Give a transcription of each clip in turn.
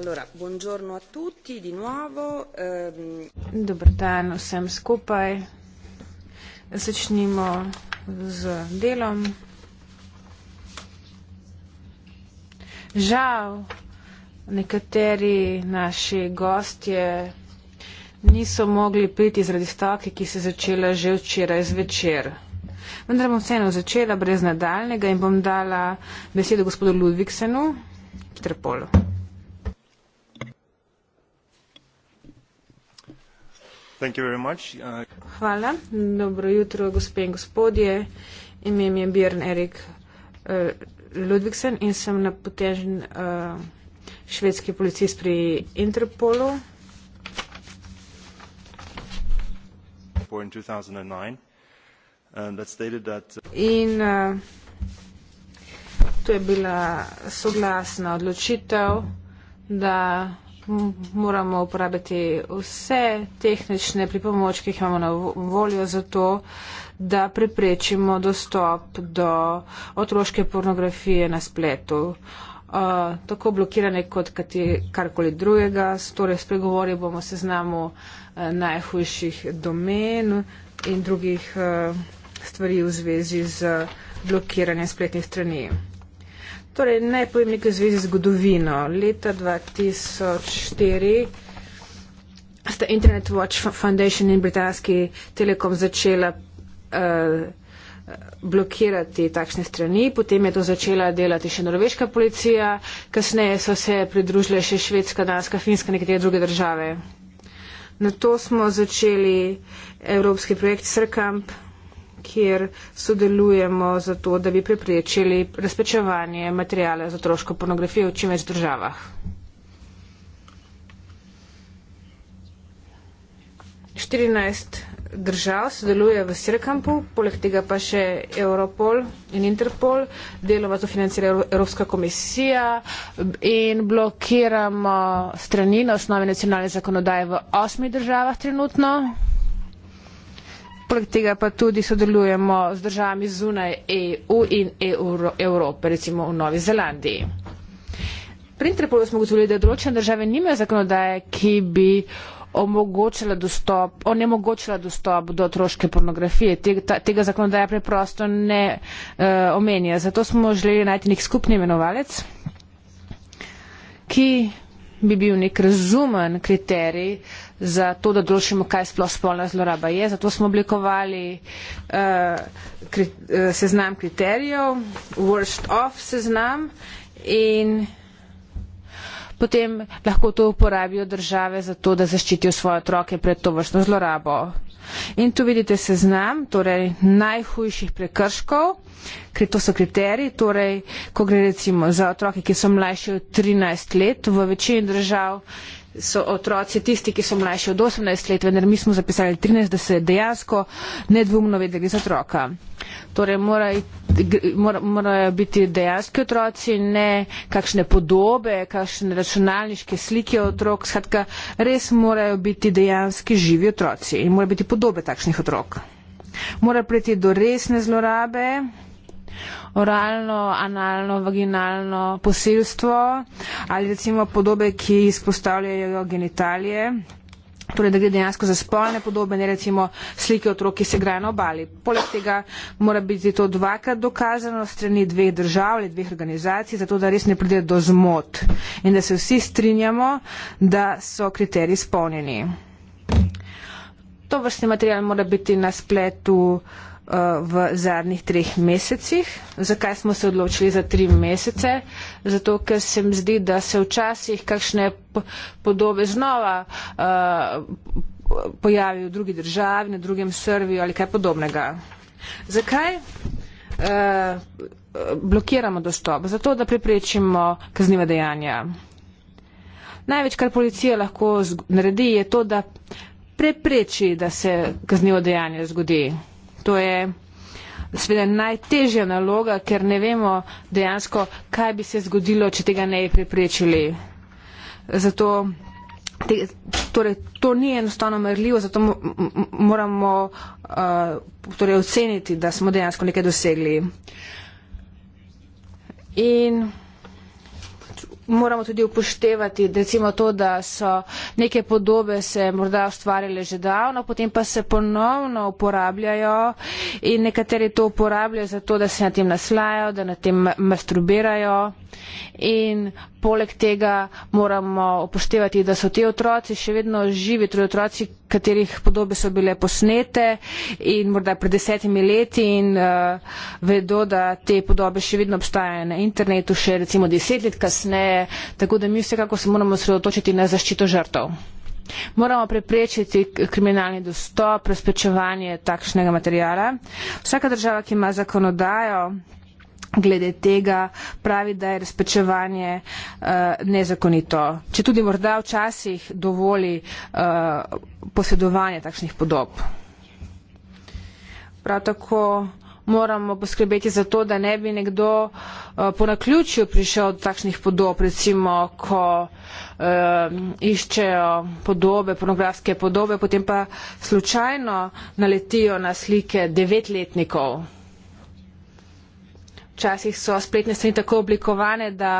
Allora, buongiorno a tutti di nuovo. Ehm... Dobro dan vsem skupaj. Začnimo z delom. Žal, nekateri naši gostje niso mogli priti zaradi stavke, ki se je začela že včeraj zvečer. Vendar bom vseeno začela brez nadaljnega in bom dala besedo gospodu Ludviksenu, Trepolu. Uh, Hvala. Dobro jutro, gospe in gospodje. Ime mi je Björn Erik uh, Ludvigsen in sem napotežen uh, švedski policist pri Interpolu. In, uh, that, uh, in uh, to je bila soglasna odločitev, da moramo uporabiti vse tehnične pripomočke, ki jih imamo na voljo za to, da preprečimo dostop do otroške pornografije na spletu. Uh, tako blokirane kot karkoli drugega, torej spregovoril bomo se znamo uh, najhujših domen in drugih uh, stvari v zvezi z blokiranjem spletnih strani. Torej, naj povem nekaj zvezi z zgodovino. Leta 2004 sta Internet Watch Foundation in britanski telekom začela uh, blokirati takšne strani, potem je to začela delati še norveška policija, kasneje so se pridružile še švedska, danska, finska, nekatere druge države. Na to smo začeli evropski projekt Srkamp kjer sodelujemo za to, da bi preprečili razpečevanje materijala za otroško pornografijo v čim več državah. Držav sodeluje v Sirkampu, poleg tega pa še Europol in Interpol, delova to financira Evropska komisija in blokiramo strani na osnovi nacionalne zakonodaje v osmi državah trenutno. Poleg tega pa tudi sodelujemo z državami zunaj EU in Euro Evrope, recimo v Novi Zelandiji. Pri Interpolu smo ugotovili, da določene države nimajo zakonodaje, ki bi omogočila dostop, onemogočila dostop do otroške pornografije. Tega, ta, tega zakonodaja preprosto ne uh, omenja. Zato smo želeli najti nek skupni imenovalec, ki bi bil nek razumen kriterij uh, za to, da določimo, kaj sploh spolna zloraba je. Zato smo oblikovali uh, kri, uh, seznam kriterijev, worst of seznam in potem lahko to uporabijo države za to, da zaščitijo svoje otroke pred to vrstno zlorabo. In tu vidite seznam torej najhujših prekrškov, ker to so kriteriji, torej, ko gre recimo za otroke, ki so mlajši od 13 let, v večini držav so otroci tisti, ki so mlajši od 18 let, vendar mi smo zapisali 13, da se dejansko nedvumno vedeli za otroka. Torej morajo, morajo biti dejanski otroci, ne kakšne podobe, kakšne računalniške slike otrok, skratka, res morajo biti dejanski živi otroci in morajo biti podobe takšnih otrok. Mora priti do resne zlorabe oralno, analno, vaginalno posilstvo ali recimo podobe, ki izpostavljajo genitalije. Torej, da gre dejansko za spolne podobe, ne recimo slike otrok, ki se igrajo na obali. Poleg tega mora biti to dvakrat dokazano strani dveh držav ali dveh organizacij, zato da res ne pride do zmot in da se vsi strinjamo, da so kriteriji spolnjeni. To vrstni material mora biti na spletu uh, v zadnjih treh mesecih. Zakaj smo se odločili za tri mesece? Zato, ker se mi zdi, da se včasih kakšne podobe znova uh, pojavijo v drugi državi, na drugem serviju ali kaj podobnega. Zakaj uh, blokiramo dostop? Zato, da preprečimo kazniva dejanja. Največ, kar policija lahko naredi, je to, da prepreči, da se kaznivo dejanje zgodi. To je sveda najtežja naloga, ker ne vemo dejansko, kaj bi se zgodilo, če tega ne bi preprečili. Zato, te, torej, to ni enostavno merljivo, zato moramo uh, torej, oceniti, da smo dejansko nekaj dosegli. In moramo tudi upoštevati, da recimo to, da so neke podobe se morda ustvarjale že davno, potem pa se ponovno uporabljajo in nekateri to uporabljajo zato, da se na tem naslajajo, da na tem masturbirajo in poleg tega moramo upoštevati, da so ti otroci še vedno živi, torej otroci, katerih podobe so bile posnete in morda pred desetimi leti in uh, vedo, da te podobe še vedno obstajajo na internetu, še recimo deset let kasneje, tako da mi vsekako se moramo sredotočiti na zaščito žrtov. Moramo preprečiti kriminalni dostop, razpečevanje takšnega materijala. Vsaka država, ki ima zakonodajo, glede tega pravi, da je razpečevanje uh, nezakonito. Če tudi morda včasih dovoli uh, eh, posedovanje takšnih podob. Prav tako moramo poskrbeti za to, da ne bi nekdo uh, po naključju prišel od takšnih podob, recimo, ko uh, iščejo podobe, pornografske podobe, potem pa slučajno naletijo na slike devetletnikov včasih so spletne strani tako oblikovane, da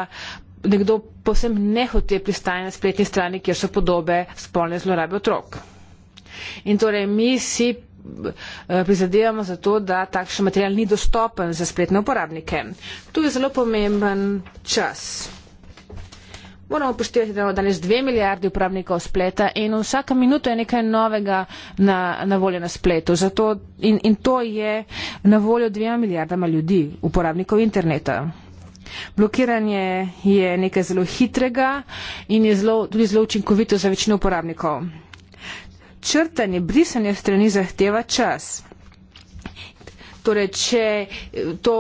nekdo posem nehote pristaje na spletni strani, kjer so podobe spolne zlorabe otrok. In torej mi si eh, prizadevamo za to, da takšen material ni dostopen za spletne uporabnike. Tu je zelo pomemben čas moramo upoštevati, da imamo danes dve milijardi uporabnikov spleta in vsaka minuta je nekaj novega na, na voljo na spletu. Zato, in, in to je na voljo dvema milijardama ljudi, uporabnikov interneta. Blokiranje je nekaj zelo hitrega in je zelo, tudi zelo učinkovito za večino uporabnikov. Črtanje, brisanje strani zahteva čas. Torej, če eh, to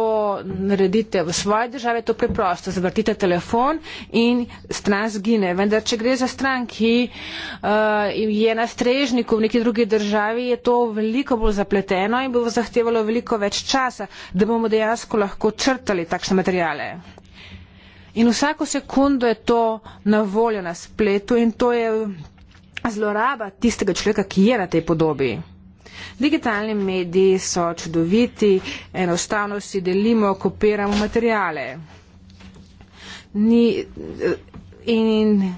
naredite v svoji državi, je to preprosto. Zavrtite telefon in stran zgine. Vendar, če gre za stran, ki uh, eh, je na strežniku v neki drugi državi, je to veliko bolj zapleteno in bo zahtevalo veliko več časa, da bomo dejansko lahko črtali takšne materijale. In vsako sekundo je to na voljo na spletu in to je zloraba tistega človeka, ki je na tej podobi. Digitalni mediji so čudoviti, enostavno si delimo, kopiramo materijale. Ni, in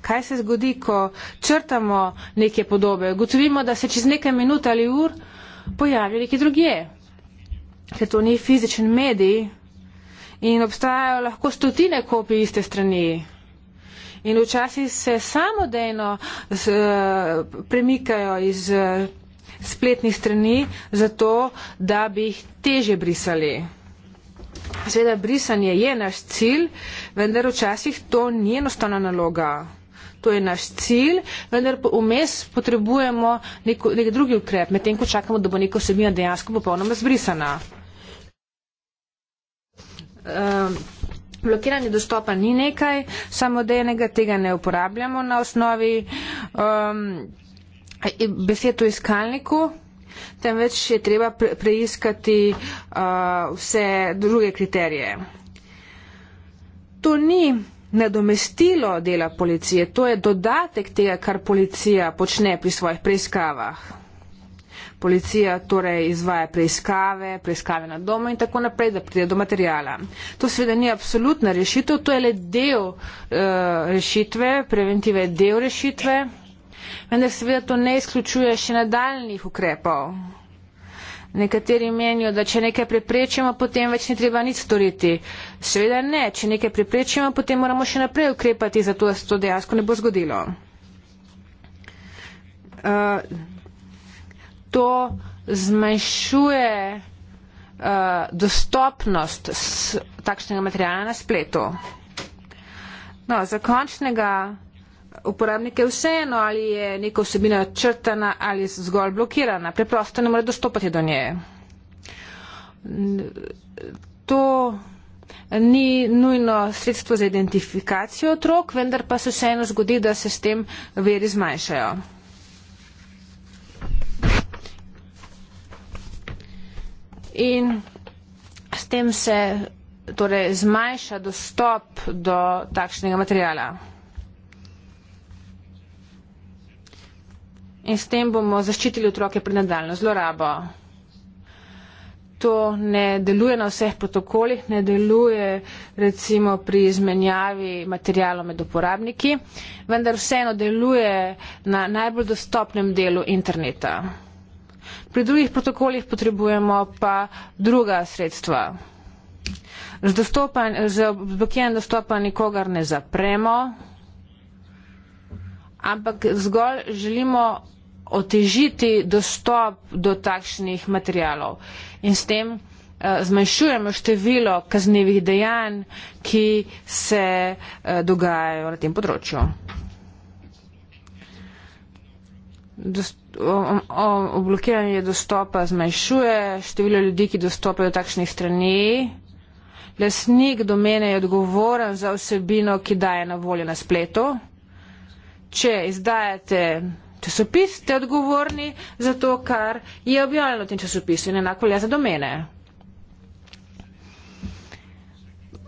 kaj se zgodi, ko črtamo neke podobe? Gotovimo, da se čez nekaj minut ali ur pojavi neki drugje. Ker to ni fizičen medij in obstajajo lahko stotine kopij iste strani. In včasih se samodejno z, eh, premikajo iz eh, spletnih strani, zato da bi jih teže brisali. Seveda, brisanje je naš cilj, vendar včasih to ni enostavna naloga. To je naš cilj, vendar vmes potrebujemo neko, nek drugi ukrep, medtem ko čakamo, da bo neka osebina dejansko popolnoma zbrisana. Um, blokiranje dostopa ni nekaj samodejnega, tega ne uporabljamo na osnovi. Um, E, besed v iskalniku, temveč je treba preiskati uh, vse druge kriterije. To ni nadomestilo dela policije, to je dodatek tega, kar policija počne pri svojih preiskavah. Policija torej izvaja preiskave, preiskave na domu in tako naprej, da pride do materijala. To seveda ni absolutna rešitev, to je le del uh, rešitve, preventive je del rešitve vendar seveda to ne izključuje še nadaljnih ukrepov. Nekateri menijo, da če nekaj preprečimo, potem več ne treba nič storiti. Seveda ne, če nekaj preprečimo, potem moramo še naprej ukrepati, zato da se to dejansko ne bo zgodilo. Uh, to zmanjšuje uh, dostopnost takšnega materijala na spletu. No, za končnega uporabnike vseeno, ali je neka vsebina črtana ali zgolj blokirana. Preprosto ne more dostopati do nje. To ni nujno sredstvo za identifikacijo otrok, vendar pa se vseeno zgodi, da se s tem veri zmanjšajo. In s tem se torej zmanjša dostop do takšnega materijala. in s tem bomo zaščitili otroke pred nadaljno zlorabo. To ne deluje na vseh protokolih, ne deluje recimo pri izmenjavi materijalov med uporabniki, vendar vseeno deluje na najbolj dostopnem delu interneta. Pri drugih protokolih potrebujemo pa druga sredstva. Z, dostopan, z blokiranjem dostopa nikogar ne zapremo, ampak zgolj želimo otežiti dostop do takšnih materijalov in s tem eh, zmanjšujemo število kaznevih dejanj, ki se eh, dogajajo na tem področju. Oblokiranje dostopa zmanjšuje število ljudi, ki dostopajo do takšnih strani. Lesnik domene je odgovoren za vsebino, ki daje na voljo na spletu. Če izdajate časopis, ste odgovorni za to, kar je objavljeno v tem časopisu in enako velja za domene.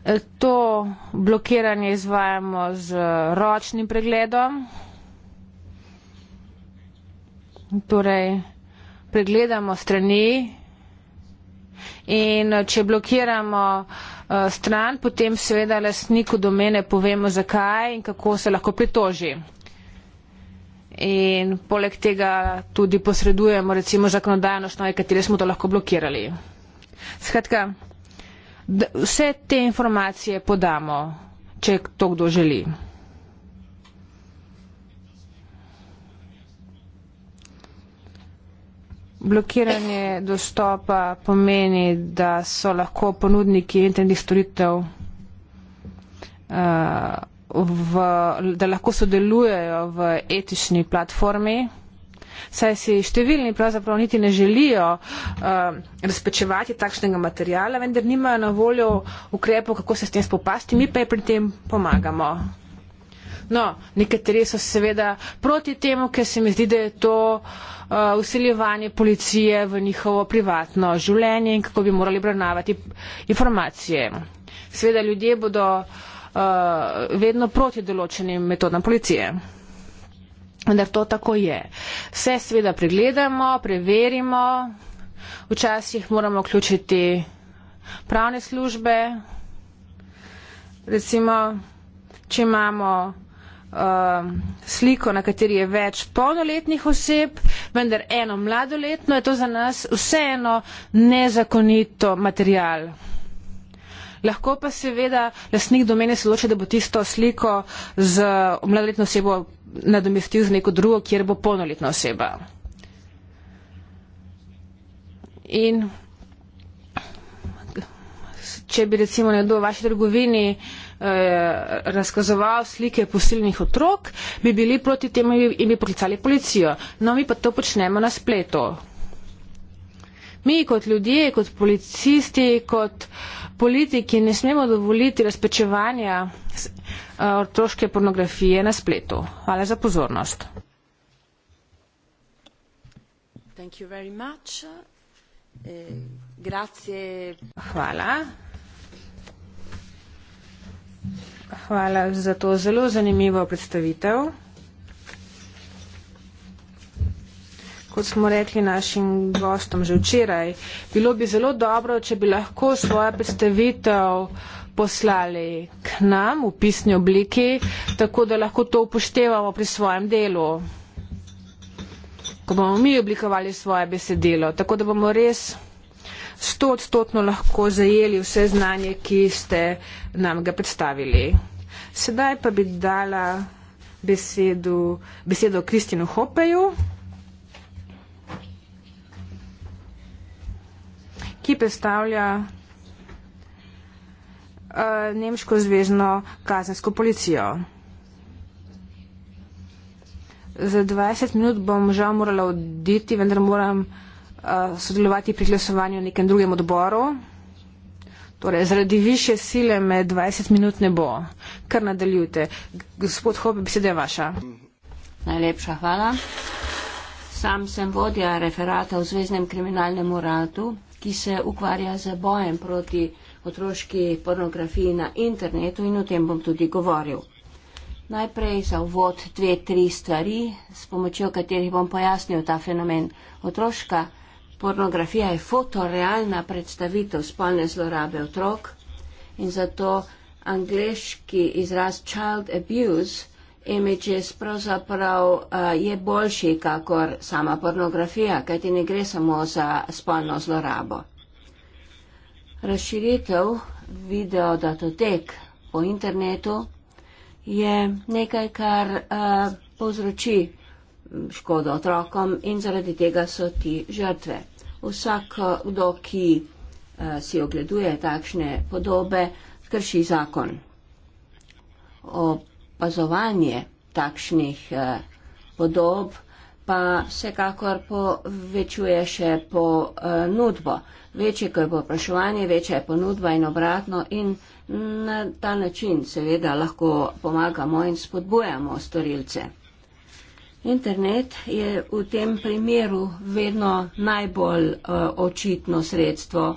E, to blokiranje izvajamo z ročnim pregledom. Torej, pregledamo strani in e, če blokiramo uh, stran, potem seveda lastniku domene povemo, zakaj in kako se lahko pritoži in poleg tega tudi posredujemo recimo zakonodajno osnovi, katere smo to lahko blokirali. Skratka, vse te informacije podamo, če to kdo želi. Blokiranje dostopa pomeni, da so lahko ponudniki internetnih storitev uh, v, da lahko sodelujejo v etični platformi, saj si številni pravzaprav niti ne želijo uh, razpečevati takšnega materijala, vendar nimajo na voljo ukrepov, kako se s tem spopasti, mi pa jim pri tem pomagamo. No, nekateri so seveda proti temu, ker se mi zdi, da je to uh, usiljevanje policije v njihovo privatno življenje in kako bi morali branavati informacije. Seveda ljudje bodo uh, Eh, vedno proti določenim metodam policije. Vendar to tako je. Vse seveda pregledamo, preverimo, včasih moramo vključiti pravne službe. Recimo, če imamo uh, sliko, na kateri je več polnoletnih oseb, vendar eno mladoletno, je to za nas vseeno nezakonito material. Lahko pa seveda lasnik domene se odloči, da bo tisto sliko z mladoletno osebo nadomestil z neko drugo, kjer bo polnoletna oseba. In če bi recimo nekdo v vaši trgovini eh, razkazoval slike posilnih otrok, bi bili proti temu in bi poklicali policijo. No, mi pa to počnemo na spletu. Mi kot ljudje, kot policisti, kot uh, politiki ne smemo dovoliti razpečevanja eh, otroške pornografije na spletu. Hvala za pozornost. Eh, Hvala. Hvala za to zelo zanimivo predstavitev. kot smo rekli našim gostom že včeraj, bilo bi zelo dobro, če bi lahko svojo predstavitev poslali k nam v pisni obliki, tako da lahko to upoštevamo pri svojem delu, ko bomo mi oblikovali svoje besedilo, tako da bomo res stotstotno lahko zajeli vse znanje, ki ste nam ga predstavili. Sedaj pa bi dala besedu, besedo Kristinu Hopeju. ki predstavlja uh, nemško zvezno kazensko policijo. Za 20 minut bom žal morala oditi, vendar moram uh, sodelovati pri glasovanju v nekem drugem odboru. Torej, zaradi više sile me 20 minut ne bo. Kar nadaljujte. Gospod Hope, beseda je vaša. Najlepša hvala. Sam sem vodja referata v Zvezdnem kriminalnem uradu ki se ukvarja z bojem proti otroški pornografiji na internetu in o tem bom tudi govoril. Najprej za uvod dve, tri stvari, s pomočjo katerih bom pojasnil ta fenomen. Otroška pornografija je fotorealna predstavitev spolne zlorabe otrok in zato angliški izraz child abuse images pravzaprav uh, je boljši, kakor sama pornografija, kajti ne gre samo za spolno zlorabo. Razširitev videodatotek po internetu je nekaj, kar uh, povzroči škodo otrokom in zaradi tega so ti žrtve. Vsak, eh, kdo ki uh, si ogleduje takšne podobe, krši zakon. Ob opazovanje takšnih eh, podob pa vsekakor povečuje še ponudbo. Večje, ko je poprašovanje, večja je ponudba in obratno in na ta način seveda lahko pomagamo in spodbujamo storilce. Internet je v tem primeru vedno najbolj eh, očitno sredstvo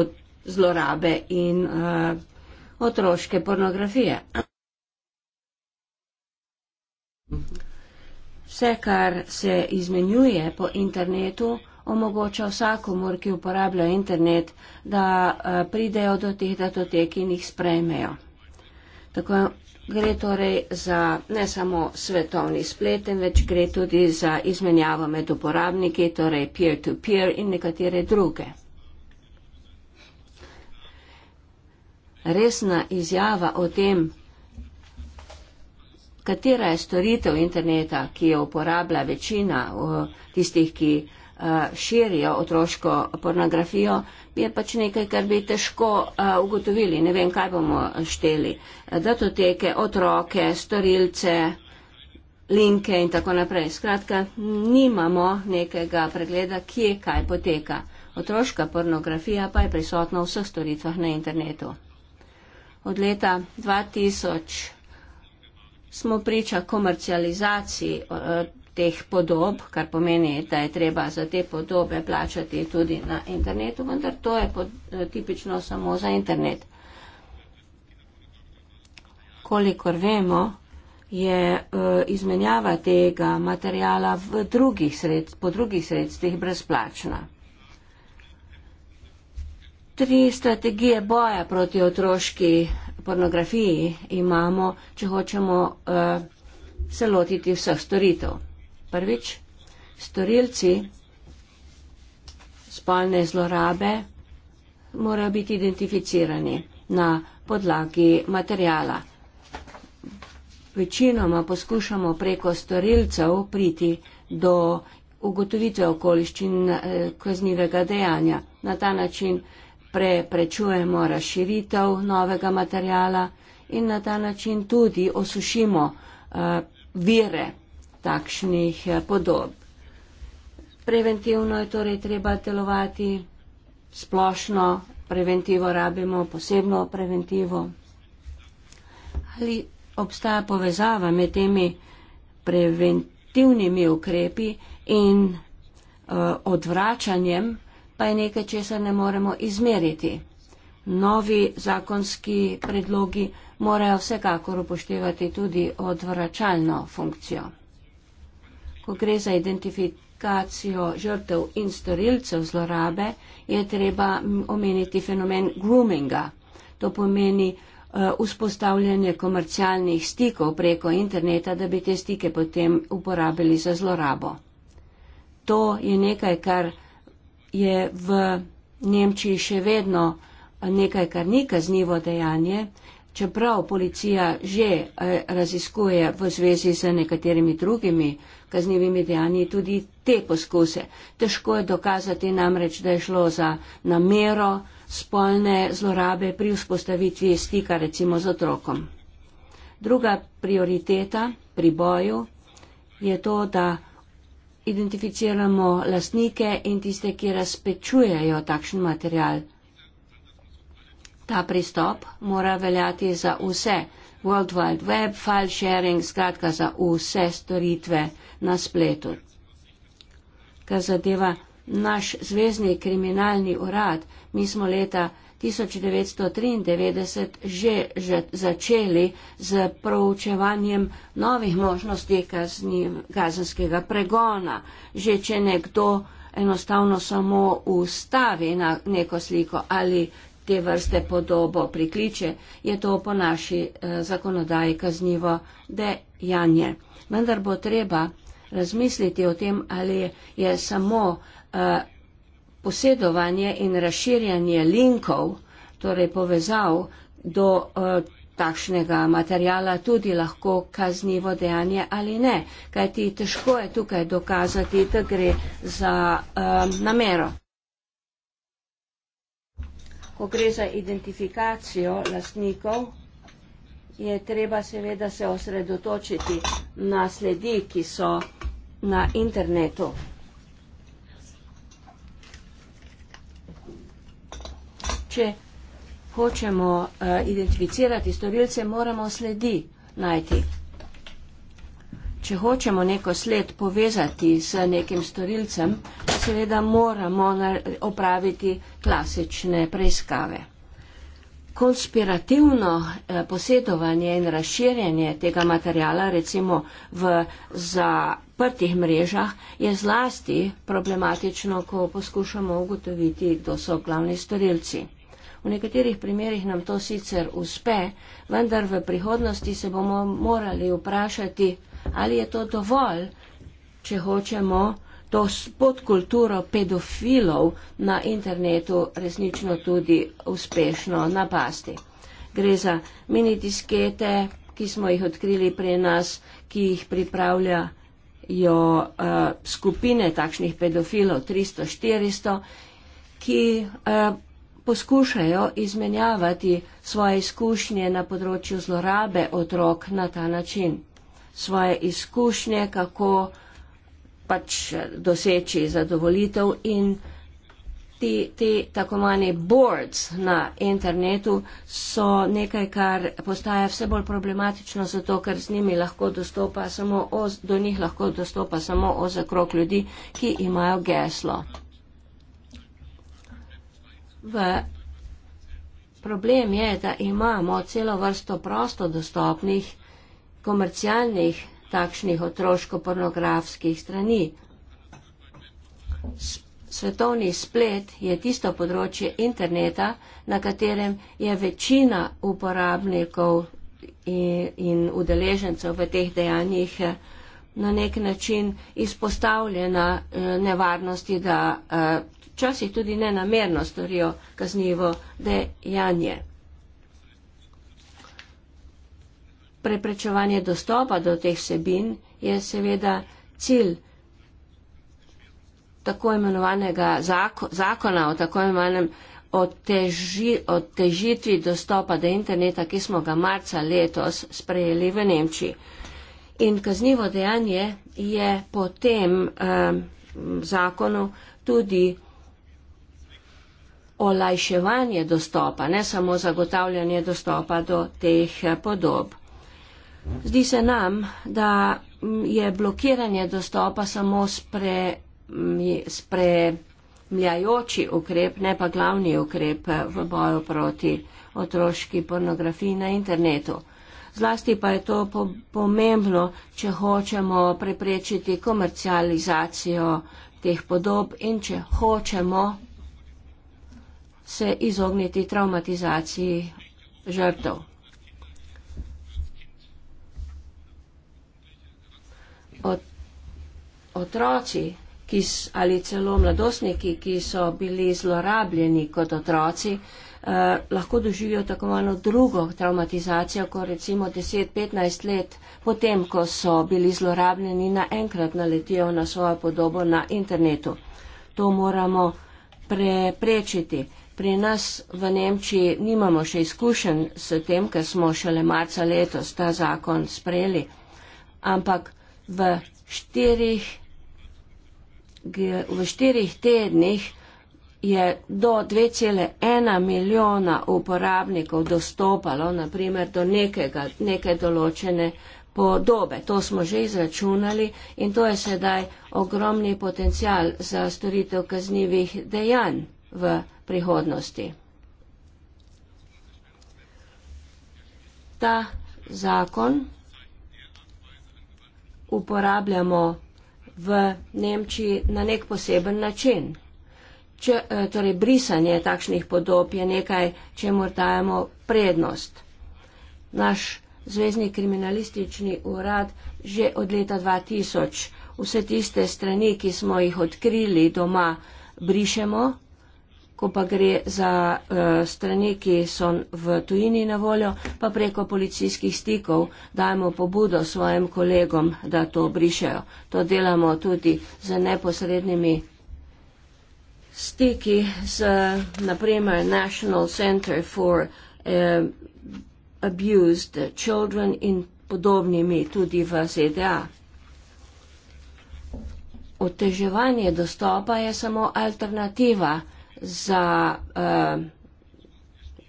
od zlorabe in eh, otroške pornografije. Vse, kar se izmenjuje po internetu, omogoča vsakomor, ki uporablja internet, da eh, pridejo do teh datotek in jih sprejmejo. Tako gre torej za ne samo svetovni splet, temveč gre tudi za izmenjavo med uporabniki, torej peer-to-peer -peer in nekatere druge. Resna izjava o tem, katera je storitev interneta, ki jo uporablja večina tistih, ki širijo otroško pornografijo, je pač nekaj, kar bi težko ugotovili. Ne vem, kaj bomo šteli. Datoteke, otroke, storilce, linke in tako naprej. Skratka, nimamo nekega pregleda, kje kaj poteka. Otroška pornografija pa je prisotna v vseh storitvah na internetu. Od leta 2000 smo priča komercializaciji eh, teh podob, kar pomeni, da je treba za te podobe plačati tudi na internetu, vendar to je pod, eh, tipično samo za internet. Kolikor vemo, je eh, izmenjava tega materijala v drugih sredst, po drugih sredstvih brezplačna. Tri strategije boja proti otroški pornografiji imamo, če hočemo uh, se lotiti vseh storitev. Prvič, storilci spolne zlorabe morajo biti identificirani na podlagi materijala. Večinoma poskušamo preko storilcev priti do ugotovitve okoliščin eh, kaznivega dejanja. Na ta način eh, preprečujemo razširitev novega materijala in na ta način tudi osušimo uh, vire takšnih eh, podob. Preventivno je torej treba delovati, splošno preventivo rabimo, posebno preventivo. Ali obstaja povezava med temi preventivnimi ukrepi in uh, odvračanjem pa je nekaj, česar ne moremo izmeriti. Novi zakonski predlogi morajo vsekakor upoštevati tudi odvračalno funkcijo. Ko gre za identifikacijo žrtev in storilcev zlorabe, je treba omeniti fenomen groominga. To pomeni eh, vzpostavljanje komercialnih stikov preko interneta, da bi te stike potem uporabili za zlorabo. To je nekaj, kar je v Nemčiji še vedno nekaj, kar ni kaznivo dejanje, čeprav policija že eh, raziskuje v zvezi z nekaterimi drugimi kaznivimi dejanji tudi te poskuse. Težko je dokazati namreč, da je šlo za namero spolne zlorabe pri vzpostavitvi stika recimo z otrokom. Druga prioriteta pri boju je to, da identificiramo lastnike in tiste, ki razpečujejo takšen material. Ta pristop mora veljati za vse. World Wide Web, file sharing, skratka za vse storitve na spletu. Kar zadeva naš zvezdni kriminalni urad, mi smo leta 1993 že, že začeli z proučevanjem novih možnosti kazni, kazenskega pregona. Že če nekdo enostavno samo ustavi na neko sliko ali te vrste podobo prikliče, je to po naši eh, zakonodaji kaznivo dejanje. Vendar bo treba razmisliti o tem, ali je samo eh, posedovanje in razširjanje linkov, torej povezav do eh, takšnega materijala tudi lahko kaznivo dejanje ali ne, kajti težko je tukaj dokazati, da gre za eh, namero. Ko gre za identifikacijo lastnikov, je treba seveda se osredotočiti na sledi, ki so na internetu. če hočemo uh, identificirati storilce, moramo sledi najti. Če hočemo neko sled povezati s nekim storilcem, seveda moramo opraviti klasične preiskave. Konspirativno eh, posedovanje in razširjanje tega materijala, recimo v zaprtih mrežah, je zlasti problematično, ko poskušamo ugotoviti, kdo so glavni storilci. V nekaterih primerjih nam to sicer uspe, vendar v prihodnosti se bomo morali vprašati, ali je to dovolj, če hočemo to podkulturo pedofilov na internetu resnično tudi uspešno napasti. Gre za mini diskete, ki smo jih odkrili pri nas, ki jih pripravljajo uh, skupine takšnih pedofilov 300-400, ki uh, poskušajo izmenjavati svoje izkušnje na področju zlorabe otrok na ta način. Svoje izkušnje, kako pač doseči zadovolitev in ti, ti tako mani boards na internetu so nekaj, kar postaja vse bolj problematično, zato ker z njimi lahko dostopa samo, o, do njih lahko dostopa samo ozakrok ljudi, ki imajo geslo. V problem je, da imamo celo vrsto prosto dostopnih komercialnih takšnih otroško-pornografskih strani. Svetovni splet je tisto področje interneta, na katerem je večina uporabnikov in udeležencev v teh dejanjih eh, na nek način izpostavljena eh, nevarnosti, da eh, včasih tudi nenamerno storijo kaznivo dejanje. Preprečevanje dostopa do teh vsebin je seveda cilj tako imenovanega zako, zakona o tako imenovanem otežitvi teži, dostopa do interneta, ki smo ga marca letos sprejeli v Nemčiji. In kaznivo dejanje je po tem eh, zakonu tudi olajševanje dostopa, ne samo zagotavljanje dostopa do teh eh, podob. Zdi se nam, da mm, je blokiranje dostopa samo spre, mm, spremljajoči ukrep, ne pa glavni ukrep eh, v boju proti otroški pornografiji na internetu. Zlasti pa je to po, pomembno, če hočemo preprečiti komercializacijo teh podob in če hočemo se izogniti traumatizaciji žrtev. Ot otroci ki s, ali celo mladostniki, ki so bili zlorabljeni kot otroci, eh, lahko doživijo tako malo drugo traumatizacijo, ko recimo 10-15 let potem, ko so bili zlorabljeni, naenkrat naletijo na svojo podobo na internetu. To moramo preprečiti. Pri nas v Nemčiji nimamo še izkušenj s tem, ker smo šele marca letos ta zakon sprejeli, ampak v štirih, v štirih tednih je do 2,1 milijona uporabnikov dostopalo naprimer do nekega, neke določene podobe. To smo že izračunali in to je sedaj ogromni potencial za storitev kaznivih dejanj v prihodnosti. Ta zakon uporabljamo v Nemčiji na nek poseben način. Če, eh, torej, brisanje takšnih podob je nekaj, čemu dajemo prednost. Naš Zvezdni kriminalistični urad že od leta 2000 vse tiste strani, ki smo jih odkrili doma, brišemo ko pa gre za uh, strani, ki so v tujini na voljo, pa preko policijskih stikov dajemo pobudo svojim kolegom, da to brišajo. To delamo tudi z neposrednimi stiki z naprimer National Center for uh, Abused Children in podobnimi tudi v ZDA. Oteževanje dostopa je samo alternativa za uh,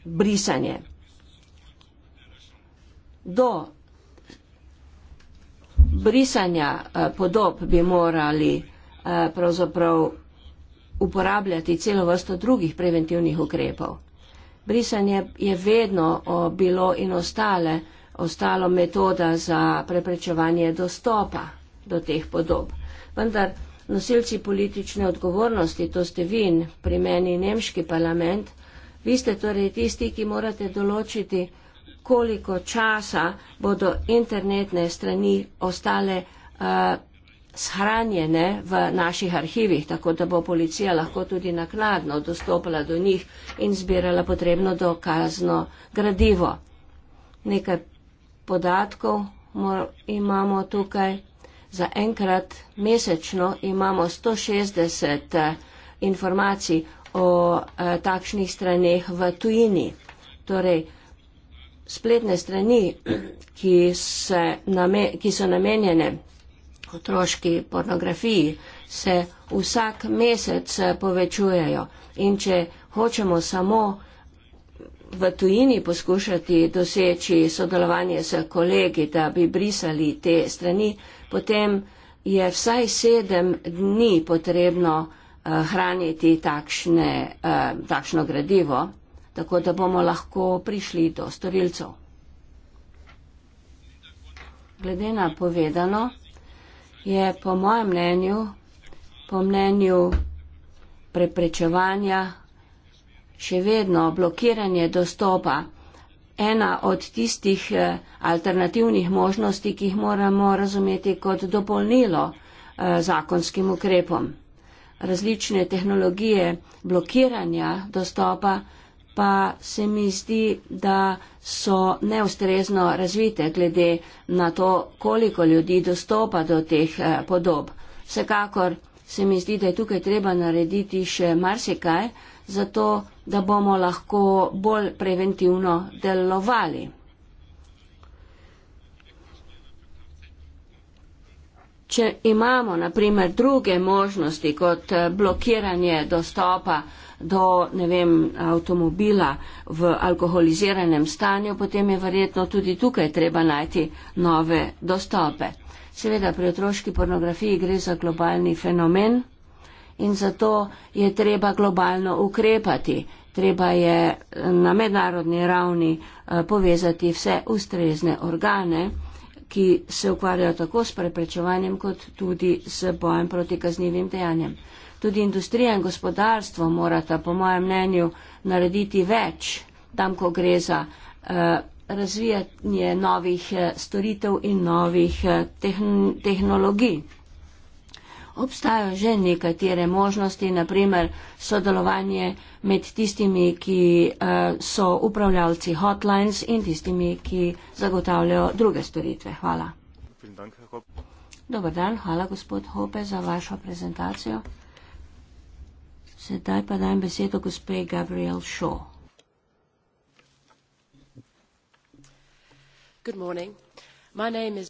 brisanje. Do brisanja uh, podob bi morali uh, pravzaprav uporabljati celo vrsto drugih preventivnih ukrepov. Brisanje je vedno bilo in ostale, ostalo metoda za preprečevanje dostopa do teh podob. Vendar nosilci politične odgovornosti, to ste vi in pri meni nemški parlament, vi ste torej tisti, ki morate določiti, koliko časa bodo internetne strani ostale uh, shranjene v naših arhivih, tako da bo policija lahko tudi nakladno dostopala do njih in zbirala potrebno dokazno gradivo. Nekaj podatkov imamo tukaj za enkrat mesečno imamo 160 eh, informacij o eh, takšnih straneh v tujini. Torej, spletne strani, ki, name, ki so namenjene otroški pornografiji, se vsak mesec eh, povečujejo. In če hočemo samo v tujini poskušati doseči sodelovanje z kolegi, da bi brisali te strani, potem je vsaj sedem dni potrebno eh, hraniti takšne, eh, takšno gradivo, tako da bomo lahko prišli do storilcev. Glede na povedano, je po mojem mnenju, po mnenju preprečevanja še vedno blokiranje dostopa ena od tistih eh, alternativnih možnosti, ki jih moramo razumeti kot dopolnilo eh, zakonskim ukrepom. Različne tehnologije blokiranja dostopa pa se mi zdi, da so neustrezno razvite glede na to, koliko ljudi dostopa do teh eh, podob. Vsekakor se mi zdi, da je tukaj treba narediti še marsikaj, zato da bomo lahko bolj preventivno delovali. Če imamo naprimer druge možnosti kot eh, blokiranje dostopa do ne vem, avtomobila v alkoholiziranem stanju, potem je verjetno tudi tukaj treba najti nove dostope. Seveda pri otroški pornografiji gre za globalni fenomen in zato je treba globalno ukrepati. Treba je eh, na mednarodni ravni eh, povezati vse ustrezne organe, ki se ukvarjajo tako s preprečevanjem, kot tudi s bojem proti kaznivim dejanjem. Tudi industrija in gospodarstvo morata, po mojem mnenju, narediti več tam, ko gre za eh, razvijanje novih storitev in novih tehn tehnologij obstajajo že nekatere možnosti, naprimer sodelovanje med tistimi, ki eh, so upravljalci hotlines in tistimi, ki zagotavljajo druge storitve. Hvala. Dobar dan, hvala gospod Hope za vašo prezentacijo. Sedaj pa dajem besedo gospe Gabriel Shaw. Good morning. My name is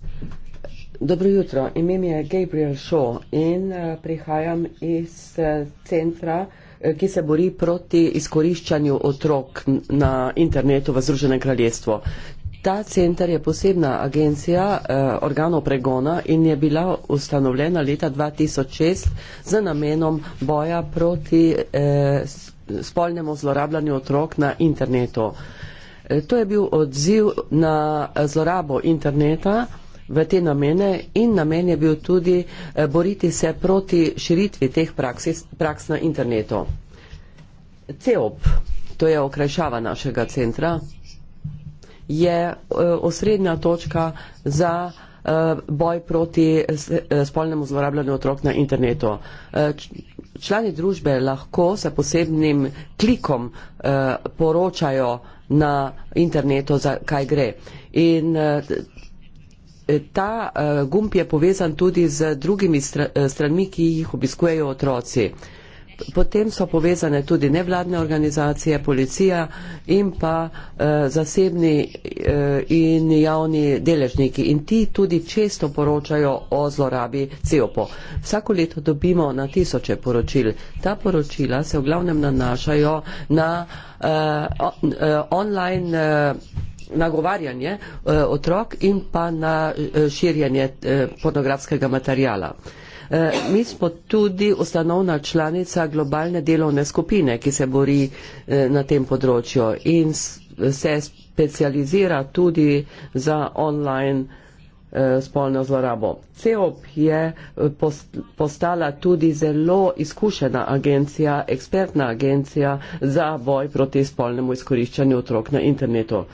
Dobro jutro, ime mi je Gabriel Shaw in eh, prihajam iz eh, centra, eh, ki se bori proti izkoriščanju otrok na internetu v Združenem kraljestvu. Ta center je posebna agencija eh, organov pregona in je bila ustanovljena leta 2006 z namenom boja proti eh, spolnemu zlorabljanju otrok na internetu. Eh, to je bil odziv na zlorabo interneta eh, v te namene in namen je bil tudi eh, boriti se proti širitvi teh praksis, praks na internetu. CEOP, to je okrajšava našega centra, je eh, osrednja točka za eh, boj proti spolnemu zlorabljanju otrok na internetu. Člani družbe lahko se posebnim klikom poročajo na internetu, za kaj gre. In ta eh, gumb je povezan tudi z drugimi eh, stranmi, ki jih obiskujejo otroci. Potem so povezane tudi nevladne organizacije, policija in pa eh, zasebni eh, in javni deležniki. In ti tudi često poročajo o zlorabi COPO. Vsako leto dobimo na tisoče poročil. Ta poročila se v glavnem nanašajo na eh, on, eh, online. Eh, nagovarjanje eh, otrok in pa na eh, širjanje eh, pornografskega materijala. Mi smo tudi ustanovna članica globalne delovne skupine, ki se bori na tem področju in se specializira tudi za online spolno zlorabo. CEOP je postala tudi zelo izkušena agencija, ekspertna agencija za boj proti spolnemu izkoriščanju otrok na internetu.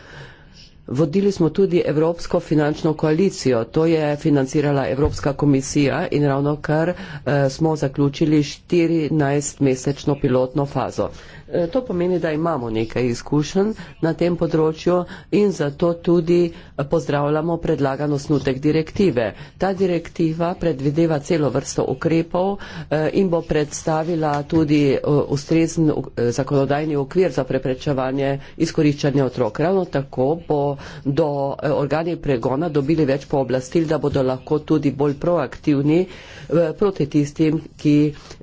Vodili smo tudi Evropsko finančno koalicijo, to je financirala Evropska komisija in ravno kar e, smo zaključili 14-mesečno pilotno fazo. E, to pomeni, da imamo nekaj izkušenj na tem področju in zato tudi pozdravljamo predlagan osnutek direktive. Ta direktiva predvideva celo vrsto ukrepov e, in bo predstavila tudi e, ustrezen zakonodajni okvir za preprečevanje izkoriščanja otrok. Ravno tako bo do organi pregona dobili več pooblastil, da bodo lahko tudi bolj proaktivni proti tistim, ki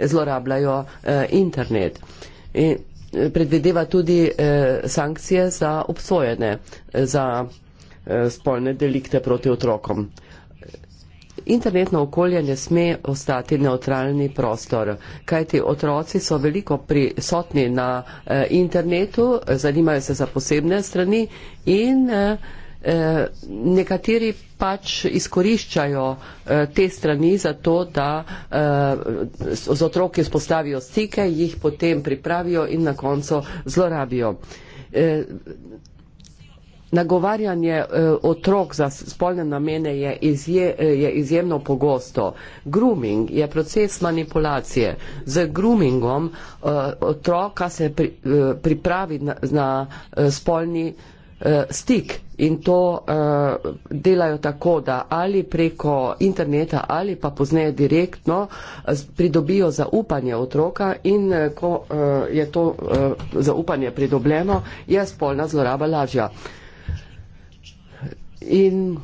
zlorabljajo internet predvideva tudi eh, sankcije za obsojene eh, za eh, spolne delikte proti otrokom. Internetno okolje ne sme ostati neutralni prostor, kajti otroci so veliko prisotni na eh, internetu, eh, zanimajo se za posebne strani in eh, Eh, nekateri pač izkoriščajo eh, te strani za to, da eh, z otroki spostavijo stike, jih potem pripravijo in na koncu zlorabijo. Nagovarjanje otrok za spolne namene je, izje, je izjemno pogosto. Grooming je proces manipulacije. Z groomingom otroka se pripravi na, na spolni namen Eh, stik in to eh, delajo tako, da ali preko interneta ali pa pozneje direktno eh, pridobijo zaupanje otroka in ko je to zaupanje pridobljeno, je spolna zloraba lažja. In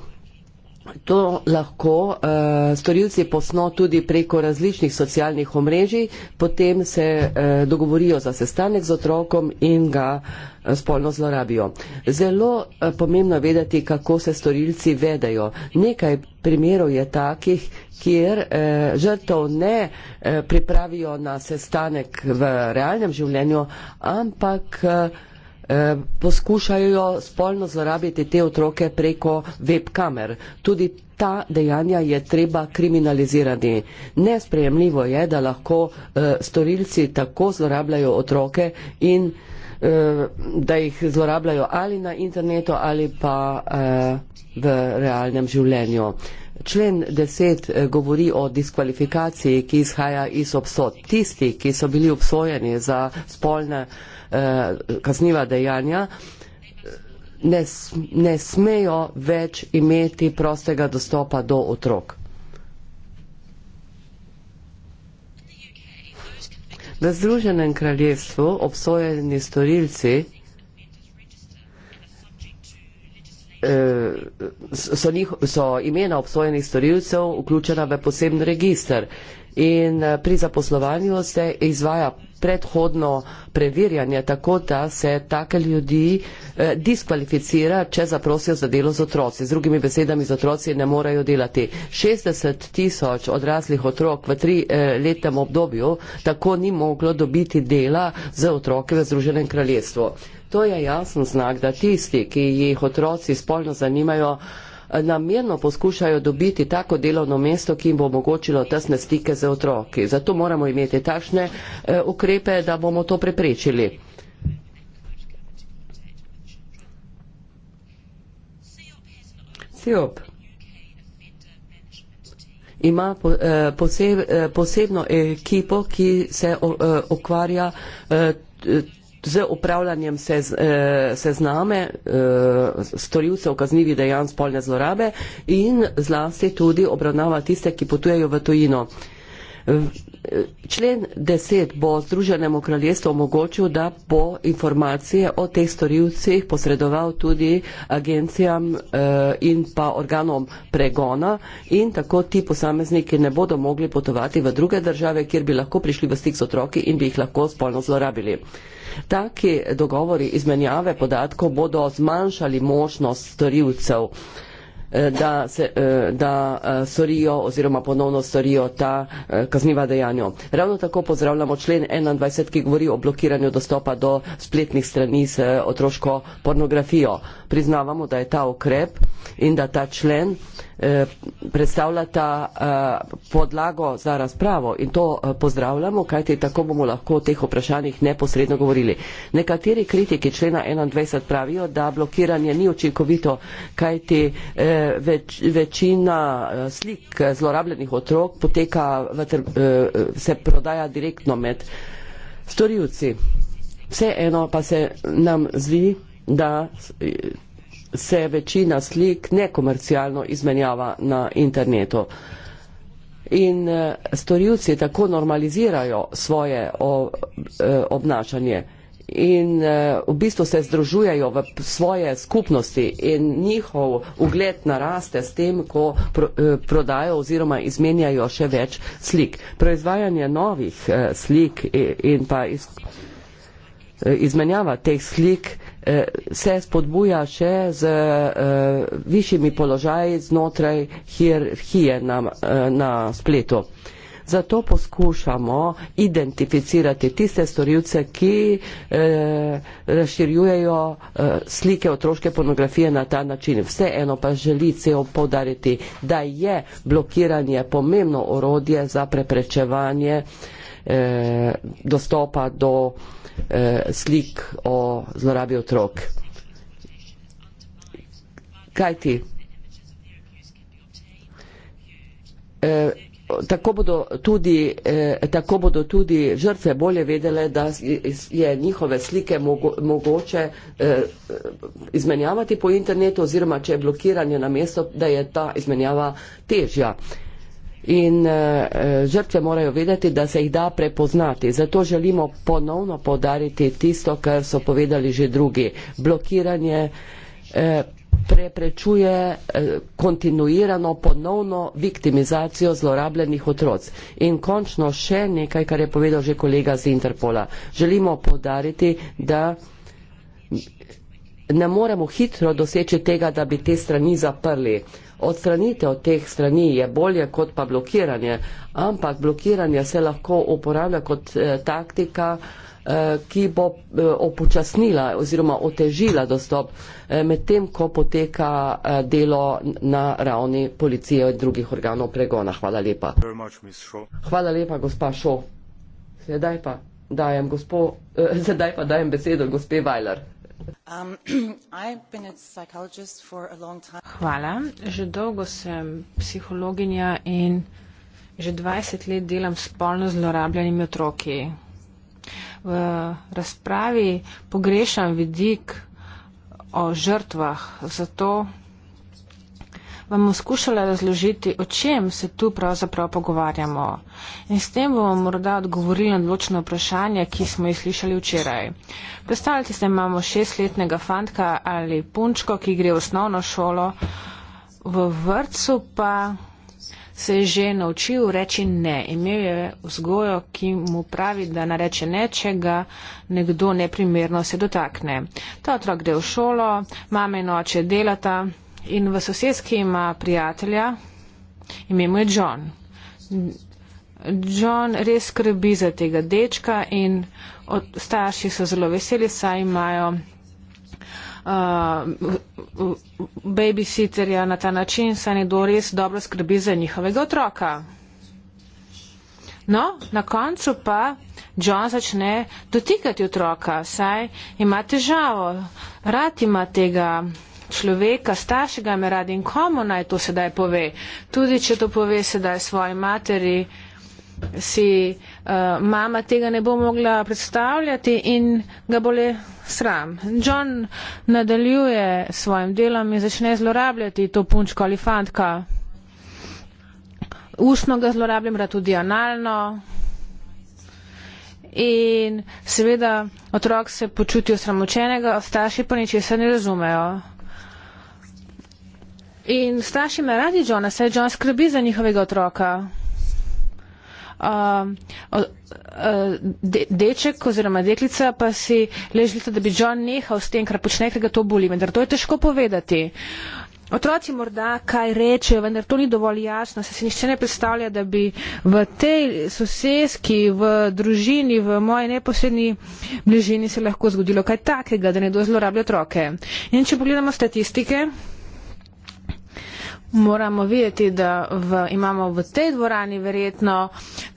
To lahko uh, storilci posno tudi preko različnih socialnih omrežij, potem se uh, dogovorijo za sestanek z otrokom in ga eh, spolno zlorabijo. Zelo uh, pomembno je vedeti, kako se storilci vedajo. Nekaj primerov je takih, kjer uh, žrtov ne uh, pripravijo na sestanek v realnem življenju, ampak uh, poskušajo spolno zlorabiti te otroke preko webkamer. Tudi ta dejanja je treba kriminalizirati. Nesprejemljivo je, da lahko e, storilci tako zlorabljajo otroke in e, da jih zlorabljajo ali na internetu ali pa e, v realnem življenju. Člen 10 govori o diskvalifikaciji, ki izhaja iz obsod. Tisti, ki so bili obsojeni za spolne Eh, kazniva dejanja, ne, ne smejo več imeti prostega dostopa do otrok. V Združenem kraljestvu obsojeni storilci eh, So, njih, so imena obsojenih storilcev vključena v poseben registr in eh, pri zaposlovanju se izvaja predhodno preverjanje, tako da se take ljudi eh, diskvalificira, če zaprosijo za delo z otroci. Z drugimi besedami, z otroci ne morajo delati. 60 tisoč odraslih otrok v tri eh, letem obdobju tako ni moglo dobiti dela z otroke v Združenem kraljestvu. To je jasen znak, da tisti, ki jih otroci spolno zanimajo, namerno poskušajo dobiti tako delovno mesto, ki jim bo omogočilo tesne stike z otroki. Zato moramo imeti takšne eh, ukrepe, da bomo to preprečili. Siop. Ima eh, eh, posebno ekipo, ki se ukvarja z upravljanjem sez, eh, sezname eh, storilcev kaznjivih dejanj spolne zlorabe in zlasti tudi obravnava tiste, ki potujejo v tujino. Eh, Člen 10 bo Združenemu kraljestvu omogočil, da bo informacije o teh storilcih posredoval tudi agencijam eh, in pa organom pregona in tako ti posamezniki ne bodo mogli potovati v druge države, kjer bi lahko prišli v stik z otroki in bi jih lahko spolno zlorabili. Taki dogovori izmenjave podatkov bodo zmanjšali možnost storilcev. Eh, da, se, eh, da eh, storijo oziroma ponovno storijo ta kazniva dejanja. Ravno tako pozdravljamo člen 21, ki govori o blokiranju dostopa do spletnih strani z otroško pornografijo. Priznavamo, da je ta ukrep in da ta člen eh, predstavljata eh, podlago za razpravo in to eh, pozdravljamo, kajti tako bomo lahko o teh vprašanjih neposredno govorili. Nekateri kritiki člena 21 pravijo, da blokiranje ni učinkovito, kajti več, večina slik zlorabljenih otrok poteka, se prodaja direktno med storilci. Vseeno pa se nam zdi, da se večina slik nekomercialno izmenjava na internetu. In eh, storilci tako normalizirajo svoje eh, obnašanje in eh, v bistvu se združujejo v svoje skupnosti in njihov ugled naraste s tem, ko prodajo oziroma izmenjajo še več slik. Proizvajanje novih slik in pa izmenjava teh slik se spodbuja še z eh, višjimi položaji znotraj hierarhije na, eh, na spletu. Zato poskušamo identificirati tiste storilce, ki eh, razširjujejo eh, slike otroške pornografije na ta način. Vseeno pa želi se opodariti, da je blokiranje pomembno orodje za preprečevanje eh, dostopa do eh, eh, slik o zlorabi otrok. Kaj ti? Eh, Tako bodo, tudi, eh, tako bodo tudi žrtve bolje vedele, da je njihove slike mogo, mogoče eh, izmenjavati po internetu oziroma če je blokiranje na mesto, da je ta izmenjava težja. Eh, in uh, žrtve morajo vedeti, da se jih da prepoznati. Zato želimo ponovno podariti tisto, kar so povedali že drugi. Blokiranje eh, preprečuje eh, kontinuirano ponovno viktimizacijo zlorabljenih otroc. In končno še nekaj, kar je povedal že kolega z Interpola. Želimo podariti, da ne moremo hitro doseči tega, da bi te strani zaprli. Odstranitev teh strani je bolje kot pa blokiranje, ampak blokiranje se lahko uporablja kot eh, taktika, eh, ki bo eh, opočasnila oziroma otežila dostop eh, med tem, ko poteka eh, delo na ravni policije in drugih organov pregona. Hvala lepa. Much, Hvala lepa, gospa Šo. Sedaj pa dajem, gospo, eh, sedaj pa dajem besedo gospe Vajler. Um, Hvala. Že dolgo sem psihologinja in že 20 let delam s spolno zlorabljenimi otroki. V razpravi pogrešam vidik o žrtvah, zato vam bom skušala razložiti, o čem se tu pravzaprav pogovarjamo. In s tem bom morda odgovorila na določeno vprašanje, ki smo jih slišali včeraj. Predstavljajte se, imamo šestletnega fantka ali punčko, ki gre v osnovno šolo, v vrtcu pa se je že naučil reči ne. Imel je vzgojo, ki mu pravi, da nareče ne, če ga nekdo neprimerno se dotakne. Ta otrok gre v šolo, mame in oče delata. In v sosedski ima prijatelja, ime mu je John. John res skrbi za tega dečka in od, starši so zelo veseli, saj imajo uh, babysitterja na ta način, saj nekdo res dobro skrbi za njihovega otroka. No, na koncu pa John začne dotikati otroka, saj ima težavo, rad ima tega človeka, staršega me radi in komu naj to sedaj pove. Tudi če to pove sedaj svoji materi, si uh, mama tega ne bo mogla predstavljati in ga bole sram. John nadaljuje s svojim delom in začne zlorabljati to punčko ali fantka. Usno ga zlorabljam, rad tudi analno. In seveda otrok se počuti osramočenega, starši pa ničesar ne razumejo. In starši me radi Johna, saj John skrbi za njihovega otroka. Um, uh, de, deček oziroma deklica pa si ležite, da bi John nehal s tem, kar počne, ker ga to boli. Vendar to je težko povedati. Otroci morda kaj rečejo, vendar to ni dovolj jasno. Se si nišče ne predstavlja, da bi v tej soseski, v družini, v moji neposredni bližini se lahko zgodilo kaj takega, da ne dozlorablja otroke. In če pogledamo statistike. Moramo videti, da v, imamo v tej dvorani verjetno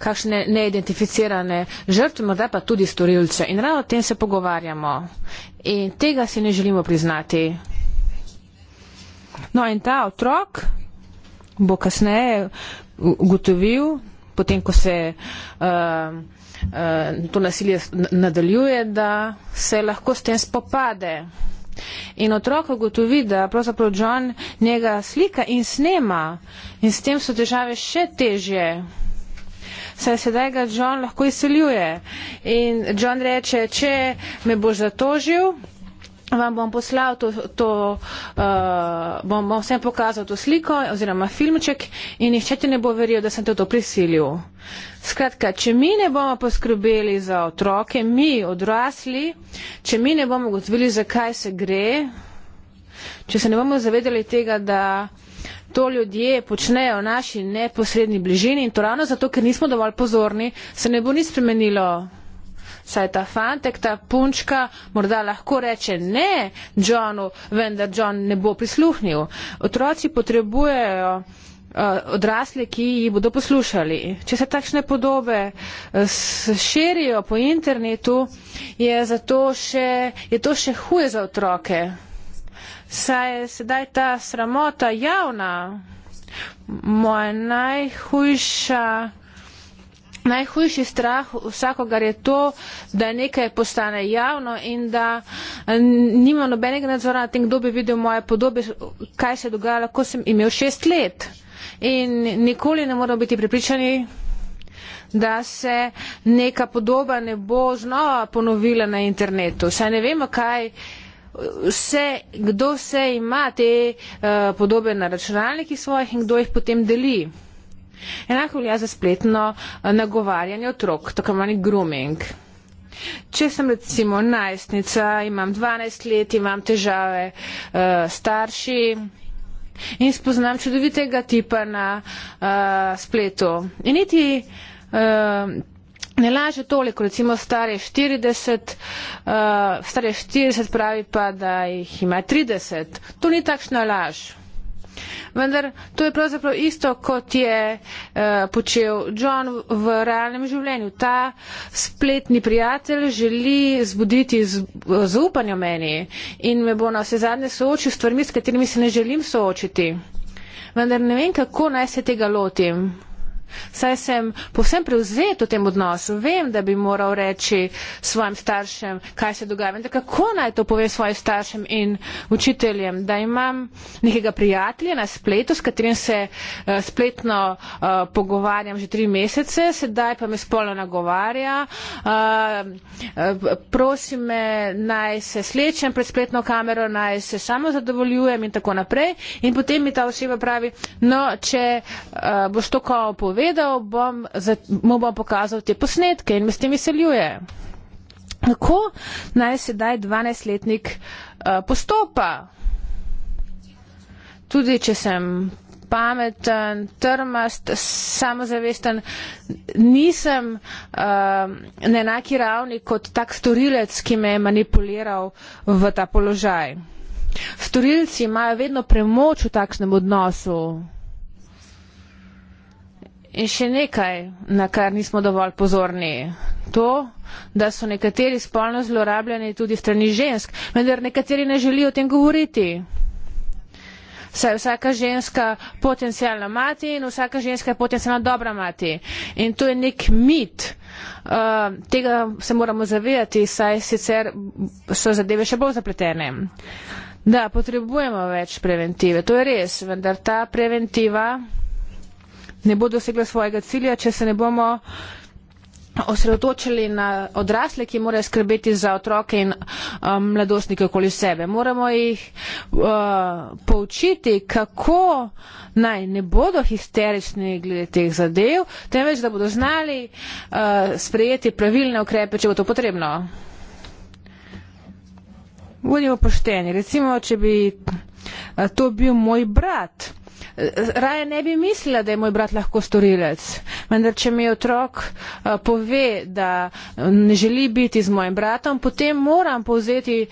kakšne neidentificirane žrtve, morda pa tudi storilce. In ravno o tem se pogovarjamo. In tega si ne želimo priznati. No in ta otrok bo kasneje ugotovil, potem ko se uh, uh, to nasilje nadaljuje, da se lahko s tem spopade. In otrok ugotovi, da pravzaprav John njega slika in snema in s tem so težave še težje. Saj sedaj ga John lahko izseljuje. In John reče, če me boš zatožil, vam bom poslal to, to uh, bom, bom vsem pokazal to sliko oziroma filmček in nihče ti ne bo verjel, da sem te to prisilil. Skratka, če mi ne bomo poskrbeli za otroke, mi odrasli, če mi ne bomo gotovili, zakaj se gre, če se ne bomo zavedali tega, da to ljudje počnejo v naši neposredni bližini in to ravno zato, ker nismo dovolj pozorni, se ne bo ni spremenilo saj ta fantek, ta punčka morda lahko reče ne Johnu, vendar John ne bo prisluhnil. Otroci potrebujejo eh, odrasle, ki jih bodo poslušali. Če se takšne podobe eh, širijo po internetu, je, še, je to še huje za otroke. Saj je sedaj ta sramota javna. Moja najhujša Najhujši strah vsakogar je to, da nekaj postane javno in da eh, nima nobenega nadzora nad tem, kdo bi videl moje podobe, kaj se je dogajalo, ko sem imel šest let. In nikoli ne moramo biti pripričani, da se neka podoba ne bo znova ponovila na internetu. Saj ne vemo, kaj. Vse, kdo vse ima te uh, podobe na računalnikih svojih in kdo jih potem deli. Enako velja za spletno eh, nagovarjanje otrok, tako imenovani grooming. Če sem recimo najstnica, imam 12 let, imam težave uh, starši in spoznam čudovitega tipa na uh, spletu. In niti uh, ne laže toliko, recimo star je 40, uh, star je 40 pravi pa, da jih ima 30. To ni takšna laž. Vendar to je pravzaprav isto, kot je uh, počel John v realnem življenju. Ta spletni prijatelj želi zbuditi zaupanje v meni in me bo na vse zadnje soočil s stvarmi, s katerimi se ne želim soočiti. Vendar ne vem, kako naj se tega lotim. Saj sem povsem prevzet v tem odnosu, vem, da bi moral reči svojim staršem, kaj se dogaja. Vem, kako naj to pove svojim staršem in učiteljem, da imam nekega prijatelja na spletu, s katerim se uh, spletno uh, pogovarjam že tri mesece, sedaj pa me spolno nagovarja, uh, uh, prosi me, naj se slečem pred spletno kamero, naj se samo zadovoljujem in tako naprej. In potem mi ta oseba pravi, no, če uh, boš to kao pove, povedal, bom, mu bom pokazal te posnetke in me s tem izseljuje. Kako naj sedaj 12-letnik eh, postopa? Tudi, če sem pameten, trmast, samozavesten, nisem uh, na enaki ravni kot tak storilec, ki me je manipuliral v ta položaj. Storilci imajo vedno premoč v takšnem odnosu. In še nekaj, na kar nismo dovolj pozorni. To, da so nekateri spolno zlorabljeni tudi strani žensk, vendar nekateri ne želijo o tem govoriti. Saj vsaka ženska je potencijalna mati in vsaka ženska je potencijalna dobra mati. In to je nek mit. Uh, tega se moramo zavedati, saj sicer so zadeve še bolj zapletene. Da, potrebujemo več preventive, to je res, vendar ta preventiva ne bo dosegla svojega cilja, če se ne bomo osredotočili na odrasle, ki morajo skrbeti za otroke in um, mladostnike okoli sebe. Moramo jih uh, poučiti, kako naj ne bodo histerični glede teh zadev, temveč da bodo znali uh, sprejeti pravilne ukrepe, če bo to potrebno. Budimo pošteni. Recimo, če bi uh, to bil moj brat raje ne bi mislila, da je moj brat lahko storilec. Vendar, če mi otrok eh, pove, da eh, ne želi biti z mojim bratom, potem moram povzeti eh,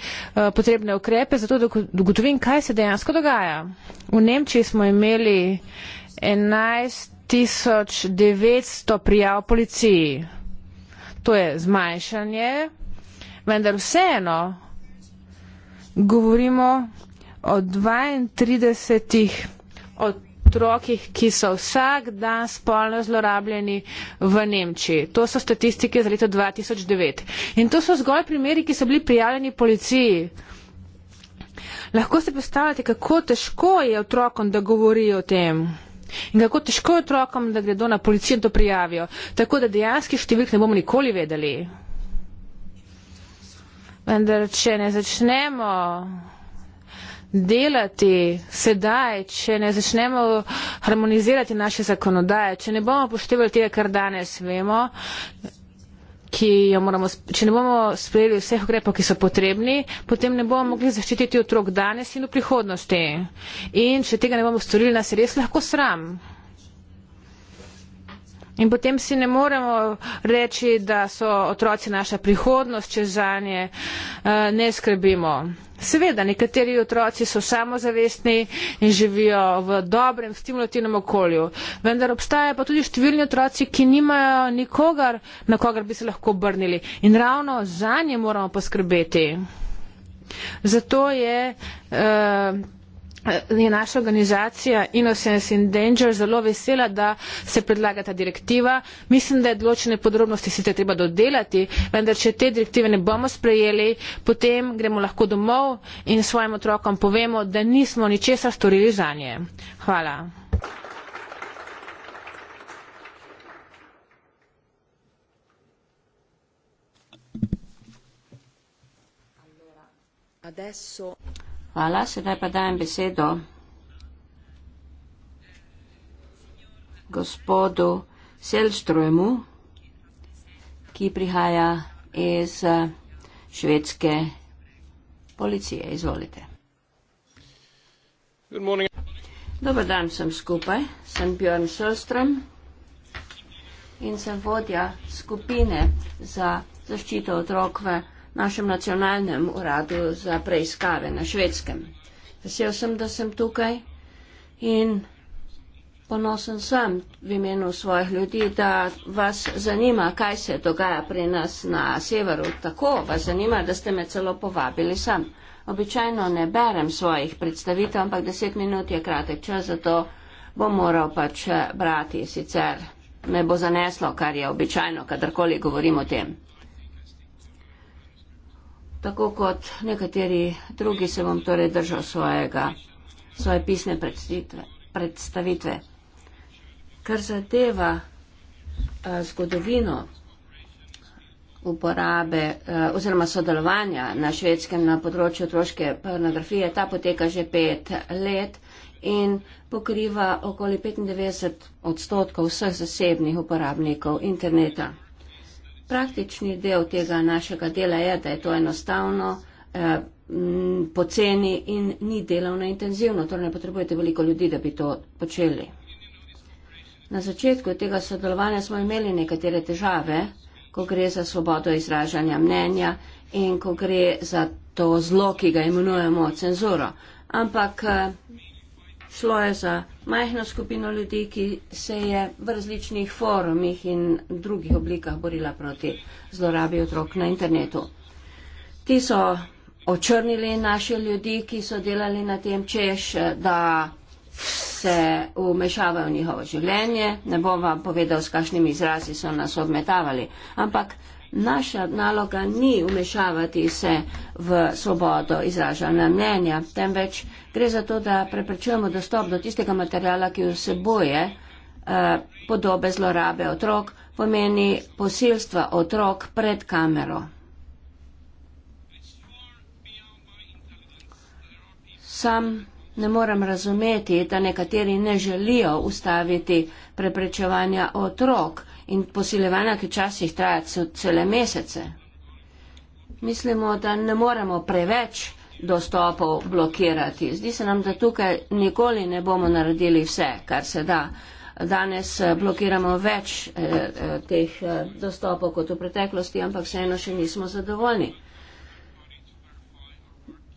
potrebne ukrepe, zato da ugotovim, kaj se dejansko dogaja. V Nemčiji smo imeli 11900 prijav policiji. To je zmanjšanje, vendar vseeno govorimo o 32 prijavah otrokih, ki so vsak dan spolno zlorabljeni v Nemčiji. To so statistike za leto 2009. In to so zgolj primeri, ki so bili prijavljeni policiji. Lahko se predstavljate, kako težko je otrokom, da govorijo o tem. In kako težko je otrokom, da gredo na policijo in to prijavijo. Tako da dejanski številk ne bomo nikoli vedeli. Vendar, če ne začnemo delati sedaj, če ne začnemo harmonizirati naše zakonodaje, če ne bomo poštevali tega, kar danes vemo, moramo, če ne bomo sprejeli vseh ukrepov, ki so potrebni, potem ne bomo mogli zaščititi otrok danes in v prihodnosti. In če tega ne bomo storili, nas je res lahko sram. In potem si ne moremo reči, da so otroci naša prihodnost, če za nje eh, ne skrbimo. Seveda, nekateri otroci so samozavestni in živijo v dobrem, stimulativnem okolju, vendar obstajajo pa tudi številni otroci, ki nimajo nikogar, na kogar bi se lahko obrnili. In ravno za nje moramo poskrbeti. Zato je. Uh, je naša organizacija Innocence in Danger zelo vesela, da se predlaga ta direktiva. Mislim, da je določene podrobnosti sicer treba dodelati, vendar če te direktive ne bomo sprejeli, potem gremo lahko domov in svojim otrokom povemo, da nismo ničesar storili za nje. Hvala. Adesso... Hvala, sedaj pa dajem besedo gospodu Selstrojmu, ki prihaja iz švedske policije. Izvolite. Dober dan sem skupaj, sem Björn Selstrom in sem vodja skupine za zaščito otrok v našem nacionalnem uradu za preiskave na švedskem. Vesel sem, da sem tukaj in ponosen sem v imenu svojih ljudi, da vas zanima, kaj se dogaja pri nas na severu. Tako vas zanima, da ste me celo povabili sem. Običajno ne berem svojih predstavitev, ampak deset minut je kratek čas, zato bom moral pač eh, brati, sicer me bo zaneslo, kar je običajno, kadarkoli govorim o tem tako kot nekateri drugi se bom torej držal svojega, svoje pisne predstavitve. predstavitve. Kar zadeva eh, zgodovino uporabe eh, oziroma sodelovanja na švedskem na področju otroške pornografije, ta poteka že pet let in pokriva okoli 95 odstotkov vseh zasebnih uporabnikov interneta praktični del tega našega dela je, da je to enostavno, eh, poceni in ni delovno intenzivno, torej ne potrebujete veliko ljudi, da bi to počeli. Na začetku tega sodelovanja smo imeli nekatere težave, ko gre za svobodo izražanja mnenja in ko gre za to zlo, ki ga imenujemo cenzuro. Ampak eh, Šlo je za majhno skupino ljudi, ki se je v različnih forumih in drugih oblikah borila proti zlorabi otrok na internetu. Ti so očrnili naše ljudi, ki so delali na tem češ, da se umešavajo v njihovo življenje. Ne bom vam povedal, s kakšnimi izrazi so nas obmetavali, ampak Naša naloga ni umešavati se v svobodo izražanja mnenja, temveč gre za to, da preprečujemo dostop do tistega materijala, ki vseboje eh, podobe zlorabe otrok, pomeni posilstva otrok pred kamero. Sam ne morem razumeti, da nekateri ne želijo ustaviti preprečevanja otrok in posiljevanja, ki včasih traja cele mesece. Mislimo, da ne moremo preveč dostopov blokirati. Zdi se nam, da tukaj nikoli ne bomo naredili vse, kar se da. Danes eh, blokiramo več eh, eh, teh eh, dostopov kot v preteklosti, ampak vseeno še nismo zadovoljni.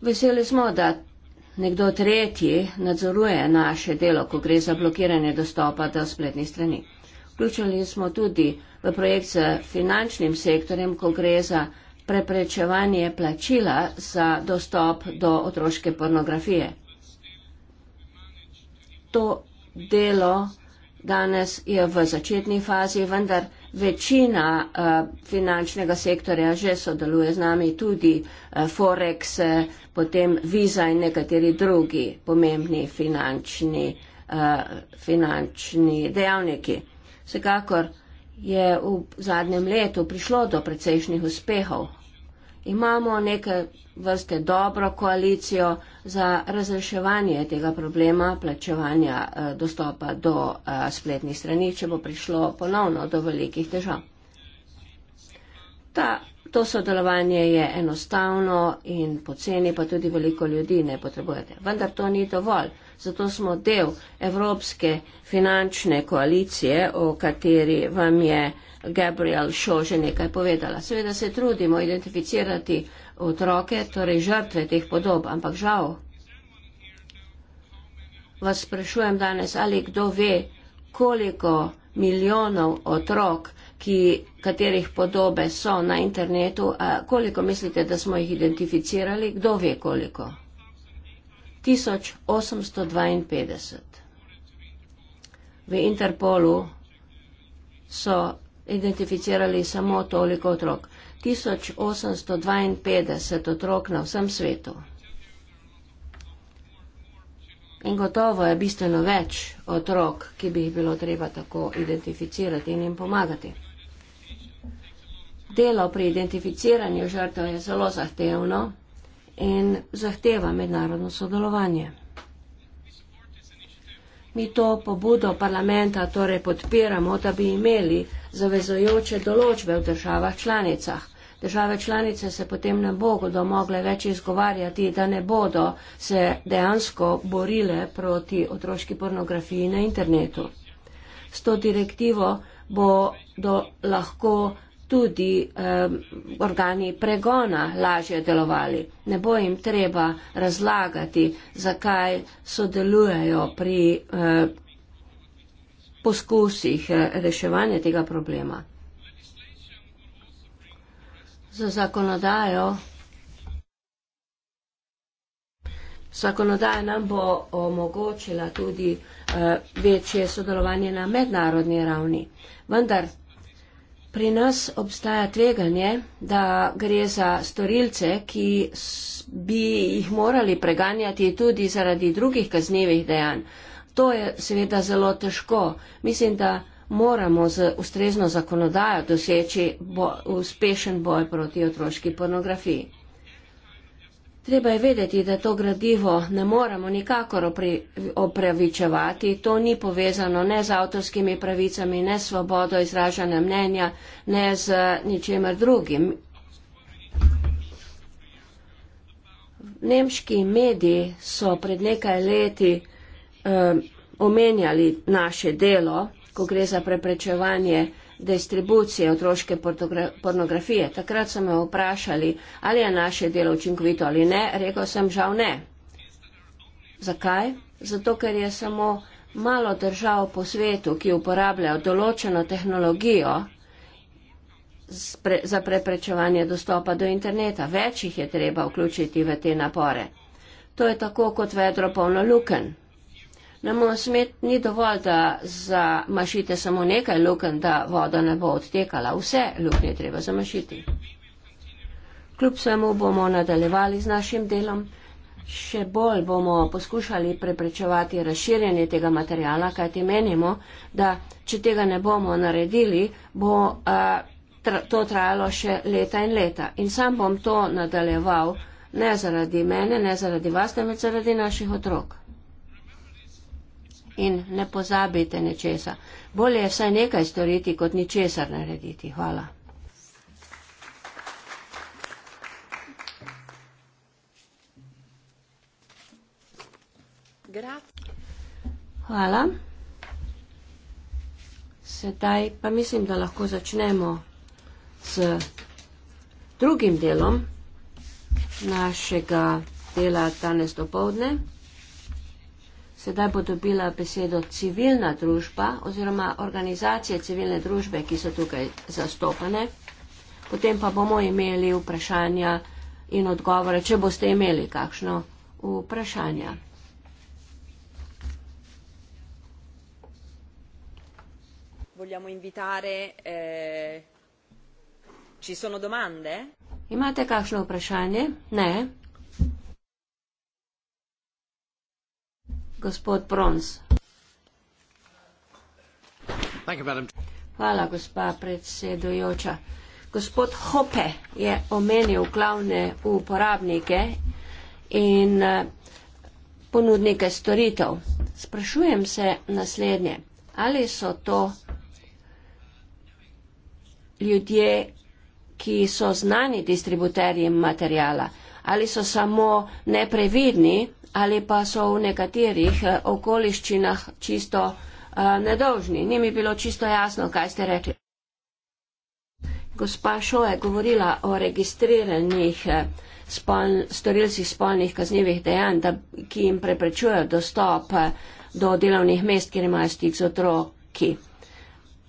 Veseli smo, da nekdo tretji nadzoruje naše delo, ko gre za blokiranje dostopa do spletnih strani. Vključili smo tudi v projekt z finančnim sektorjem, ko gre za preprečevanje plačila za dostop do otroške pornografije. To delo danes je v začetni fazi, vendar večina eh, finančnega sektorja že sodeluje z nami tudi eh, Forex, eh, potem Visa in nekateri drugi pomembni finančni dejavniki. Vsekakor je v zadnjem letu prišlo do precejšnjih uspehov. Imamo neke vrste dobro koalicijo za razreševanje tega problema plačevanja eh, dostopa do eh, spletnih strani, če bo prišlo ponovno do velikih težav. Ta, to sodelovanje je enostavno in poceni, pa tudi veliko ljudi ne potrebujete. Vendar to ni dovolj zato smo del Evropske finančne koalicije, o kateri vam je Gabriel Šo že nekaj povedala. Seveda se trudimo identificirati otroke, torej žrtve teh podob, ampak žal vas sprašujem danes, ali kdo ve, koliko milijonov otrok, ki, katerih podobe so na internetu, koliko mislite, da smo jih identificirali, kdo ve koliko? 1852. V Interpolu so identificirali samo toliko otrok. 1852 otrok na vsem svetu. In gotovo je bistveno več otrok, ki bi jih bilo treba tako identificirati in jim pomagati. Delo pri identificiranju žrtev je zelo zahtevno in zahteva mednarodno sodelovanje. Mi to pobudo parlamenta torej podpiramo, da bi imeli zavezojoče določbe v državah članicah. Države članice se potem ne bodo mogle več izgovarjati, da ne bodo se dejansko borile proti otroški pornografiji na internetu. S to direktivo bodo lahko tudi eh, organi pregona lažje delovali. Ne bo jim treba razlagati, zakaj sodelujejo pri eh, poskusih eh, reševanja tega problema. Za zakonodajo. Zakonodaja nam bo omogočila tudi uh, večje sodelovanje na mednarodni ravni, vendar Pri nas obstaja tveganje, da gre za storilce, ki bi jih morali preganjati tudi zaradi drugih kaznjevih dejanj. To je seveda zelo težko. Mislim, da moramo z ustrezno zakonodajo doseči bo uspešen boj proti otroški pornografiji. Treba je vedeti, da to gradivo ne moremo nikakor opravičevati. To ni povezano ne z avtorskimi pravicami, ne s svobodo izražanja mnenja, ne z ničemer drugim. Nemški mediji so pred nekaj leti eh, omenjali naše delo, ko gre za preprečevanje distribucije otroške pornografije. Takrat so me vprašali, ali je naše delo učinkovito ali ne. Rekel sem, žal ne. Zakaj? Zato, ker je samo malo držav po svetu, ki uporabljajo določeno tehnologijo za preprečevanje dostopa do interneta. Več jih je treba vključiti v te napore. To je tako kot vedro polno lukenj. Nam smet ni dovolj, da zamašite samo nekaj luken, da voda ne bo odtekala. Vse luknje je treba zamašiti. Kljub vsemu bomo nadaljevali z našim delom. Še bolj bomo poskušali preprečevati razširjanje tega materijala, kajti menimo, da če tega ne bomo naredili, bo a, tra, to trajalo še leta in leta. In sam bom to nadaljeval ne zaradi mene, ne zaradi vas, temveč zaradi naših otrok in ne pozabite nečesa. Bolje je vsaj nekaj storiti, kot ničesar narediti. Hvala. Hvala. Sedaj pa mislim, da lahko začnemo s drugim delom našega dela danes do povdne. Sedaj bo dobila besedo civilna družba oziroma organizacije civilne družbe, ki so tukaj zastopane. Potem pa bomo imeli vprašanja in odgovore, če boste imeli kakšno vprašanje. Vogliamo invitare. Eh, ci sono domande? Imate kakšno vprašanje? Ne. gospod Prons. Hvala, gospa predsedujoča. Gospod Hope je omenil glavne uporabnike in eh, ponudnike storitev. Sprašujem se naslednje, ali so to ljudje, ki so znani distributerjem materijala, ali so samo neprevidni ali pa so v nekaterih eh, okoliščinah čisto eh, nedolžni. Ni mi bilo čisto jasno, kaj ste rekli. Gospa Šo je govorila o registriranih eh, spol, storilcih spolnih kaznjivih dejanj, da, ki jim preprečujejo dostop do delovnih mest, kjer imajo stik z otroki.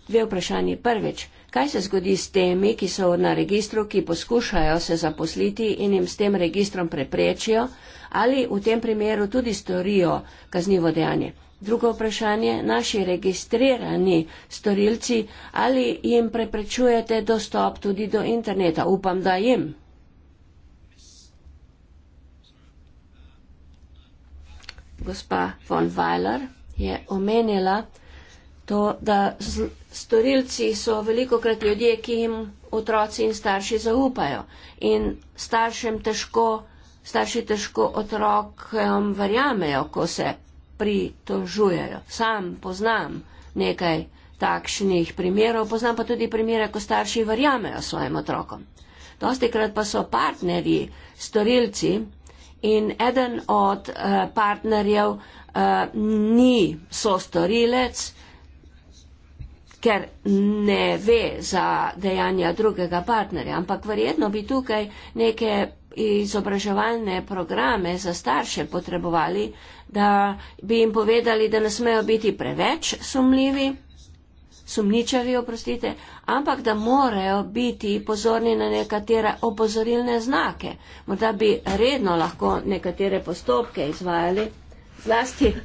Dve vprašanje. Prvič, kaj se zgodi s temi, ki so na registru, ki poskušajo se zaposliti in jim s tem registrom preprečijo, ali v tem primeru tudi storijo kaznivo dejanje. Drugo vprašanje, naši registrirani storilci, ali jim preprečujete dostop tudi do interneta? Upam, da jim. Gospa von Weiler je omenila to, da storilci so veliko krat ljudje, ki jim otroci in starši zaupajo in staršem težko starši težko otrokom verjamejo, ko se pritožujejo. Sam poznam nekaj takšnih primerov, poznam pa tudi primere, ko starši verjamejo svojim otrokom. Dosti krat pa so partnerji storilci in eden od eh, partnerjev eh, ni so storilec, ker ne ve za dejanja drugega partnerja, ampak verjetno bi tukaj neke izobraževalne programe za starše potrebovali, da bi jim povedali, da ne smejo biti preveč sumljivi, sumničavi, oprostite, ampak da morajo biti pozorni na nekatere opozorilne znake. Morda bi redno lahko nekatere postopke izvajali, zlasti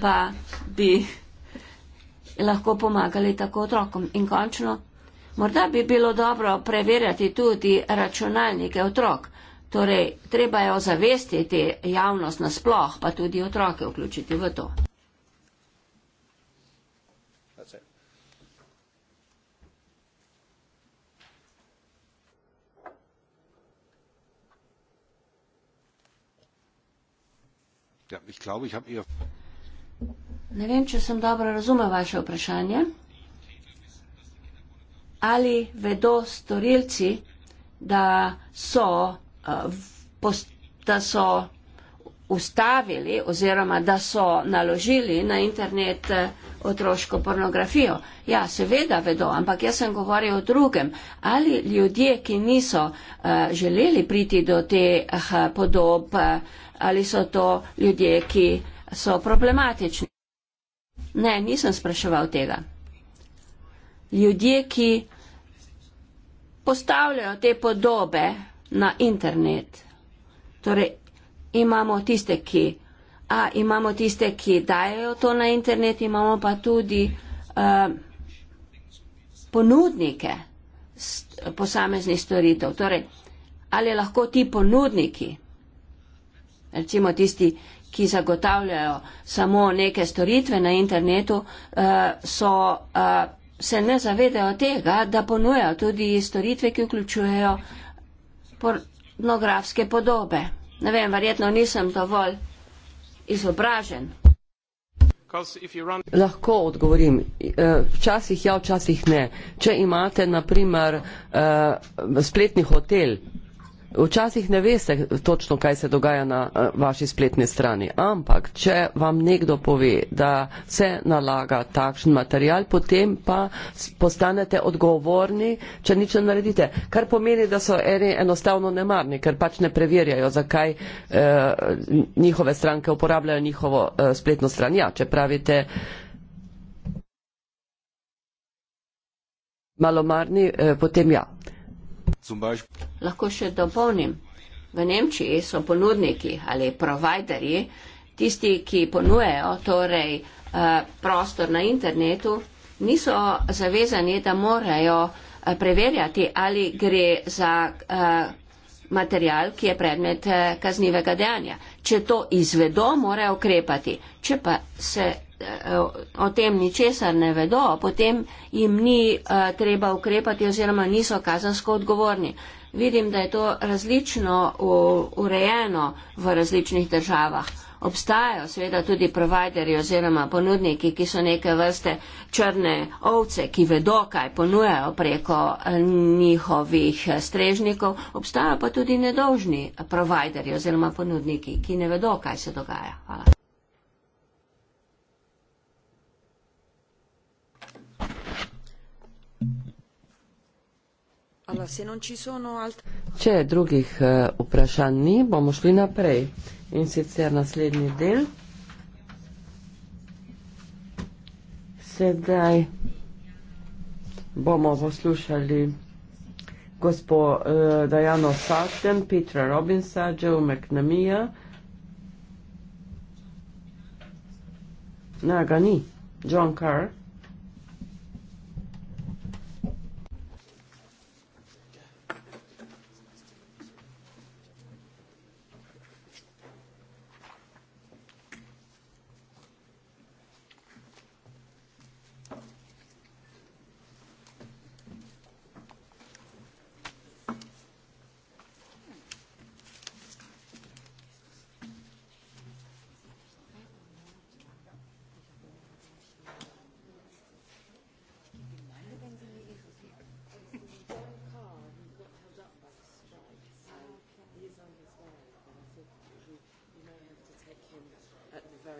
pa bi lahko pomagali tako otrokom. In končno, Morda bi bilo dobro preverjati tudi računalnike otrok. Torej, treba je ozavestiti javnost nasploh, pa tudi otroke vključiti v to. Ja, ne vem, če sem dobro razumel vaše vprašanje ali vedo storilci, da so, eh, da so ustavili oziroma da so naložili na internet eh, otroško pornografijo. Ja, seveda vedo, ampak jaz sem govoril o drugem. Ali ljudje, ki niso eh, želeli priti do teh podob, ali so to ljudje, ki so problematični? Ne, nisem spraševal tega. Ljudje, ki postavljajo te podobe na internet. Torej, imamo tiste, ki, a, imamo tiste, ki dajo to na internet, imamo pa tudi uh, ponudnike posameznih storitev. Torej, ali lahko ti ponudniki, recimo tisti, ki zagotavljajo samo neke storitve na internetu, uh, so. Uh, se ne zavedajo tega, da ponujajo tudi storitve, ki vključujejo pornografske podobe. Ne vem, verjetno nisem dovolj izobražen. Run... Lahko odgovorim. E, včasih ja, včasih ne. Če imate, naprimer, e, spletni hotel, Včasih ne veste točno, kaj se dogaja na eh, vaši spletni strani, ampak če vam nekdo pove, da se nalaga takšen material, potem pa postanete odgovorni, če nič ne naredite. Kar pomeni, da so eni enostavno nemarni, ker pač ne preverjajo, zakaj eh, njihove stranke uporabljajo njihovo eh, spletno stran. Ja, če pravite. Malomarni, eh, potem ja. Lahko še dopolnim. V Nemčiji so ponudniki ali providerji, tisti, ki ponujejo torej, eh, prostor na internetu, niso zavezani, da morajo eh, preverjati, ali gre za eh, material, ki je predmet kaznivega dejanja. Če to izvedo, morajo ukrepati. Če pa se o tem ničesar ne vedo, potem jim ni eh, treba ukrepati oziroma niso kazansko odgovorni. Vidim, da je to različno urejeno v različnih državah. Obstajajo seveda tudi provajderji oziroma ponudniki, ki so neke vrste črne ovce, ki vedo, kaj ponujajo preko eh, njihovih eh, strežnikov. Obstajajo pa tudi nedolžni provajderji oziroma ponudniki, ki ne vedo, kaj se dogaja. Hvala. Če drugih eh, vprašanj ni, bomo šli naprej. In sicer naslednji del. Sedaj bomo poslušali gospo uh, eh, Dajano Sutton, Petra Robinsa, Joe McNamija. Ne, ga ni. John Carr.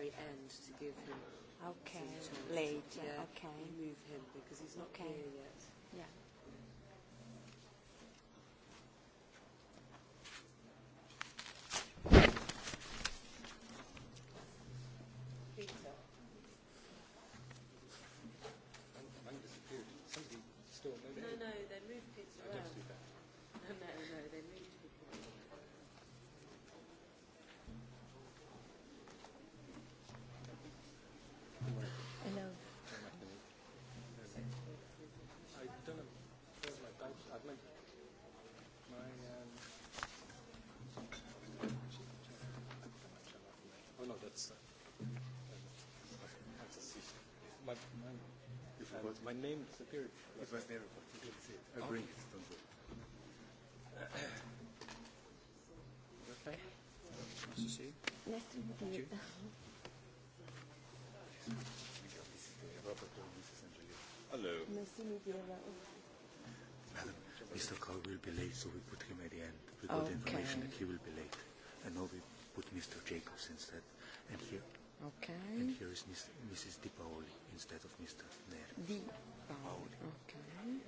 very end to give him okay. later. Yeah. Okay. Remove him because he's not okay. here yet. and my name disappeared. It was never put. You can see it. I bring it. Don't worry. Okay. Nice to see you. Nice to meet you. Hello. Madam, Mr. Carr will be late, so we put him at the end. We got okay. the information that he will be late. And now we put Mr. Jacobs instead. And here. Okay. And here is Ms. Mrs. Di Paoli instead of Mr. Neri. Di Paoli. Paoli. Okay.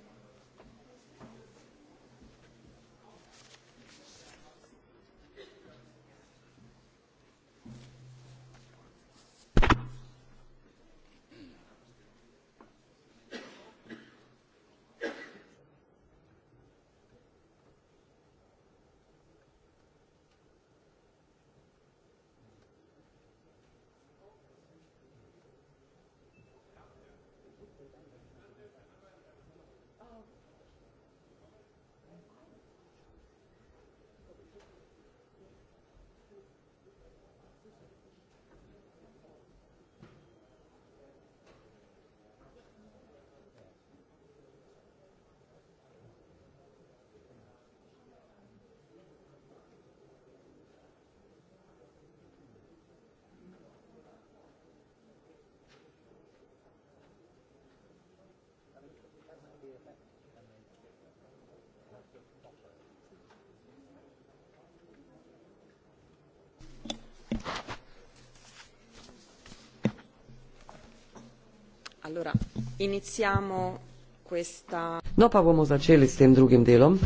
Allora, iniziamo questa... No, pa bomo začeli s tem drugim delom.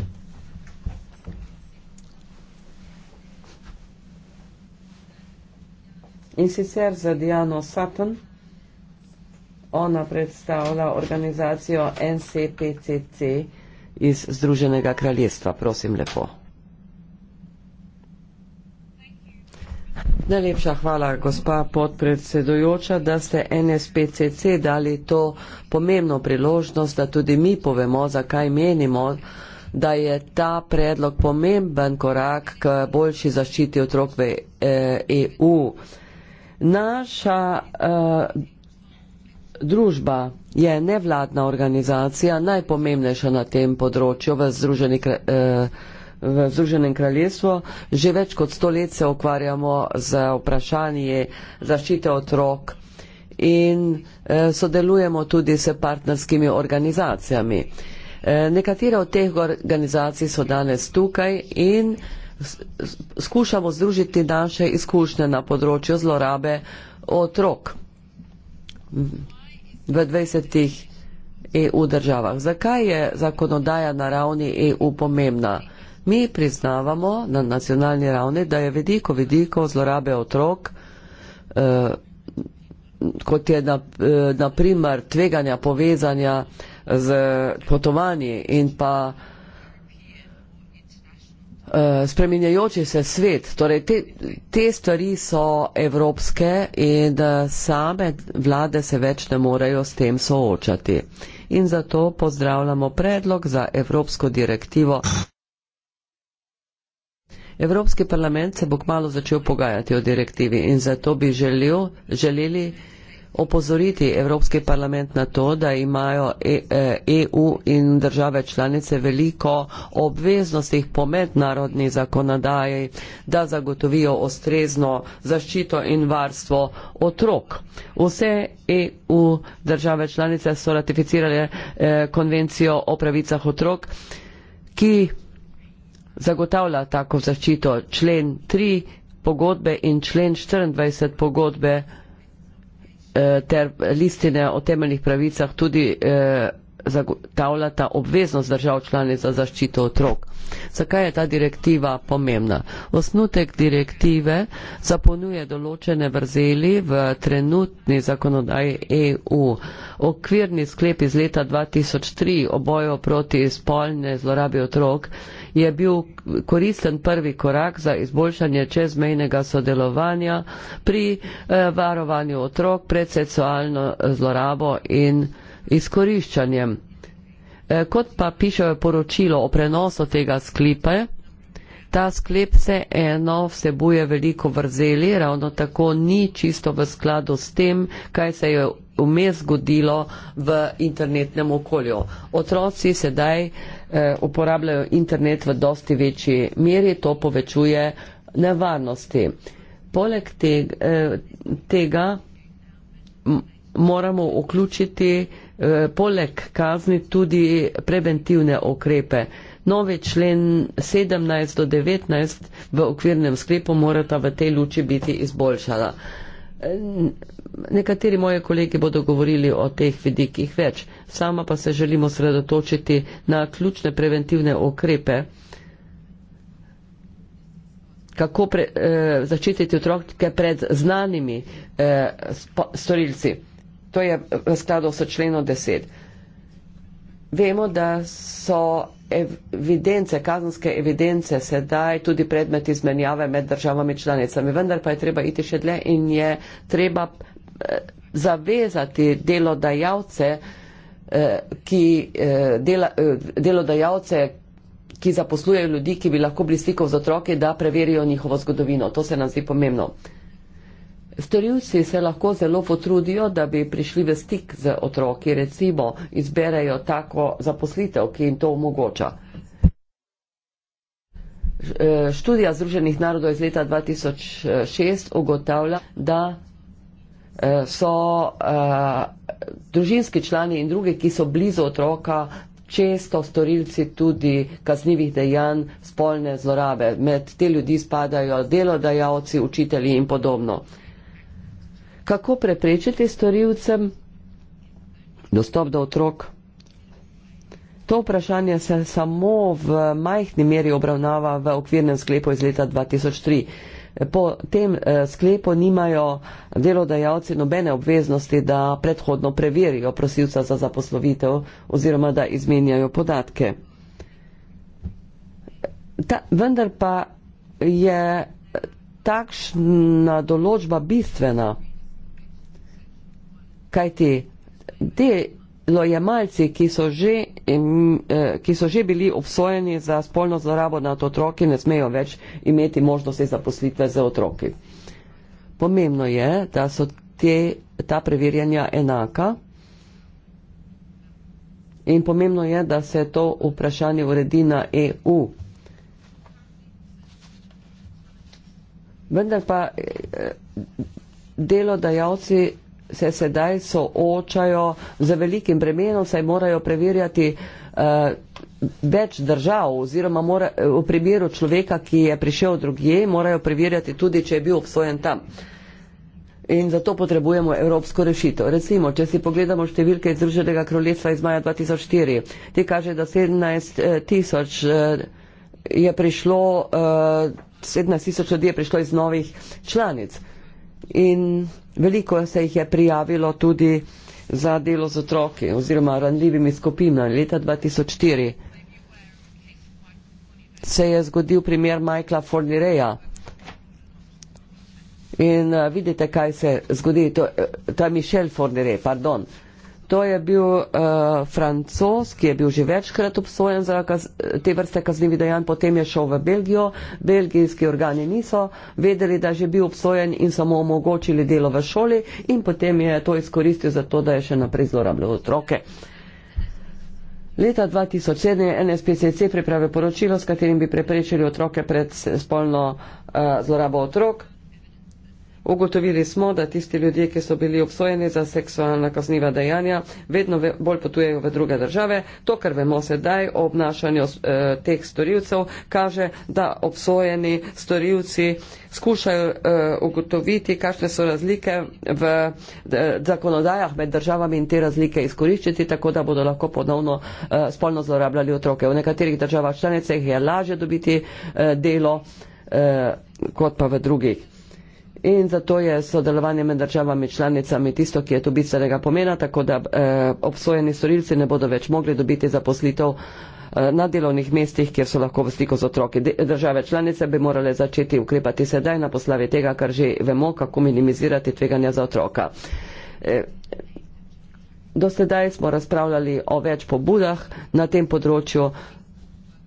In sicer za Diano Sutton, ona predstavlja organizacijo NCPCC iz Združenega kraljestva. Prosim, lepo. Najlepša hvala, gospa podpredsedujoča, da ste NSPCC dali to pomembno priložnost, da tudi mi povemo, zakaj menimo, da je ta predlog pomemben korak k boljši zaščiti otrok v EU. Eh, e Naša uh, družba je nevladna organizacija, najpomembnejša na tem področju v Združenih uh, v Združenem kraljestvu. Že več kot sto let se ukvarjamo z vprašanji zaščite otrok in eh, sodelujemo tudi s partnerskimi organizacijami. Eh, nekatere od teh organizacij so danes tukaj in skušamo združiti naše izkušnje na področju zlorabe otrok v 20 EU državah. Zakaj je zakonodaja na ravni EU pomembna? mi priznavamo na nacionalni ravni, da je veliko, veliko zlorabe otrok, eh, kot je naprimer eh, tveganja povezanja z potovanji in pa eh, spreminjajoči se svet. Torej, te, te stvari so evropske in same vlade se več ne morejo s tem soočati. In zato pozdravljamo predlog za evropsko direktivo Evropski parlament se bo kmalo začel pogajati o direktivi in zato bi želil, želeli opozoriti Evropski parlament na to, da imajo EU e, e in države članice veliko obveznosti po mednarodni zakonodaji, da zagotovijo ostrezno zaščito in varstvo otrok. Vse EU države članice so ratificirale eh, konvencijo o pravicah otrok, ki zagotavlja tako zaščito člen 3 pogodbe in člen 24 pogodbe eh, ter listine o temeljnih pravicah tudi eh, zagotavljata obveznost držav članic za zaščito otrok. Zakaj je ta direktiva pomembna? Osnutek direktive zapolnjuje določene vrzeli v trenutni zakonodaji EU. Okvirni sklep iz leta 2003 o boju proti spolne zlorabi otrok je bil koristen prvi korak za izboljšanje čezmejnega sodelovanja pri eh, varovanju otrok pred seksualno zlorabo in izkoriščanjem. Eh, kot pa pišejo poročilo o prenosu tega sklipe, Ta sklep se eno vsebuje veliko vrzeli, ravno tako ni čisto v skladu s tem, kaj se je vmes zgodilo v internetnem okolju. Otroci sedaj Eh, uporabljajo internet v dosti večji meri, to povečuje nevarnosti. Poleg teg, eh, tega moramo vključiti eh, poleg kazni tudi preventivne okrepe. Novi člen 17 do 19 v okvirnem sklepu morata v tej luči biti izboljšala. Nekateri moji kolegi bodo govorili o teh vidikih več, sama pa se želimo sredotočiti na ključne preventivne okrepe, kako pre, eh, začititi otroke pred znanimi eh, storilci. To je v skladu s členom 10. Vemo, da so evidence, kazenske evidence sedaj tudi predmet izmenjave med državami članicami, vendar pa je treba iti še dlje in je treba eh, zavezati delodajalce, eh, ki, eh, dela, delodajalce, ki zaposlujejo ljudi, ki bi lahko bili stikov z otroki, da preverijo njihovo zgodovino. To se nam zdi pomembno. Storilci se lahko zelo potrudijo, da bi prišli v stik z otroki, recimo izberejo tako zaposlitev, ki jim to omogoča. E, študija Združenih narodov iz leta 2006 ugotavlja, da e, so e, družinski člani in druge, ki so blizu otroka, često storilci tudi kaznjivih dejanj, spolne zlorabe. Med te ljudi spadajo delodajalci, učitelji in podobno kako preprečiti storilcem dostop do otrok. To vprašanje se samo v majhni meri obravnava v okvirnem sklepu iz leta 2003. Po tem eh, sklepu nimajo delodajalci nobene obveznosti, da predhodno preverijo prosilca za zaposlovitev oziroma da izmenjajo podatke. Ta, vendar pa je takšna določba bistvena kajti te lojemalci, ki so, že, eh, ki so že bili obsojeni za spolno zlorabo nad otroki, ne smejo več imeti možnosti zaposlitve za otroki. Pomembno je, da so te, ta preverjanja enaka in pomembno je, da se to vprašanje uredi na EU. Vendar pa eh, eh, delodajalci se sedaj soočajo z velikim bremenom, saj morajo preverjati uh, več držav oziroma mora, eh, v primeru človeka, ki je prišel drugje, morajo preverjati tudi, če je bil obsojen tam. In zato potrebujemo evropsko rešitev. Recimo, če si pogledamo številke iz Združenega kraljestva iz maja 2004, ti kaže, da 17 eh, tisoč je prišlo, 17 tisoč ljudi je prišlo iz novih članic in veliko se jih je prijavilo tudi za delo z otroki oziroma ranljivimi skupinami. Leta 2004 se je zgodil primer Michaela Fornireja. In uh, vidite, kaj se zgodi, to, uh, eh, to je Michel Fornire, pardon. Uh, To je bil uh, eh, francos, ki je bil že večkrat obsojen za kaz, te vrste kaznjivih dejanj, potem je šel v Belgijo, belgijski organi niso vedeli, da je že bil obsojen in so mu omogočili delo v šoli in potem je to izkoristil za to, da je še naprej zlorabljal otroke. Leta 2007 je NSPCC pripravil poročilo, s katerim bi preprečili otroke pred spolno uh, zlorabo otrok. Ugotovili smo, da tisti ljudje, ki so bili obsojeni za seksualna kazniva dejanja, vedno ve, bolj potujejo v druge države. To, kar vemo sedaj o obnašanju eh, teh storilcev, kaže, da obsojeni storilci skušajo eh, ugotoviti, kakšne so razlike v de, zakonodajah med državami in te razlike izkoriščiti, tako da bodo lahko ponovno eh, spolno zlorabljali otroke. V nekaterih državah članicah je lažje dobiti eh, delo eh, kot pa v drugih. In zato je sodelovanje med državami članicami tisto, ki je tu bistvenega pomena, tako da eh, obsojeni storilci ne bodo več mogli dobiti zaposlitev eh, na delovnih mestih, kjer so lahko v stiku z otroki. De države članice bi morale začeti ukrepati sedaj na poslavi tega, kar že vemo, kako minimizirati tveganja za otroka. Eh, do sedaj smo razpravljali o več pobudah na tem področju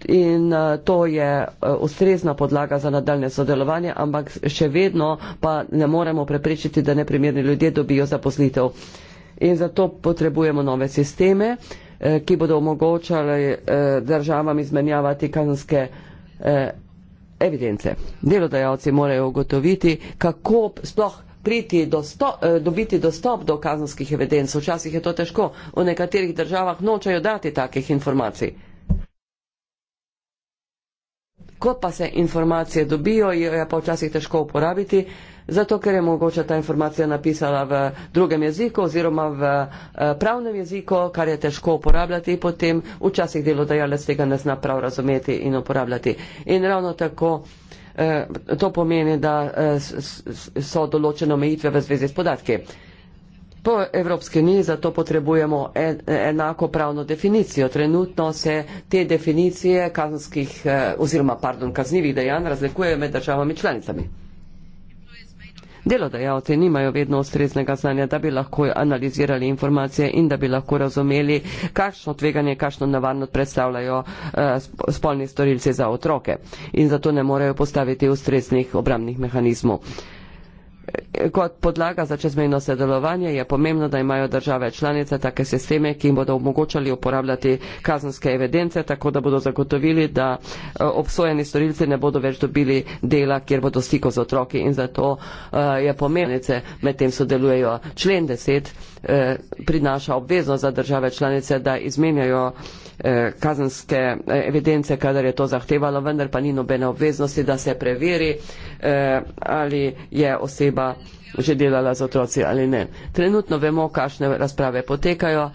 in uh, to je uh, ustrezna podlaga za nadaljne sodelovanje, ampak še vedno pa ne moremo preprečiti, da neprimerni ljudje dobijo zaposlitev. In zato potrebujemo nove sisteme, eh, ki bodo omogočali eh, državam izmenjavati kazenske eh, evidence. Delodajalci morajo ugotoviti, kako sploh priti dosto, eh, dobiti dostop do kazenskih evidenc. Včasih je to težko, v nekaterih državah nočejo dati takih informacij ko pa se informacije dobijo, jo je pa včasih težko uporabiti, zato ker je mogoče ta informacija napisala v drugem jeziku oziroma v eh, pravnem jeziku, kar je težko uporabljati, potem včasih delodajalec tega ne zna prav razumeti in uporabljati. In ravno tako eh, to pomeni, da eh, so določene omejitve v zvezi s podatki. Po Evropski uniji zato potrebujemo en, enako pravno definicijo. Trenutno se te definicije kaznskih eh, oziroma pardon, kaznjivih dejanj razlikujejo med državami članicami. Delodajalci nimajo vedno ustreznega znanja, da bi lahko analizirali informacije in da bi lahko razumeli, kakšno tveganje, kakšno nevarnost predstavljajo eh, spolni storilci za otroke in zato ne morejo postaviti ustreznih obramnih mehanizmov. Kot podlaga za čezmejno sodelovanje je pomembno, da imajo države članice take sisteme, ki jim bodo omogočali uporabljati kazenske evidence, tako da bodo zagotovili, da eh, obsojeni storilci ne bodo več dobili dela, kjer bodo stiko z otroki in zato eh, je pomembno, da med tem sodelujejo. Člen 10 eh, prinaša obveznost za države članice, da izmenjajo Eh, kazenske eh, evidence, kadar je to zahtevalo, vendar pa ni nobene obveznosti, da se preveri, eh, ali je oseba že delala z otroci ali ne. Trenutno vemo, kakšne razprave potekajo.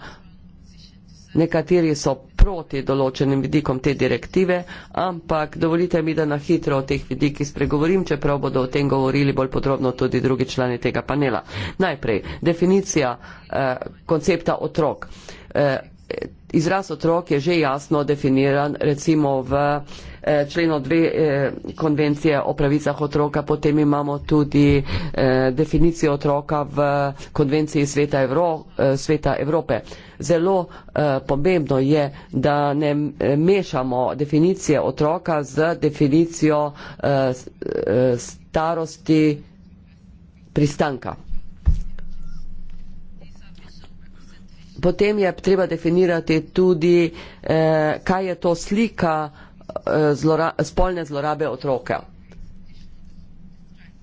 Nekateri so proti določenim vidikom te direktive, ampak dovolite mi, da na hitro o teh vidikih spregovorim, čeprav bodo o tem govorili bolj podrobno tudi drugi člani tega panela. Najprej, definicija eh, koncepta otrok. Eh, izraz otrok je že jasno definiran, recimo v eh, členu dve eh, konvencije o pravicah otroka, potem imamo tudi eh, definicijo otroka v konvenciji sveta, Evro, eh, sveta Evrope. Zelo eh, pomembno je, da ne eh, mešamo definicije otroka z definicijo eh, eh starosti pristanka. potem je treba definirati tudi, eh, kaj je to slika eh, zlora, spolne zlorabe otroke.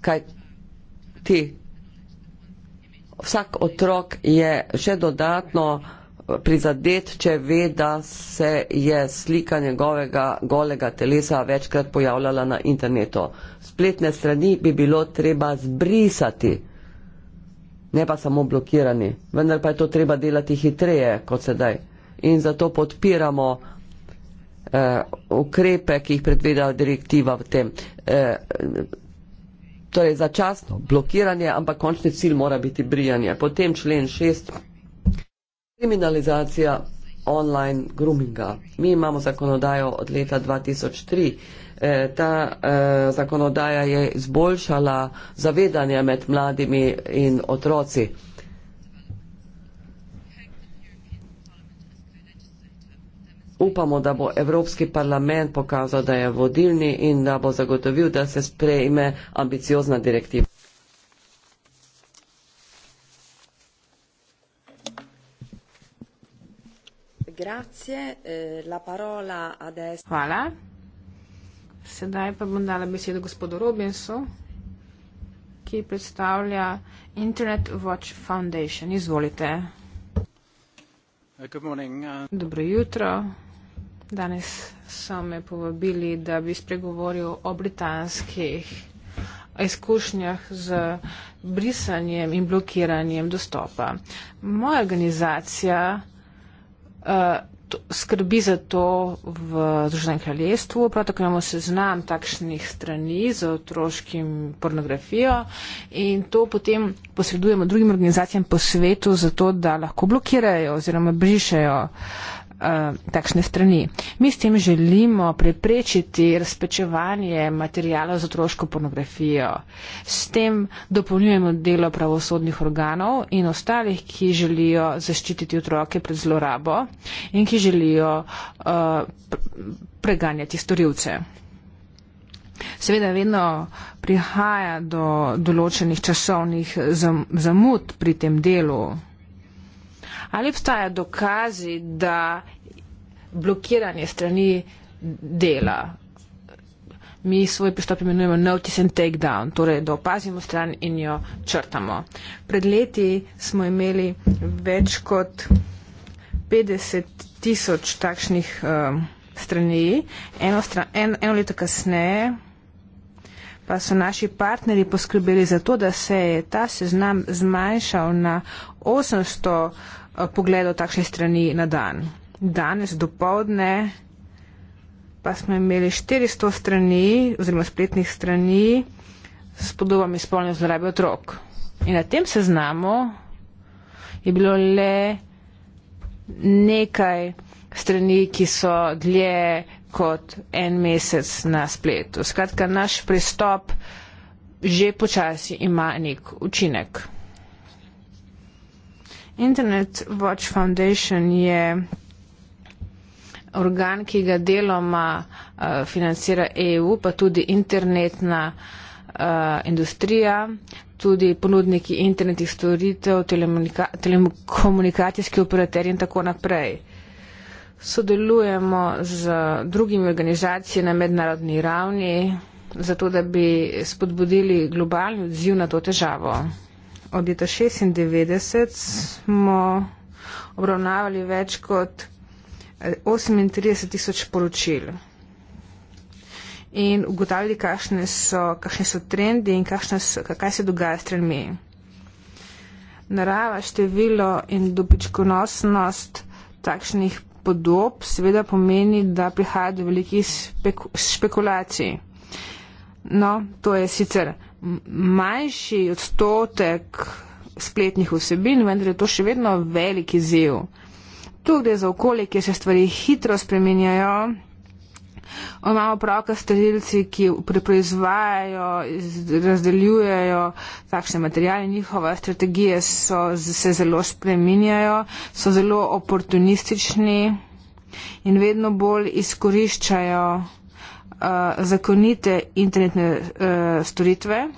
Kaj ti? Vsak otrok je še dodatno eh, prizadet, če ve, da se je slika njegovega golega telesa večkrat pojavljala na internetu. Spletne strani bi bilo treba zbrisati ne pa samo blokirani. Vendar pa je to treba delati hitreje kot sedaj. In zato podpiramo eh, ukrepe, ki jih predvideva direktiva v tem. Eh, Torej, začasno blokiranje, ampak končni cilj mora biti brijanje. Potem člen šest, kriminalizacija online groominga. Mi imamo zakonodajo od leta 2003. Eh, ta eh, zakonodaja je izboljšala zavedanje med mladimi in otroci. Upamo, da bo Evropski parlament pokazal, da je vodilni in da bo zagotovil, da se sprejme ambiciozna direktiva. Eh, Hvala. Sedaj pa bom dala besedo gospodu Robinsu, ki predstavlja Internet Watch Foundation. Izvolite. Uh, Dobro jutro. Danes so me povabili, da bi spregovoril o britanskih izkušnjah z brisanjem in blokiranjem dostopa. Moja organizacija uh, to, skrbi za to v Združenem kraljestvu, prav tako imamo seznam takšnih strani za otroškim pornografijo in to potem posredujemo drugim organizacijam po svetu za to, da lahko blokirajo oziroma brišajo uh, Eh, takšne strani. Mi s tem želimo preprečiti razpečevanje materijala za otroško pornografijo. S tem dopolnjujemo delo pravosodnih organov in ostalih, ki želijo zaščititi otroke pred zlorabo in ki želijo uh, preganjati storilce. Seveda vedno prihaja do določenih časovnih zam zamud pri tem delu. Ali obstajajo dokazi, da blokiranje strani dela, mi svoj pristop imenujemo notice and take down, torej da opazimo stran in jo črtamo. Pred leti smo imeli več kot 50 tisoč takšnih um, strani, eno, stran, en, eno leto kasneje pa so naši partnerji poskrbeli za to, da se je ta seznam zmanjšal na 800 Eh, pogledov takšne strani na dan. Danes do povdne pa smo imeli 400 strani oziroma spletnih strani s podobami spolne zlorabe otrok. In na tem seznamu je bilo le nekaj strani, ki so dlje kot en mesec na spletu. Skratka, naš pristop že počasi ima nek učinek. Internet Watch Foundation je organ, ki ga deloma uh, financira EU, pa tudi internetna uh, industrija, tudi ponudniki internetnih storitev, telekomunikacijski operaterji in tako naprej. Sodelujemo z drugimi organizacijami na mednarodni ravni, zato da bi spodbudili globalni odziv na to težavo od leta 96 smo obravnavali več kot 38 eh, tisoč poročil in ugotavljali, kakšne so, kakšne so trendi in kakšne so, kaj se dogaja s trendmi. Narava, število in dobičkonosnost takšnih podob seveda pomeni, da prihaja do velikih spekulacij. No, to je sicer manjši odstotek spletnih vsebin, vendar je to še vedno veliki ziv. Tu gre za okolje, kjer se stvari hitro spreminjajo. Imamo pravka starilci, ki preproizvajajo, razdeljujejo takšne materijale, njihove strategije so, se zelo spreminjajo, so zelo oportunistični in vedno bolj izkoriščajo zakonite internetne uh, storitve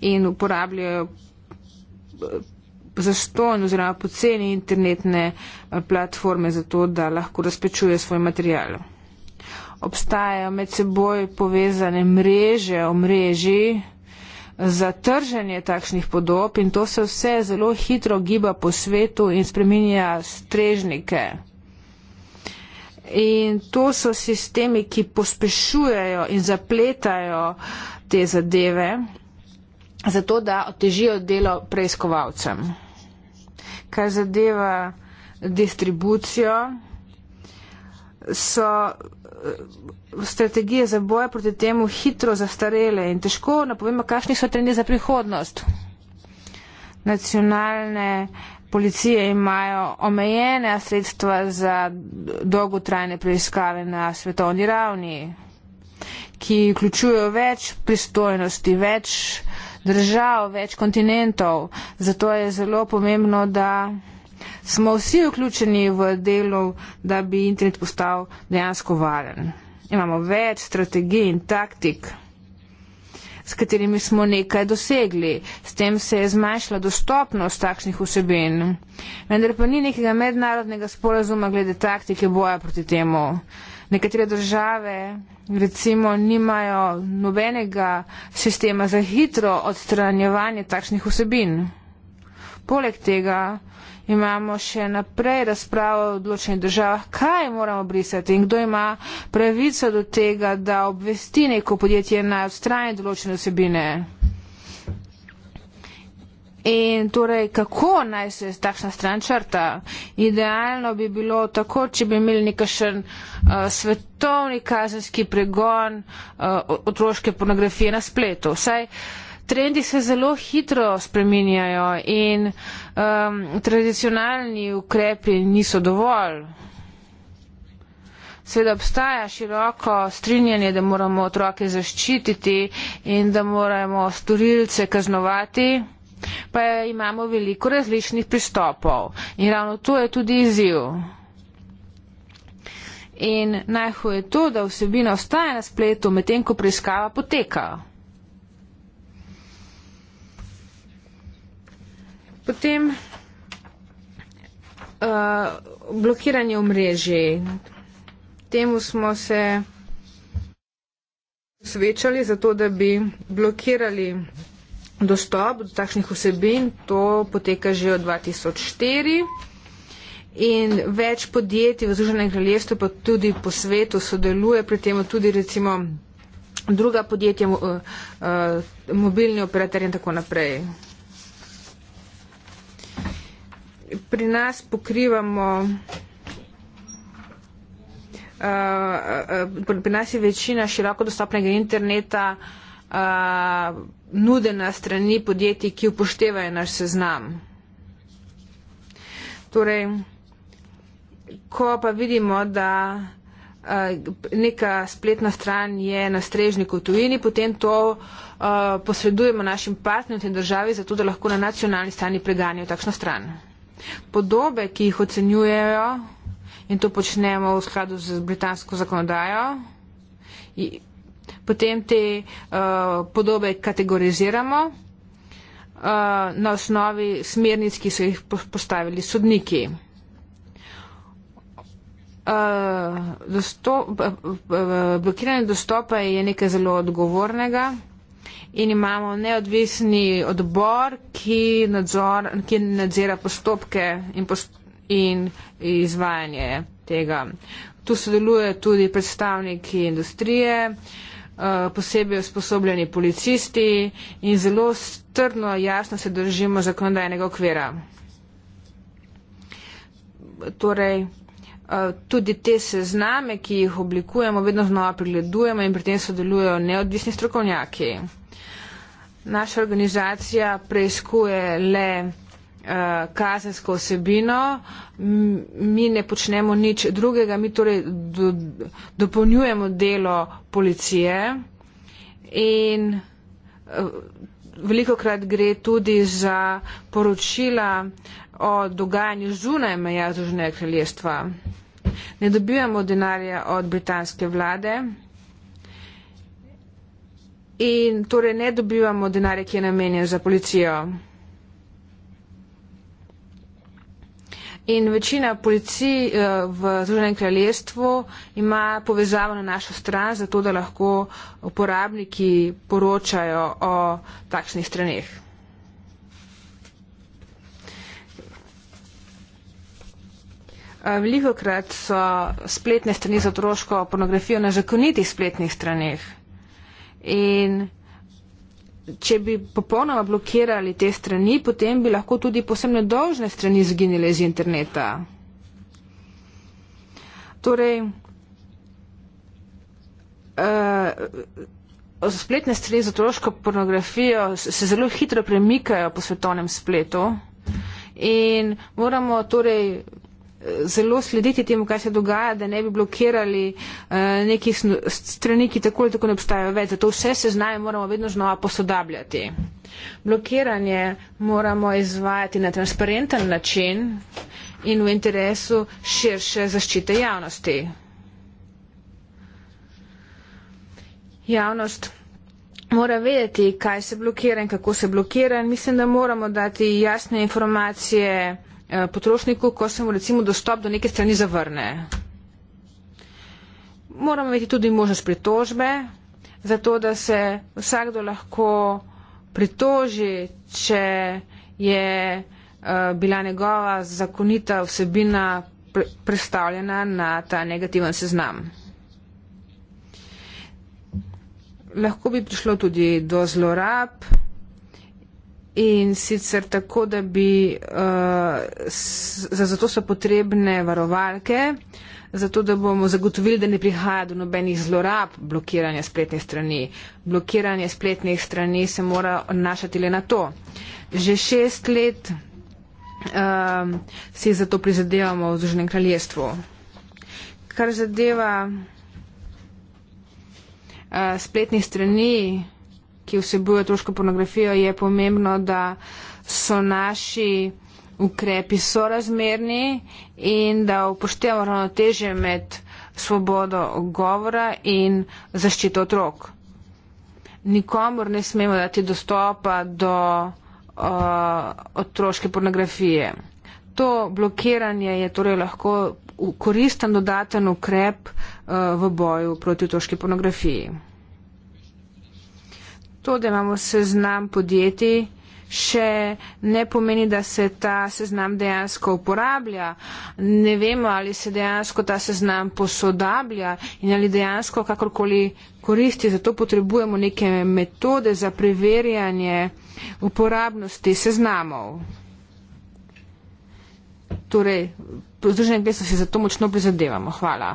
in uporabljajo e, zaštojno oziroma poceni internetne e, platforme za to, da lahko razpečuje svoj material. Obstajajo med seboj povezane mreže o mreži za trženje takšnih podob in to se vse zelo hitro giba po svetu in spreminja strežnike. In to so sistemi, ki pospešujejo in zapletajo te zadeve, zato da otežijo delo preiskovalcem. Kar zadeva distribucijo, so eh, strategije za boje proti temu hitro zastarele in težko napovemo, kakšni so trendi za prihodnost. Nacionalne policije imajo omejene sredstva za dolgotrajne preiskave na svetovni ravni, ki vključujejo več pristojnosti, več držav, več kontinentov. Zato je zelo pomembno, da smo vsi vključeni v delo, da bi internet postal dejansko varen. Imamo več strategij in taktik s katerimi smo nekaj dosegli. S tem se je zmanjšala dostopnost takšnih vsebin. Vendar pa ni nekega mednarodnega sporazuma glede taktike boja proti temu. Nekatere države recimo nimajo nobenega sistema za hitro odstranjevanje takšnih vsebin. Poleg tega imamo še naprej razpravo v odločenih državah, kaj moramo brisati in kdo ima pravico do tega, da obvesti neko podjetje na odstrani določene osebine. In torej, kako naj se takšna stran črta? Idealno bi bilo tako, če bi imeli nekašen uh, eh, svetovni kazenski pregon uh, otroške pornografije na spletu. Vsaj uh, Trendi se zelo hitro spreminjajo in um, tradicionalni ukrepi niso dovolj. Seveda obstaja široko strinjanje, da moramo otroke zaščititi in da moramo storilce kaznovati, pa imamo veliko različnih pristopov in ravno to je tudi izziv. In najhuje to, da vsebina ostaja na spletu, medtem ko preiskava poteka. Potem uh, blokiranje omrežij. Temu smo se svečali zato, da bi blokirali dostop do takšnih vsebin. To poteka že od 2004 in več podjetij v Združenem kraljestvu pa tudi po svetu sodeluje pri tem, tudi recimo druga podjetja, eh, eh, mobilni operater in tako naprej pri nas pokrivamo, uh, uh, pri nas je večina široko dostopnega interneta uh, nudena strani podjetij, ki upoštevajo naš seznam. Torej, ko pa vidimo, da neka spletna stran je na strežniku tujini, potem to uh, posredujemo našim partnerjem v tej državi, zato da lahko na nacionalni strani preganjajo takšno stran. Podobe, ki jih ocenjujejo, in to počnemo v skladu z britansko zakonodajo, potem te uh, podobe kategoriziramo uh, na osnovi smernic, ki so jih postavili sodniki. Uh, eh, dostop, uh, blokiranje dostopa je nekaj zelo odgovornega in imamo neodvisni odbor, ki, nadzor, ki nadzira postopke in, post, in izvajanje tega. Tu sodeluje tudi predstavniki industrije, eh, posebej usposobljeni policisti in zelo strno jasno se držimo zakonodajnega okvira. Torej, Eh, tudi te sezname, ki jih oblikujemo, vedno znova pregledujemo in pri tem sodelujejo neodvisni strokovnjaki. Naša organizacija preizkuje le eh, kazensko osebino, mi ne počnemo nič drugega, mi torej do, dopolnjujemo delo policije in eh, veliko krat gre tudi za poročila o dogajanju zunaj meja Združenega kraljestva. Ne dobivamo denarja od britanske vlade in torej ne dobivamo denarja, ki je namenjen za policijo. In večina policij eh, v Združenem kraljestvu ima povezavo na našo stran, zato da lahko uporabniki poročajo o takšnih straneh. Eh, Veliko krat so spletne strani za otroško pornografijo na zakonitih spletnih straneh. In če bi popolnoma blokirali te strani, potem bi lahko tudi posebne dolžne strani zginile iz interneta. Torej, uh, spletne strani za otroško pornografijo se zelo hitro premikajo po svetovnem spletu in moramo torej zelo slediti temu, kaj se dogaja, da ne bi blokirali eh, neki strani, ki tako ali tako ne obstajajo več. Zato vse se znajo, moramo vedno znova posodabljati. Blokiranje moramo izvajati na transparenten način in v interesu širše zaščite javnosti. Javnost mora vedeti, kaj se blokira in kako se blokira in mislim, da moramo dati jasne informacije Eh, potrošniku, ko se mu recimo dostop do neke strani zavrne. Moramo imeti tudi možnost pritožbe, zato da se vsakdo lahko pritoži, če je eh, bila njegova zakonita vsebina predstavljena na ta negativen seznam. Lahko bi prišlo tudi do zlorab. In sicer tako, da bi uh, s, zato so potrebne varovalke, zato da bomo zagotovili, da ne prihaja do nobenih zlorab blokiranja spletnih strani. Blokiranje spletnih strani se mora odnašati le na to. Že šest let uh, si zato prizadevamo v Združenem kraljestvu. Kar zadeva uh, eh, spletnih strani ki vsebuje otroško pornografijo, je pomembno, da so naši ukrepi sorazmerni in da upoštevamo ravnoteže med svobodo govora in zaščito otrok. Nikomor ne smemo dati dostopa do uh, otroške pornografije. To blokiranje je torej lahko koristen dodaten ukrep uh, v boju proti otroški pornografiji to, da imamo seznam podjetij, še ne pomeni, da se ta seznam dejansko uporablja. Ne vemo, ali se dejansko ta seznam posodablja in ali dejansko kakorkoli koristi. Zato potrebujemo neke metode za preverjanje uporabnosti seznamov. Torej, po združenem glasu se za to močno prizadevamo. Hvala.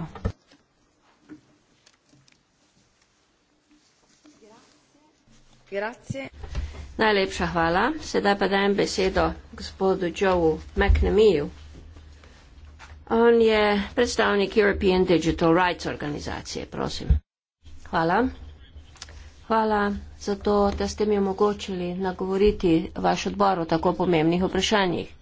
Najlepša hvala. Sedaj pa dajem besedo gospodu Joe McNamee. On je predstavnik European Digital Rights organizacije, prosim. Hvala. Hvala za to, da ste mi omogočili nagovoriti vaš odbor o tako pomembnih vprašanjih.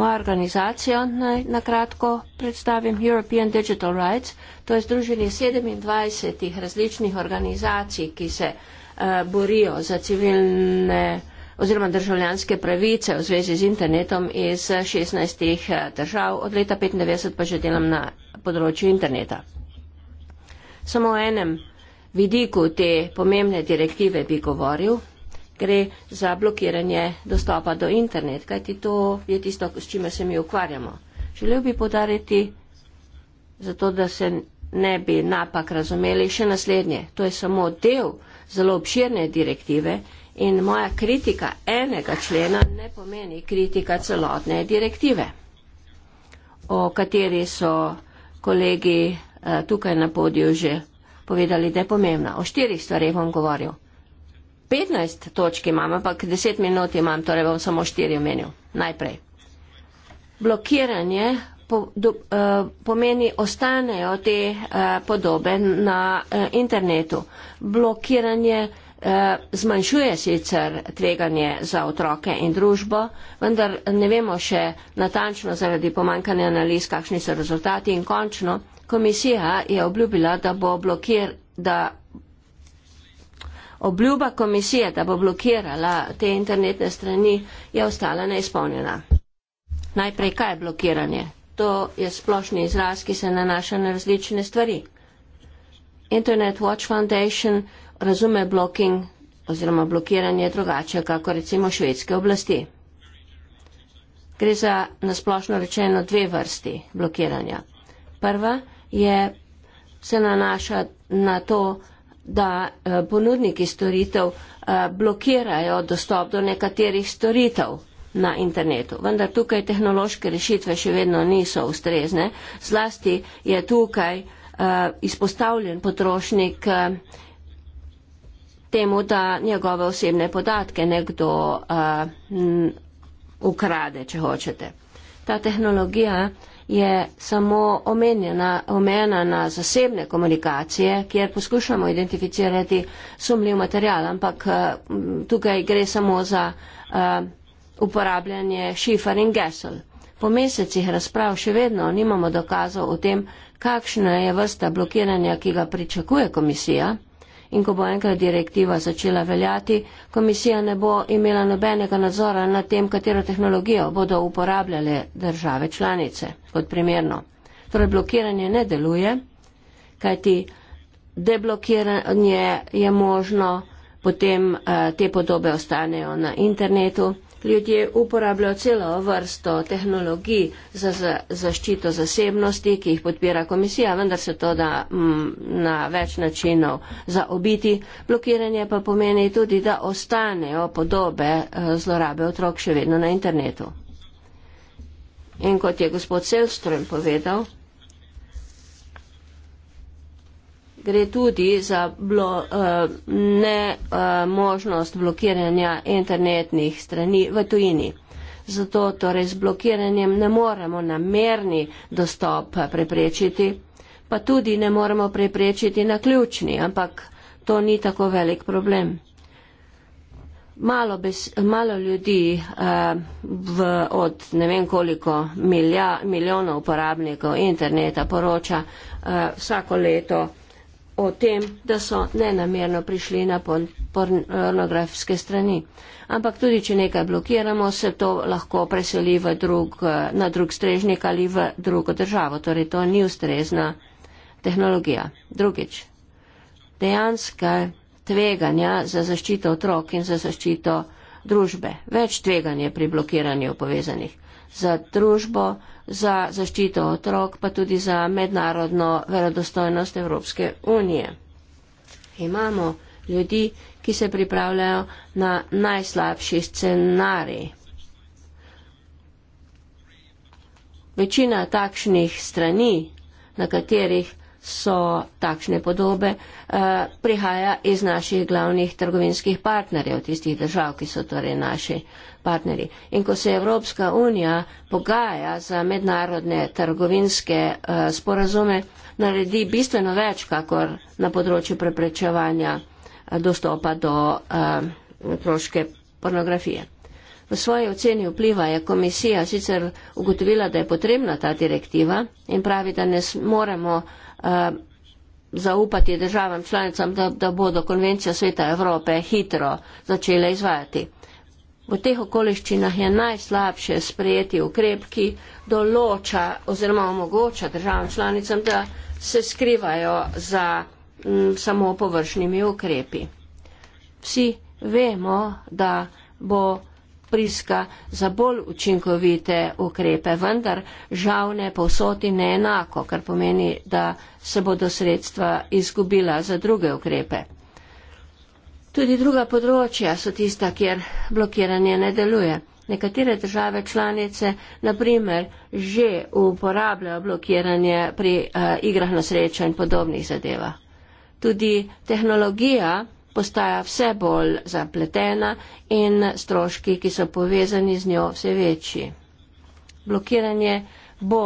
Moja organizacija, naj na kratko predstavim, European Digital Rights, to je združenje 27 različnih organizacij, ki se Eh, borijo za civilne oziroma državljanske pravice v zvezi z internetom iz 16 eh, držav, od leta 1995 pa že delam na področju interneta. Samo o enem vidiku te pomembne direktive bi govoril, gre za blokiranje dostopa do internet, kajti to je tisto, s čime se mi ukvarjamo. Želel bi podariti, zato da se ne bi napak razumeli, še naslednje. To je samo del zelo obširne direktive in moja kritika enega člena ne pomeni kritika celotne direktive, o kateri so kolegi eh, tukaj na podiju že povedali, da je pomembna. O štirih stvarih bom govoril. 15 točk imam, ampak 10 minut imam, torej bom samo štiri omenil. Najprej. Blokiranje po, do, eh, pomeni, ostanejo te eh, podobe na eh, internetu. Blokiranje zmanjšuje sicer tveganje za otroke in družbo, vendar ne vemo še natančno zaradi pomankanja analiz, kakšni so rezultati in končno komisija je obljubila, da bo blokir, da obljuba komisije, da bo blokirala te internetne strani, je ostala neizpolnjena. Najprej, kaj je blokiranje? to je splošni izraz, ki se nanaša na različne stvari. Internet Watch Foundation razume blocking oziroma blokiranje drugače, kako recimo švedske oblasti. Gre za nasplošno rečeno dve vrsti blokiranja. Prva je, se nanaša na to, da eh, ponudniki storitev eh, blokirajo dostop do nekaterih storitev na internetu. Vendar tukaj tehnološke rešitve še vedno niso ustrezne. Zlasti je tukaj uh, izpostavljen potrošnik uh, temu, da njegove osebne podatke nekdo uh, eh, m, ukrade, če hočete. Ta tehnologija je samo omenjena, omenjena na zasebne komunikacije, kjer poskušamo identificirati sumljiv material, ampak uh, tukaj gre samo za uh, uporabljanje šifer in gesel. Po mesecih razprav še vedno nimamo dokazov o tem, kakšna je vrsta blokiranja, ki ga pričakuje komisija. In ko bo enkrat direktiva začela veljati, komisija ne bo imela nobenega nadzora nad tem, katero tehnologijo bodo uporabljale države članice. Kot primerno. Torej blokiranje ne deluje, kajti deblokiranje je možno, potem eh, te podobe ostanejo na internetu. Ljudje uporabljajo celo vrsto tehnologij za zaščito zasebnosti, ki jih podpira komisija, vendar se to da mm, na več načinov zaobiti. Blokiranje pa pomeni tudi, da ostanejo podobe eh, zlorabe otrok še vedno na internetu. In kot je gospod Selström povedal, gre tudi za blo, uh, eh, ne uh, možnost blokiranja internetnih strani v tujini. Zato torej z blokiranjem ne moremo namerni dostop preprečiti, pa tudi ne moremo preprečiti na ključni, ampak to ni tako velik problem. Malo, bes, malo ljudi eh, v, od ne vem koliko milja, milijonov uporabnikov interneta poroča eh, vsako leto o tem, da so nenamerno prišli na pornografske strani. Ampak tudi, če nekaj blokiramo, se to lahko preseli v drug, na drug strežnik ali v drugo državo. Torej, to ni ustrezna tehnologija. Drugič, dejanska tveganja za zaščito otrok in za zaščito družbe. Več tveganje pri blokiranju povezanih. Za družbo, za zaščito otrok, pa tudi za mednarodno verodostojnost Evropske unije. Imamo ljudi, ki se pripravljajo na najslabši scenarij. Večina takšnih strani, na katerih so takšne podobe, eh, prihaja iz naših glavnih trgovinskih partnerjev, tistih držav, ki so torej naši partnerji. In ko se Evropska unija pogaja za mednarodne trgovinske eh, sporazume, naredi bistveno več, kakor na področju preprečevanja eh, dostopa do otroške pornografije. V svoji oceni vpliva je komisija sicer ugotovila, da je potrebna ta direktiva in pravi, da ne moremo Ehm, zaupati državam članicam, da, da bodo konvencijo sveta Evrope hitro začele izvajati. V teh okoliščinah je najslabše sprejeti ukrep, ki določa oziroma omogoča državam članicam, da se skrivajo za m, samo površnimi ukrepi. Vsi vemo, da bo priska za bolj učinkovite ukrepe, vendar žal ne povsoti ne enako, kar pomeni, da se bodo sredstva izgubila za druge ukrepe. Tudi druga področja so tista, kjer blokiranje ne deluje. Nekatere države članice, naprimer, že uporabljajo blokiranje pri uh, igrah na srečo in podobnih zadevah. Tudi tehnologija postaja vse bolj zapletena in stroški, ki so povezani z njo, vse večji. Blokiranje bo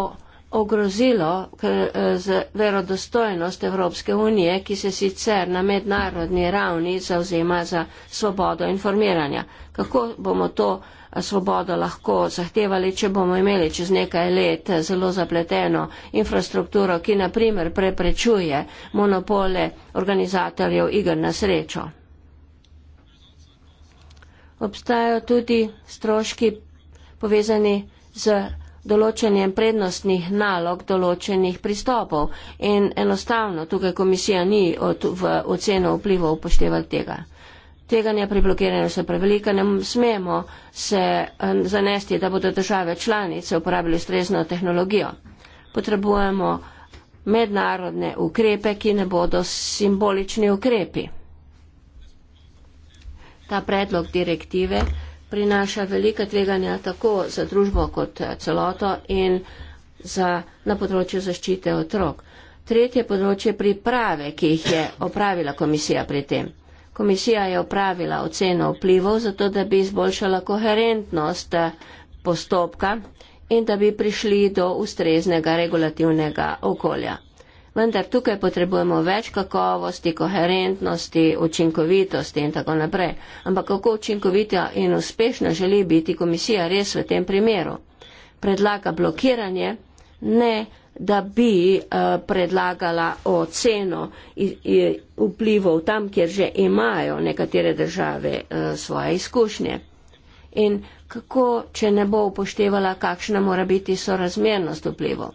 ogrozilo eh, verodostojnost Evropske unije, ki se sicer na mednarodni ravni zauzema za svobodo informiranja. Kako bomo to svobodo lahko zahtevali, če bomo imeli čez nekaj let zelo zapleteno infrastrukturo, ki naprimer preprečuje monopole organizatorjev igr na srečo. Obstajajo tudi stroški povezani z določenjem prednostnih nalog, določenih pristopov in enostavno tukaj komisija ni v oceno vplivov upoštevali tega tveganja pri blokiranju so prevelika, ne smemo se eh, zanesti, da bodo države članice uporabili ustrezno tehnologijo. Potrebujemo mednarodne ukrepe, ki ne bodo simbolični ukrepi. Ta predlog direktive prinaša velika tveganja tako za družbo kot eh, celoto in za, na področju zaščite otrok. Tretje področje priprave, ki jih je opravila komisija pri tem. Komisija je opravila oceno vplivov, zato da bi izboljšala koherentnost eh, postopka in da bi prišli do ustreznega regulativnega okolja. Vendar tukaj potrebujemo več kakovosti, koherentnosti, učinkovitosti in tako naprej. Ampak kako učinkovita in uspešna želi biti komisija res v tem primeru? Predlaga blokiranje, ne da bi uh, predlagala oceno vplivov tam, kjer že imajo nekatere države uh, svoje izkušnje. In kako, če ne bo upoštevala, kakšna mora biti sorazmernost vplivov?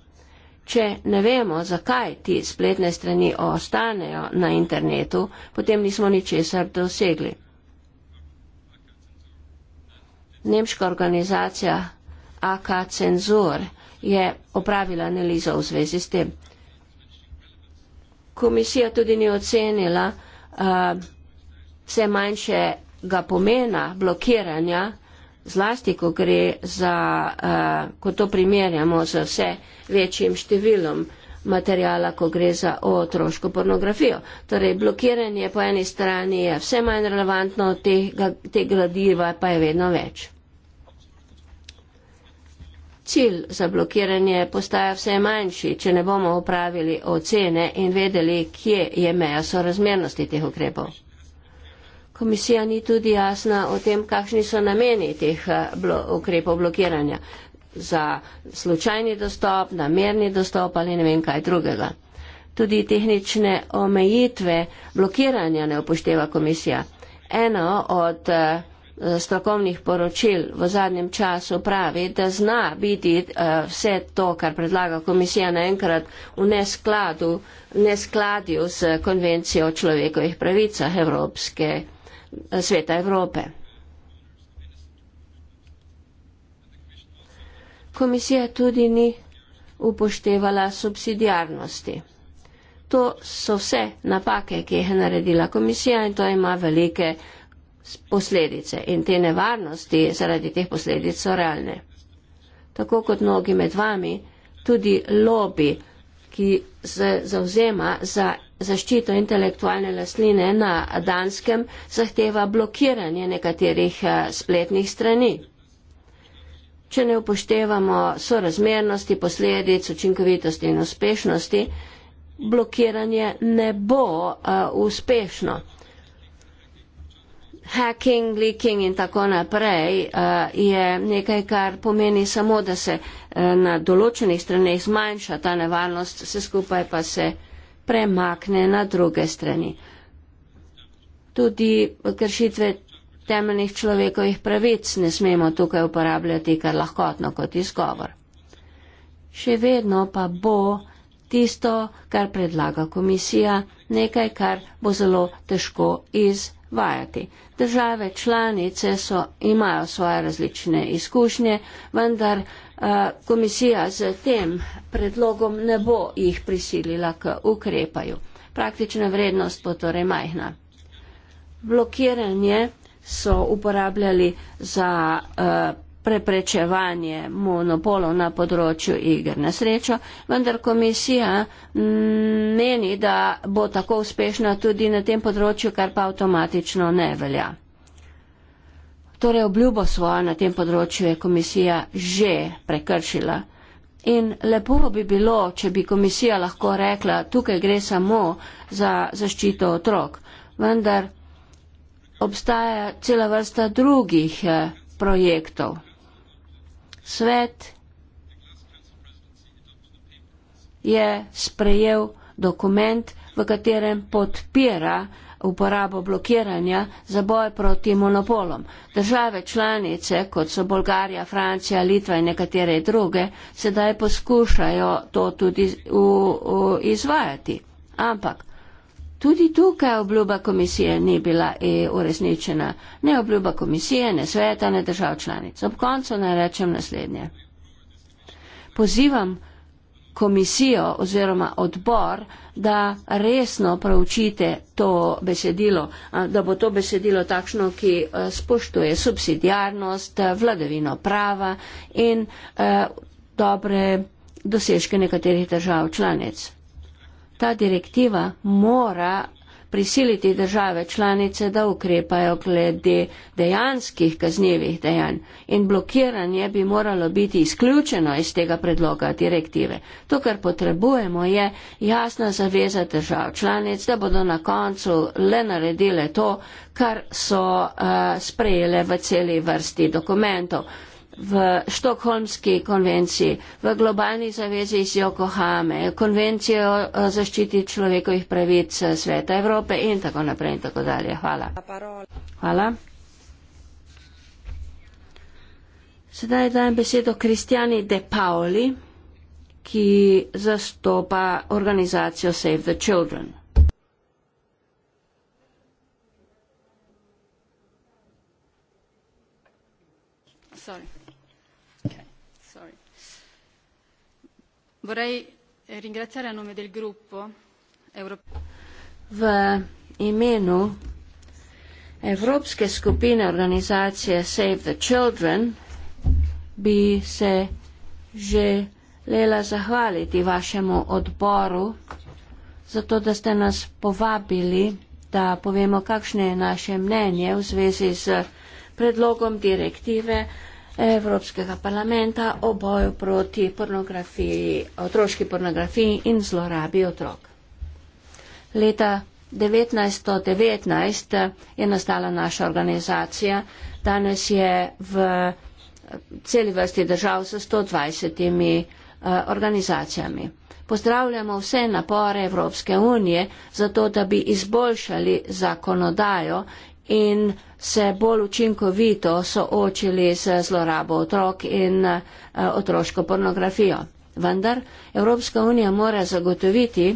Če ne vemo, zakaj ti spletne strani ostanejo na internetu, potem nismo ničesar dosegli. Nemška organizacija AK Cenzur je opravila analizo v zvezi s tem. Komisija tudi ni ocenila uh, vse manjšega pomena blokiranja, zlasti ko gre za, uh, ko to primerjamo z vse večjim številom materijala, ko gre za otroško pornografijo. Torej, blokiranje po eni strani je vse manj relevantno, tega te gradiva pa je vedno več. Cilj za blokiranje postaja vse manjši, če ne bomo upravili ocene in vedeli, kje je meja sorazmernosti teh ukrepov. Komisija ni tudi jasna o tem, kakšni so nameni teh eh, blo ukrepov blokiranja. Za slučajni dostop, namerni dostop ali ne vem kaj drugega. Tudi tehnične omejitve blokiranja ne upošteva komisija. Eno od uh, Eh, strokovnih poročil v zadnjem času pravi, da zna biti eh, vse to, kar predlaga komisija naenkrat v neskladu, neskladju z konvencijo o človekovih pravicah Evropske, eh, sveta Evrope. Komisija tudi ni upoštevala subsidijarnosti. To so vse napake, ki jih je naredila komisija in to ima velike posledice in te nevarnosti zaradi teh posledic so realne. Tako kot mnogi med vami, tudi lobi, ki se zauzema za zaščito intelektualne lasnine na Danskem, zahteva blokiranje nekaterih eh, spletnih strani. Če ne upoštevamo sorazmernosti, posledic, učinkovitosti in uspešnosti, blokiranje ne bo uh, uspešno hacking, leaking in tako naprej eh, je nekaj, kar pomeni samo, da se eh, na določenih straneh zmanjša ta nevarnost, vse skupaj pa se premakne na druge strani. Tudi kršitve temeljnih človekovih pravic ne smemo tukaj uporabljati kar lahkotno kot izgovor. Še vedno pa bo tisto, kar predlaga komisija, nekaj, kar bo zelo težko izvedeti vajati. Države članice so, imajo svoje različne izkušnje, vendar eh, komisija z tem predlogom ne bo jih prisilila k ukrepaju. Praktična vrednost bo torej majhna. Blokiranje so uporabljali za uh, preprečevanje monopolov na področju iger na srečo, vendar komisija meni, da bo tako uspešna tudi na tem področju, kar pa avtomatično ne velja. Torej obljubo svojo na tem področju je komisija že prekršila. In lepo bi bilo, če bi komisija lahko rekla, tukaj gre samo za zaščito otrok, vendar obstaja cela vrsta drugih eh, projektov svet je sprejel dokument, v katerem podpira uporabo blokiranja za boj proti monopolom. Države članice, kot so Bolgarija, Francija, Litva in nekatere druge, sedaj poskušajo to tudi u, u, izvajati. Ampak Tudi tukaj obljuba komisije ni bila e, uresničena. Ne obljuba komisije, ne sveta, ne držav članic. Ob koncu naj rečem naslednje. Pozivam komisijo oziroma odbor, da resno pravčite to besedilo, da bo to besedilo takšno, ki e, spoštuje subsidijarnost, vladavino prava in e, dobre dosežke nekaterih držav članic ta direktiva mora prisiliti države članice, da ukrepajo glede dejanskih kaznjevih dejanj in blokiranje bi moralo biti izključeno iz tega predloga direktive. To, kar potrebujemo, je jasna zaveza držav članic, da bodo na koncu le naredile to, kar so uh, sprejele v celi vrsti dokumentov v Štokholmski konvenciji, v globalni zavezi iz Jokohame, konvencijo o zaščiti človekovih pravic eh, sveta Evrope in tako naprej in tako dalje. Hvala. Hvala. Sedaj dajem besedo Kristjani De Paoli, ki zastopa organizacijo Save the Children. vorrei ringraziare a nome del gruppo europeo v imenu evropske skupine organizacije Save the Children bi se že lela zahvaliti vašemu odboru zato, da ste nas povabili, da povemo, kakšne je naše mnenje v zvezi z predlogom direktive Evropskega parlamenta o boju proti pornografiji, otroški pornografiji in zlorabi otrok. Leta 1919 je nastala naša organizacija, danes je v celi vrsti držav s 120 eh, organizacijami. Pozdravljamo vse napore Evropske unije za to, da bi izboljšali zakonodajo in se bolj učinkovito soočili z zlorabo otrok in eh, otroško pornografijo. Vendar Evropska unija mora zagotoviti,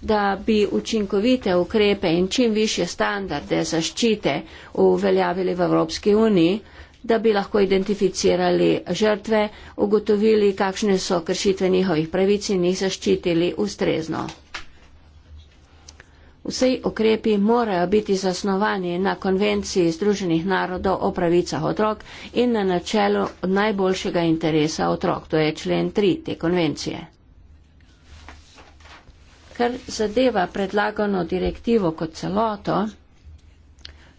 da bi učinkovite ukrepe in čim više standarde zaščite uveljavili v Evropski uniji, da bi lahko identificirali žrtve, ugotovili, kakšne so kršitve njihovih pravic in jih zaščitili ustrezno. Vsi okrepi morajo biti zasnovani na konvenciji Združenih narodov o pravicah otrok in na načelu najboljšega interesa otrok, to je člen 3 te konvencije. Ker zadeva predlagano direktivo kot celoto,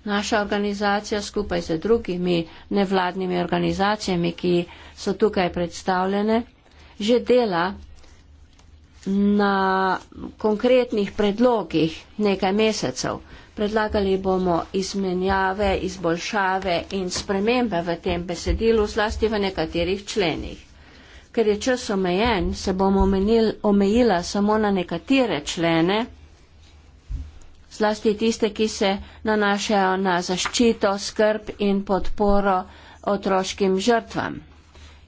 naša organizacija skupaj z drugimi nevladnimi organizacijami, ki so tukaj predstavljene, že dela na konkretnih predlogih nekaj mesecev. Predlagali bomo izmenjave, izboljšave in spremembe v tem besedilu, zlasti v nekaterih členih. Ker je čas omejen, se bom omenil, omejila samo na nekatere člene, zlasti tiste, ki se nanašajo na zaščito, skrb in podporo otroškim žrtvam.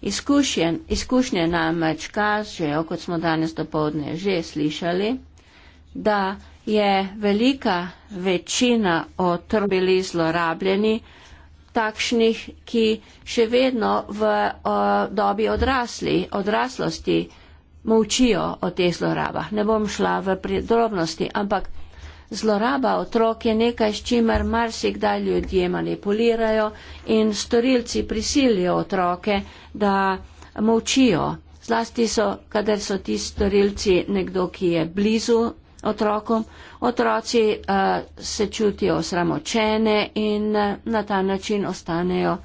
Izkušen, izkušnje namreč kažejo, kot smo danes dopovdne že slišali, da je velika večina otrok bili zlorabljeni, takšnih, ki še vedno v o, dobi odrasli, odraslosti molčijo o teh zlorabah. Ne bom šla v predrobnosti, ampak Zloraba otrok je nekaj, s čimer marsikdaj ljudje manipulirajo in storilci prisilijo otroke, da molčijo. Zlasti so, kadar so ti storilci nekdo, ki je blizu otrokom, otroci uh, se čutijo sramočene in uh, na ta način ostanejo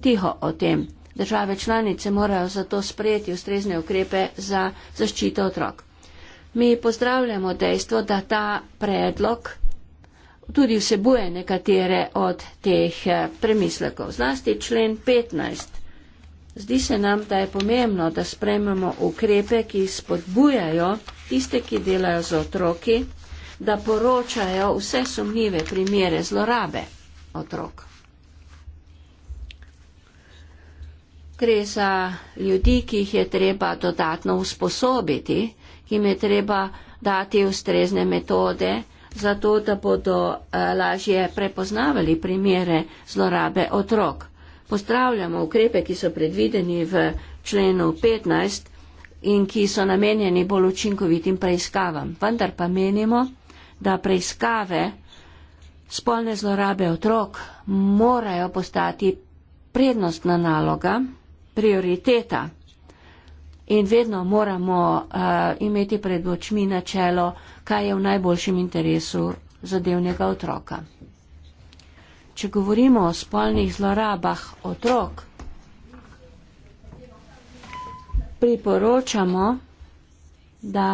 tiho o tem. Države članice morajo zato sprejeti ustrezne ukrepe za zaščito otrok. Mi pozdravljamo dejstvo, da ta predlog tudi vsebuje nekatere od teh eh, premislekov. Zlasti člen 15. Zdi se nam, da je pomembno, da sprememo ukrepe, ki spodbujajo tiste, ki delajo z otroki, da poročajo vse sumljive primere zlorabe otrok. Gre za ljudi, ki jih je treba dodatno usposobiti, ki jim je treba dati ustrezne metode, zato da bodo eh, lažje prepoznavali primere zlorabe otrok. Pozdravljamo ukrepe, ki so predvideni v členu 15 in ki so namenjeni bolj učinkovitim preiskavam. Vendar pa menimo, da preiskave spolne zlorabe otrok morajo postati prednostna naloga, prioriteta in vedno moramo uh, imeti pred očmi načelo, kaj je v najboljšem interesu zadevnega otroka. Če govorimo o spolnih zlorabah otrok, priporočamo, da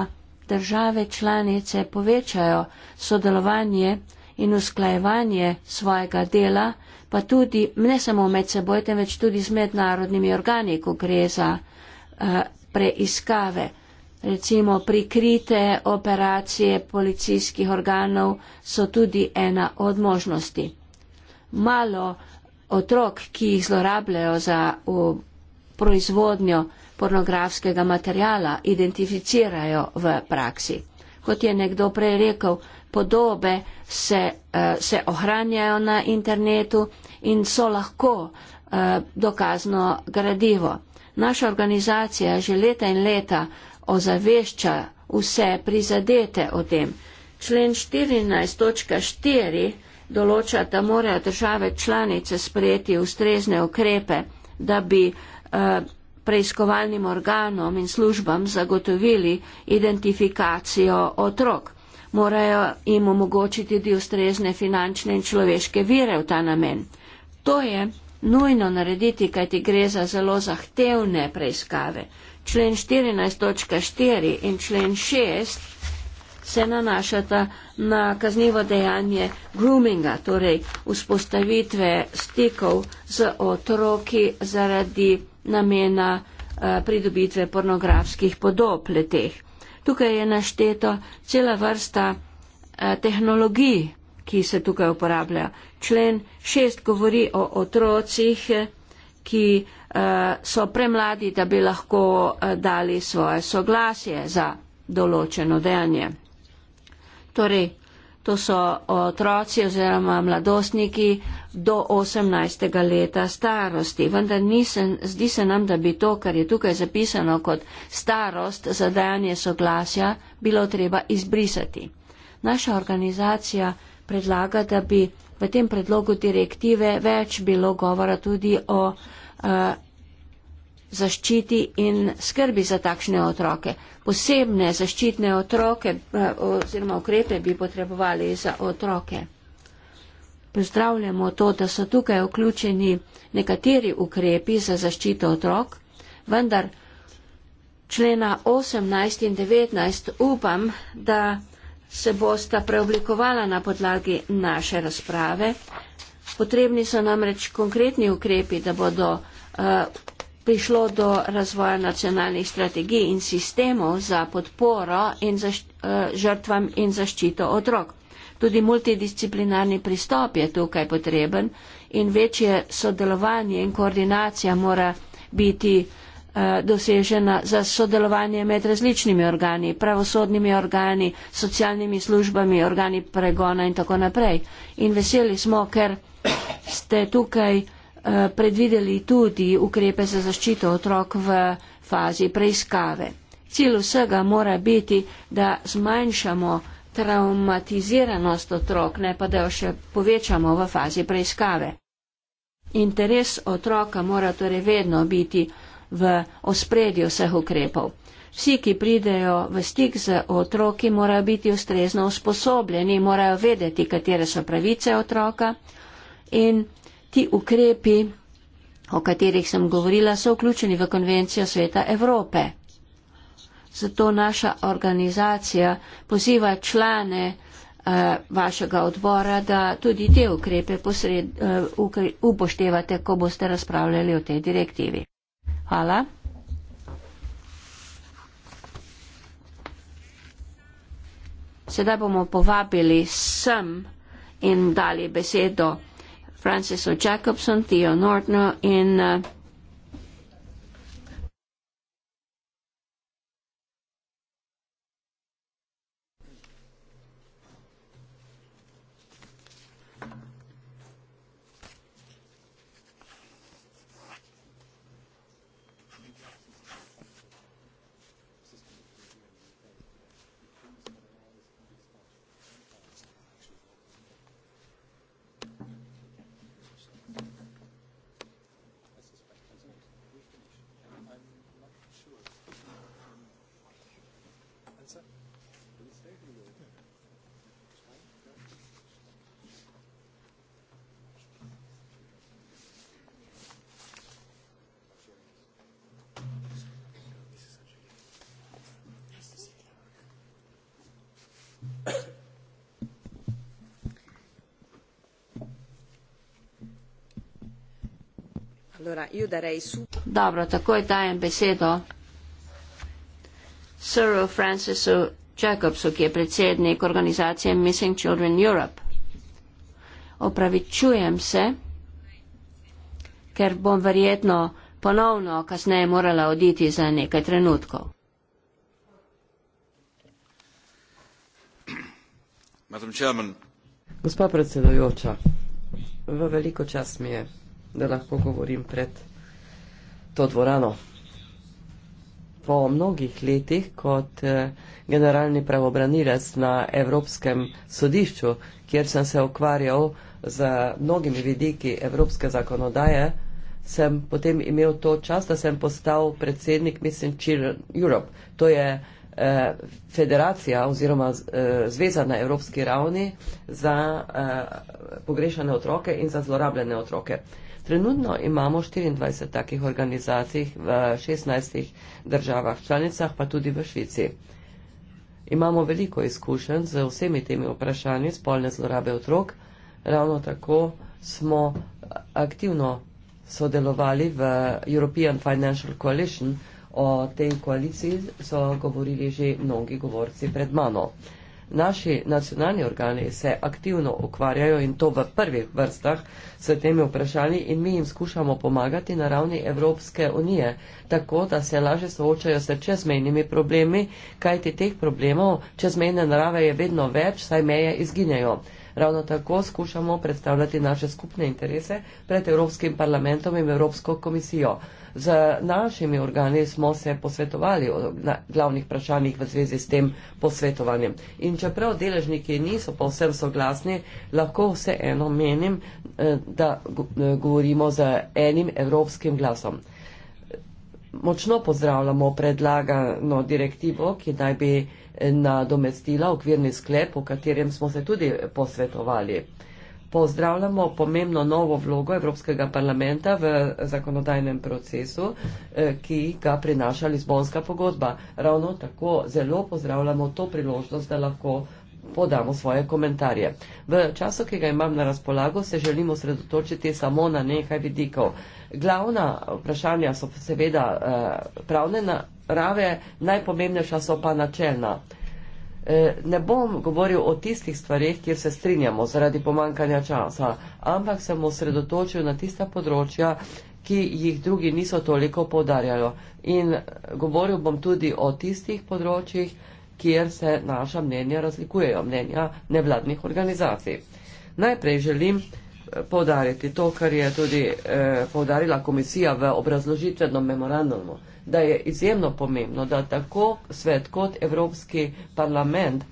države članice povečajo sodelovanje in usklajevanje svojega dela, pa tudi ne samo med seboj, temveč tudi z mednarodnimi organi, ko gre za uh, preiskave. Recimo prikrite operacije policijskih organov so tudi ena od možnosti. Malo otrok, ki jih zlorabljajo za proizvodnjo pornografskega materijala, identificirajo v praksi. Kot je nekdo prej rekel, podobe se, eh, se ohranjajo na internetu in so lahko eh, dokazno gradivo. Naša organizacija že leta in leta ozavešča vse prizadete o tem. Člen 14.4 določa, da morajo države članice sprejeti ustrezne ukrepe, da bi uh, preiskovalnim organom in službam zagotovili identifikacijo otrok. Morajo jim omogočiti tudi ustrezne finančne in človeške vire v ta namen. To je nujno narediti, kajti gre za zelo zahtevne preiskave. Člen 14.4 in člen 6 se nanašata na kaznivo dejanje groominga, torej vzpostavitve stikov z otroki zaradi namena eh, pridobitve pornografskih podob leteh. Tukaj je našteto cela vrsta eh, tehnologij, ki se tukaj uporablja. Člen šest govori o otrocih, ki eh, so premladi, da bi lahko eh, dali svoje soglasje za določeno dejanje. Torej, to so otroci oziroma mladostniki do 18. leta starosti. Vendar nisem, zdi se nam, da bi to, kar je tukaj zapisano kot starost za dajanje soglasja, bilo treba izbrisati. Naša organizacija predlaga, da bi v tem predlogu direktive več bilo govora tudi o uh, zaščiti in skrbi za takšne otroke. Posebne zaščitne otroke uh, oziroma ukrepe bi potrebovali za otroke. Pozdravljamo to, da so tukaj vključeni nekateri ukrepi za zaščito otrok, vendar člena 18 in 19 upam, da se bosta preoblikovala na podlagi naše razprave. Potrebni so namreč konkretni ukrepi, da bodo uh, prišlo do razvoja nacionalnih strategij in sistemov za podporo in zaš, uh, žrtvam in zaščito otrok. Tudi multidisciplinarni pristop je tukaj potreben in večje sodelovanje in koordinacija mora biti uh, Eh, dosežena za sodelovanje med različnimi organi, pravosodnimi organi, socialnimi službami, organi pregona in tako naprej. In veseli smo, ker ste tukaj eh, predvideli tudi ukrepe za zaščito otrok v fazi preiskave. Cilj vsega mora biti, da zmanjšamo traumatiziranost otrok, ne pa da jo še povečamo v fazi preiskave. Interes otroka mora torej vedno biti v ospredju vseh ukrepov. Vsi, ki pridejo v stik z otroki, morajo biti ustrezno usposobljeni, morajo vedeti, katere so pravice otroka. In ti ukrepi, o katerih sem govorila, so vključeni v Konvencijo sveta Evrope. Zato naša organizacija poziva člane eh, vašega odbora, da tudi te ukrepe posred, eh, upoštevate, ko boste razpravljali o tej direktivi. Hvala. Sedaj bomo povabili sem in dali besedo Francisu Jacobsonu, Theo Nordnu in uh, profesora Judarejsu. Dobro, takoj dajem besedo Siru Francisu Jacobsu, ki je predsednik organizacije Missing Children Europe. Opravičujem se, ker bom verjetno ponovno kasneje morala oditi za nekaj trenutkov. Gospa predsedujoča, v veliko čas mi je, da lahko govorim pred to dvorano. Po mnogih letih kot eh, generalni pravobranilec na Evropskem sodišču, kjer sem se ukvarjal z mnogimi vidiki evropske zakonodaje, sem potem imel to čas, da sem postal predsednik Mission Children Europe. To je eh, federacija oziroma eh, zveza na evropski ravni za eh, pogrešane otroke in za zlorabljene otroke. Eh, Trenutno imamo 24 takih organizacij v 16 državah članicah, pa tudi v Švici. Imamo veliko izkušenj z vsemi temi vprašanji spolne zlorabe otrok. Ravno tako smo aktivno sodelovali v European Financial Coalition. O tej koaliciji so govorili že mnogi govorci pred mano naši nacionalni organi se aktivno ukvarjajo in to v prvih vrstah s temi vprašanji in mi jim skušamo pomagati na ravni Evropske unije, tako da se laže soočajo s čezmejnimi problemi, kajti teh problemov čezmejne narave je vedno več, saj meje izginjajo. Ravno tako skušamo predstavljati naše skupne interese pred Evropskim parlamentom in Evropsko komisijo. Z našimi organi smo se posvetovali o glavnih vprašanjih v zvezi s tem posvetovanjem. In čeprav deležniki niso povsem soglasni, lahko vseeno menim, eh, da eh, govorimo z enim evropskim glasom. Močno pozdravljamo predlagano direktivo, ki naj bi nadomestila, okvirni sklep, o katerem smo se tudi posvetovali. Pozdravljamo pomembno novo vlogo Evropskega parlamenta v zakonodajnem procesu, eh, ki ga prinaša Lizbonska pogodba. Ravno tako zelo pozdravljamo to priložnost, da lahko podamo svoje komentarje. V času, ki ga imam na razpolago, se želimo sredotočiti samo na nekaj vidikov. Glavna vprašanja so seveda eh, pravne narave, najpomembnejša so pa načelna. Eh, ne bom govoril o tistih stvarih, kjer se strinjamo zaradi pomankanja časa, ampak sem osredotočil na tista področja, ki jih drugi niso toliko povdarjali. In govoril bom tudi o tistih področjih, kjer se naša mnenja razlikujejo, mnenja nevladnih organizacij. Najprej želim eh, povdariti to, kar je tudi eh, povdarila komisija v obrazložitvenem memorandumu, da je izjemno pomembno, da tako svet kot Evropski parlament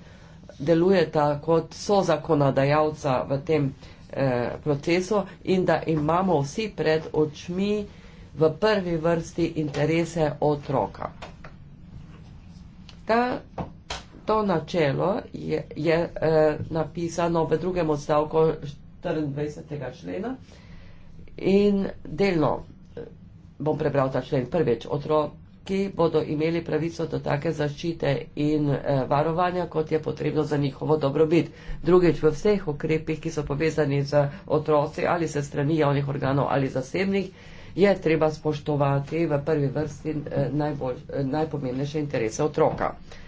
delujeta kot sozakonodajalca v tem eh, procesu in da imamo vsi pred očmi v prvi vrsti interese otroka. Ta to načelo je, je eh, napisano v drugem odstavku 24. člena in delno eh, bom prebral ta člen. Prvič, otroki bodo imeli pravico do take zaščite in eh, varovanja, kot je potrebno za njihovo dobrobit. Drugič, v vseh ukrepih, ki so povezani z otroci ali se strani javnih organov ali zasebnih, je treba spoštovati v prvi vrsti eh, najbolj, eh, najpomembnejše interese otroka. Eh,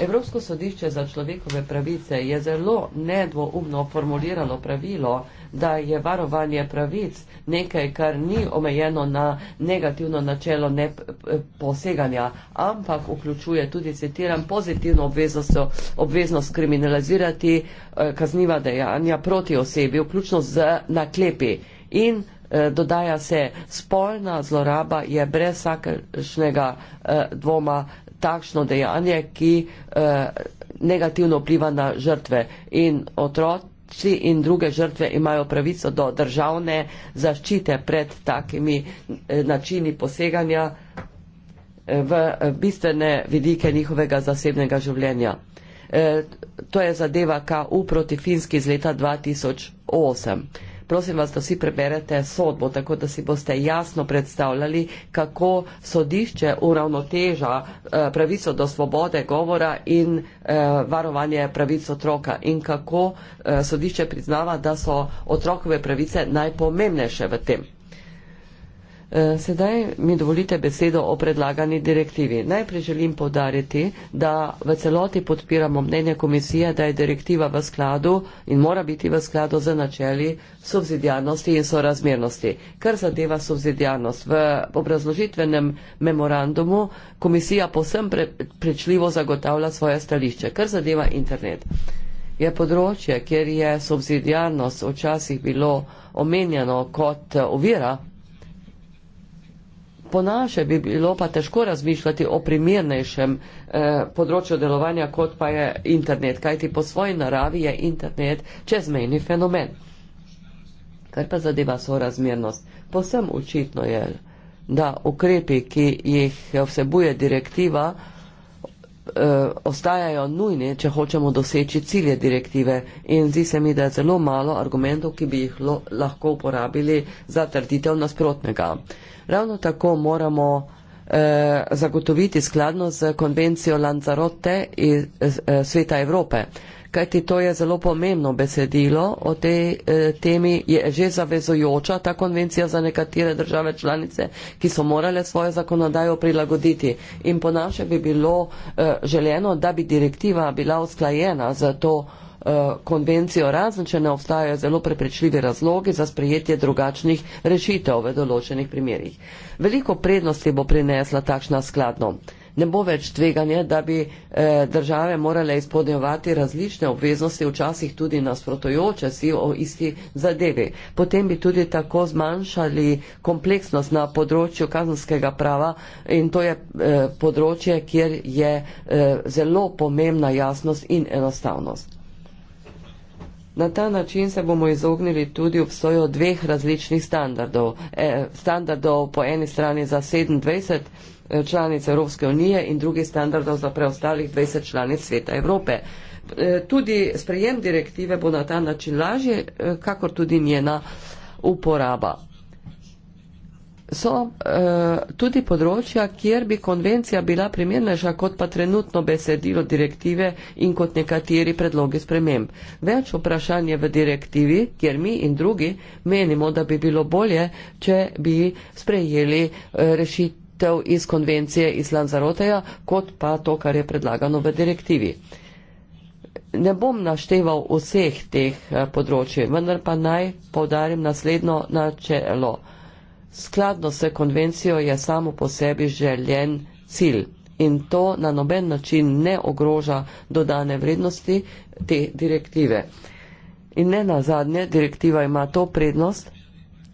Evropsko sodišče za človekove pravice je zelo nedvoumno formuliralo pravilo, da je varovanje pravic nekaj, kar ni omejeno na negativno načelo ne eh, poseganja, ampak vključuje tudi, citiram, pozitivno obveznost, obveznost kriminalizirati eh, kazniva dejanja proti osebi, vključno z naklepi. In eh, Dodaja se, spolna zloraba je brez vsakršnega dvoma takšno dejanje, ki eh, negativno vpliva na žrtve in otroci in druge žrtve imajo pravico do državne zaščite pred takimi eh, načini poseganja eh, v bistvene vidike njihovega zasebnega življenja. To je zadeva KU proti Finski iz leta 2008 prosim vas, da vsi preberete sodbo, tako da si boste jasno predstavljali, kako sodišče uravnoteža eh, pravico do svobode govora in eh, varovanje pravic otroka in kako eh, sodišče priznava, da so otrokove pravice najpomembnejše v tem. E, sedaj mi dovolite besedo o predlagani direktivi. Najprej želim podariti, da v celoti podpiramo mnenje komisije, da je direktiva v skladu in mora biti v skladu z načeli subsidijarnosti in sorazmernosti. Kar zadeva subsidijarnost, v obrazložitvenem memorandumu komisija posem prečljivo zagotavlja svoje stališče, kar zadeva internet. Je področje, kjer je subsidijarnost včasih bilo omenjeno kot ovira, Po naše bi bilo pa težko razmišljati o primernejšem eh, področju delovanja, kot pa je internet, kajti po svoji naravi je internet čezmejni fenomen. Kar pa zadeva sorazmernost. Povsem očitno je, da ukrepi, ki jih vsebuje direktiva, eh, Eh, ostajajo nujni, če hočemo doseči cilje direktive. In zdi se mi, da je zelo malo argumentov, ki bi jih lo, lahko uporabili za trditev nasprotnega. Ravno tako moramo eh, zagotoviti skladno z konvencijo Lanzarote iz, iz, iz, iz, Sveta Evrope kajti to je zelo pomembno besedilo o tej eh, temi, je že zavezojoča ta konvencija za nekatere države članice, ki so morale svojo zakonodajo prilagoditi. In po naše bi bilo eh, želeno, da bi direktiva bila usklajena za to eh, konvencijo, razen če ne obstajajo zelo prepričljivi razlogi za sprejetje drugačnih rešitev v določenih primerjih. Veliko prednosti bo prinesla takšna skladnost ne bo več tveganje, da bi eh, države morale izpodnevati različne obveznosti, včasih tudi nasprotojoče si o isti zadevi. Potem bi tudi tako zmanjšali kompleksnost na področju kazanskega prava in to je eh, področje, kjer je eh, zelo pomembna jasnost in enostavnost. Na ta način se bomo izognili tudi obstoju dveh različnih standardov. Standardov po eni strani za 27 članic Evropske unije in drugih standardov za preostalih 20 članic sveta Evrope. E, tudi sprejem direktive bo na ta način lažje, e, kakor tudi njena uporaba. So e, tudi področja, kjer bi konvencija bila primernejša kot pa trenutno besedilo direktive in kot nekateri predlogi sprememb. Več vprašanj je v direktivi, kjer mi in drugi menimo, da bi bilo bolje, če bi sprejeli rešitev omejitev iz konvencije iz Lanzaroteja, kot pa to, kar je predlagano v direktivi. Ne bom našteval vseh teh eh, področji, vendar pa naj povdarim naslednjo načelo. Skladno s konvencijo je samo po sebi željen cilj in to na noben način ne ogroža dodane vrednosti te direktive. In ne nazadnje, direktiva ima to prednost,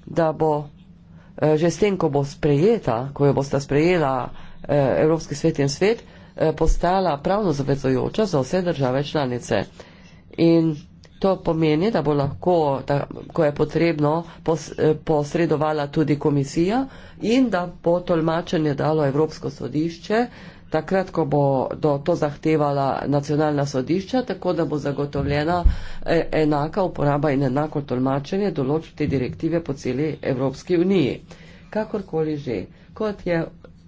da bo Eh, že s tem, ko bo sprejeta, ko jo bosta sprejela eh, Evropski svet in svet, eh, postala pravno zavezojoča za vse države članice. In to pomeni, da bo lahko, da, ko je potrebno, pos, posredovala tudi komisija in da bo tolmačenje dalo Evropsko sodišče takrat, ko bo to zahtevala nacionalna sodišča, tako da bo zagotovljena e, enaka uporaba in enako tolmačenje določb te direktive po celi Evropski uniji. Kakorkoli že, kot je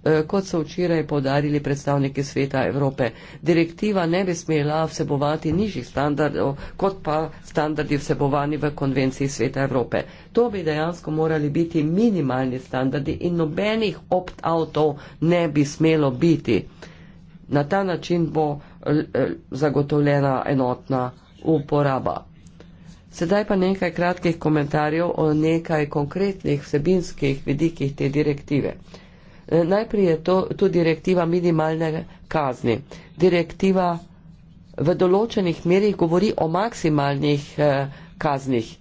Eh, kot so včeraj podarili predstavniki sveta Evrope. Direktiva ne bi smela vsebovati nižjih standardov, kot pa standardi vsebovani v konvenciji sveta Evrope. To bi dejansko morali biti minimalni standardi in nobenih opt-outov ne bi smelo biti. Na ta način bo eh, zagotovljena enotna uporaba. Sedaj pa nekaj kratkih komentarjev o nekaj konkretnih vsebinskih vidikih te direktive. Eh, najprej je to, to direktiva minimalne kazni. Direktiva v določenih merih govori o maksimalnih eh, kaznih,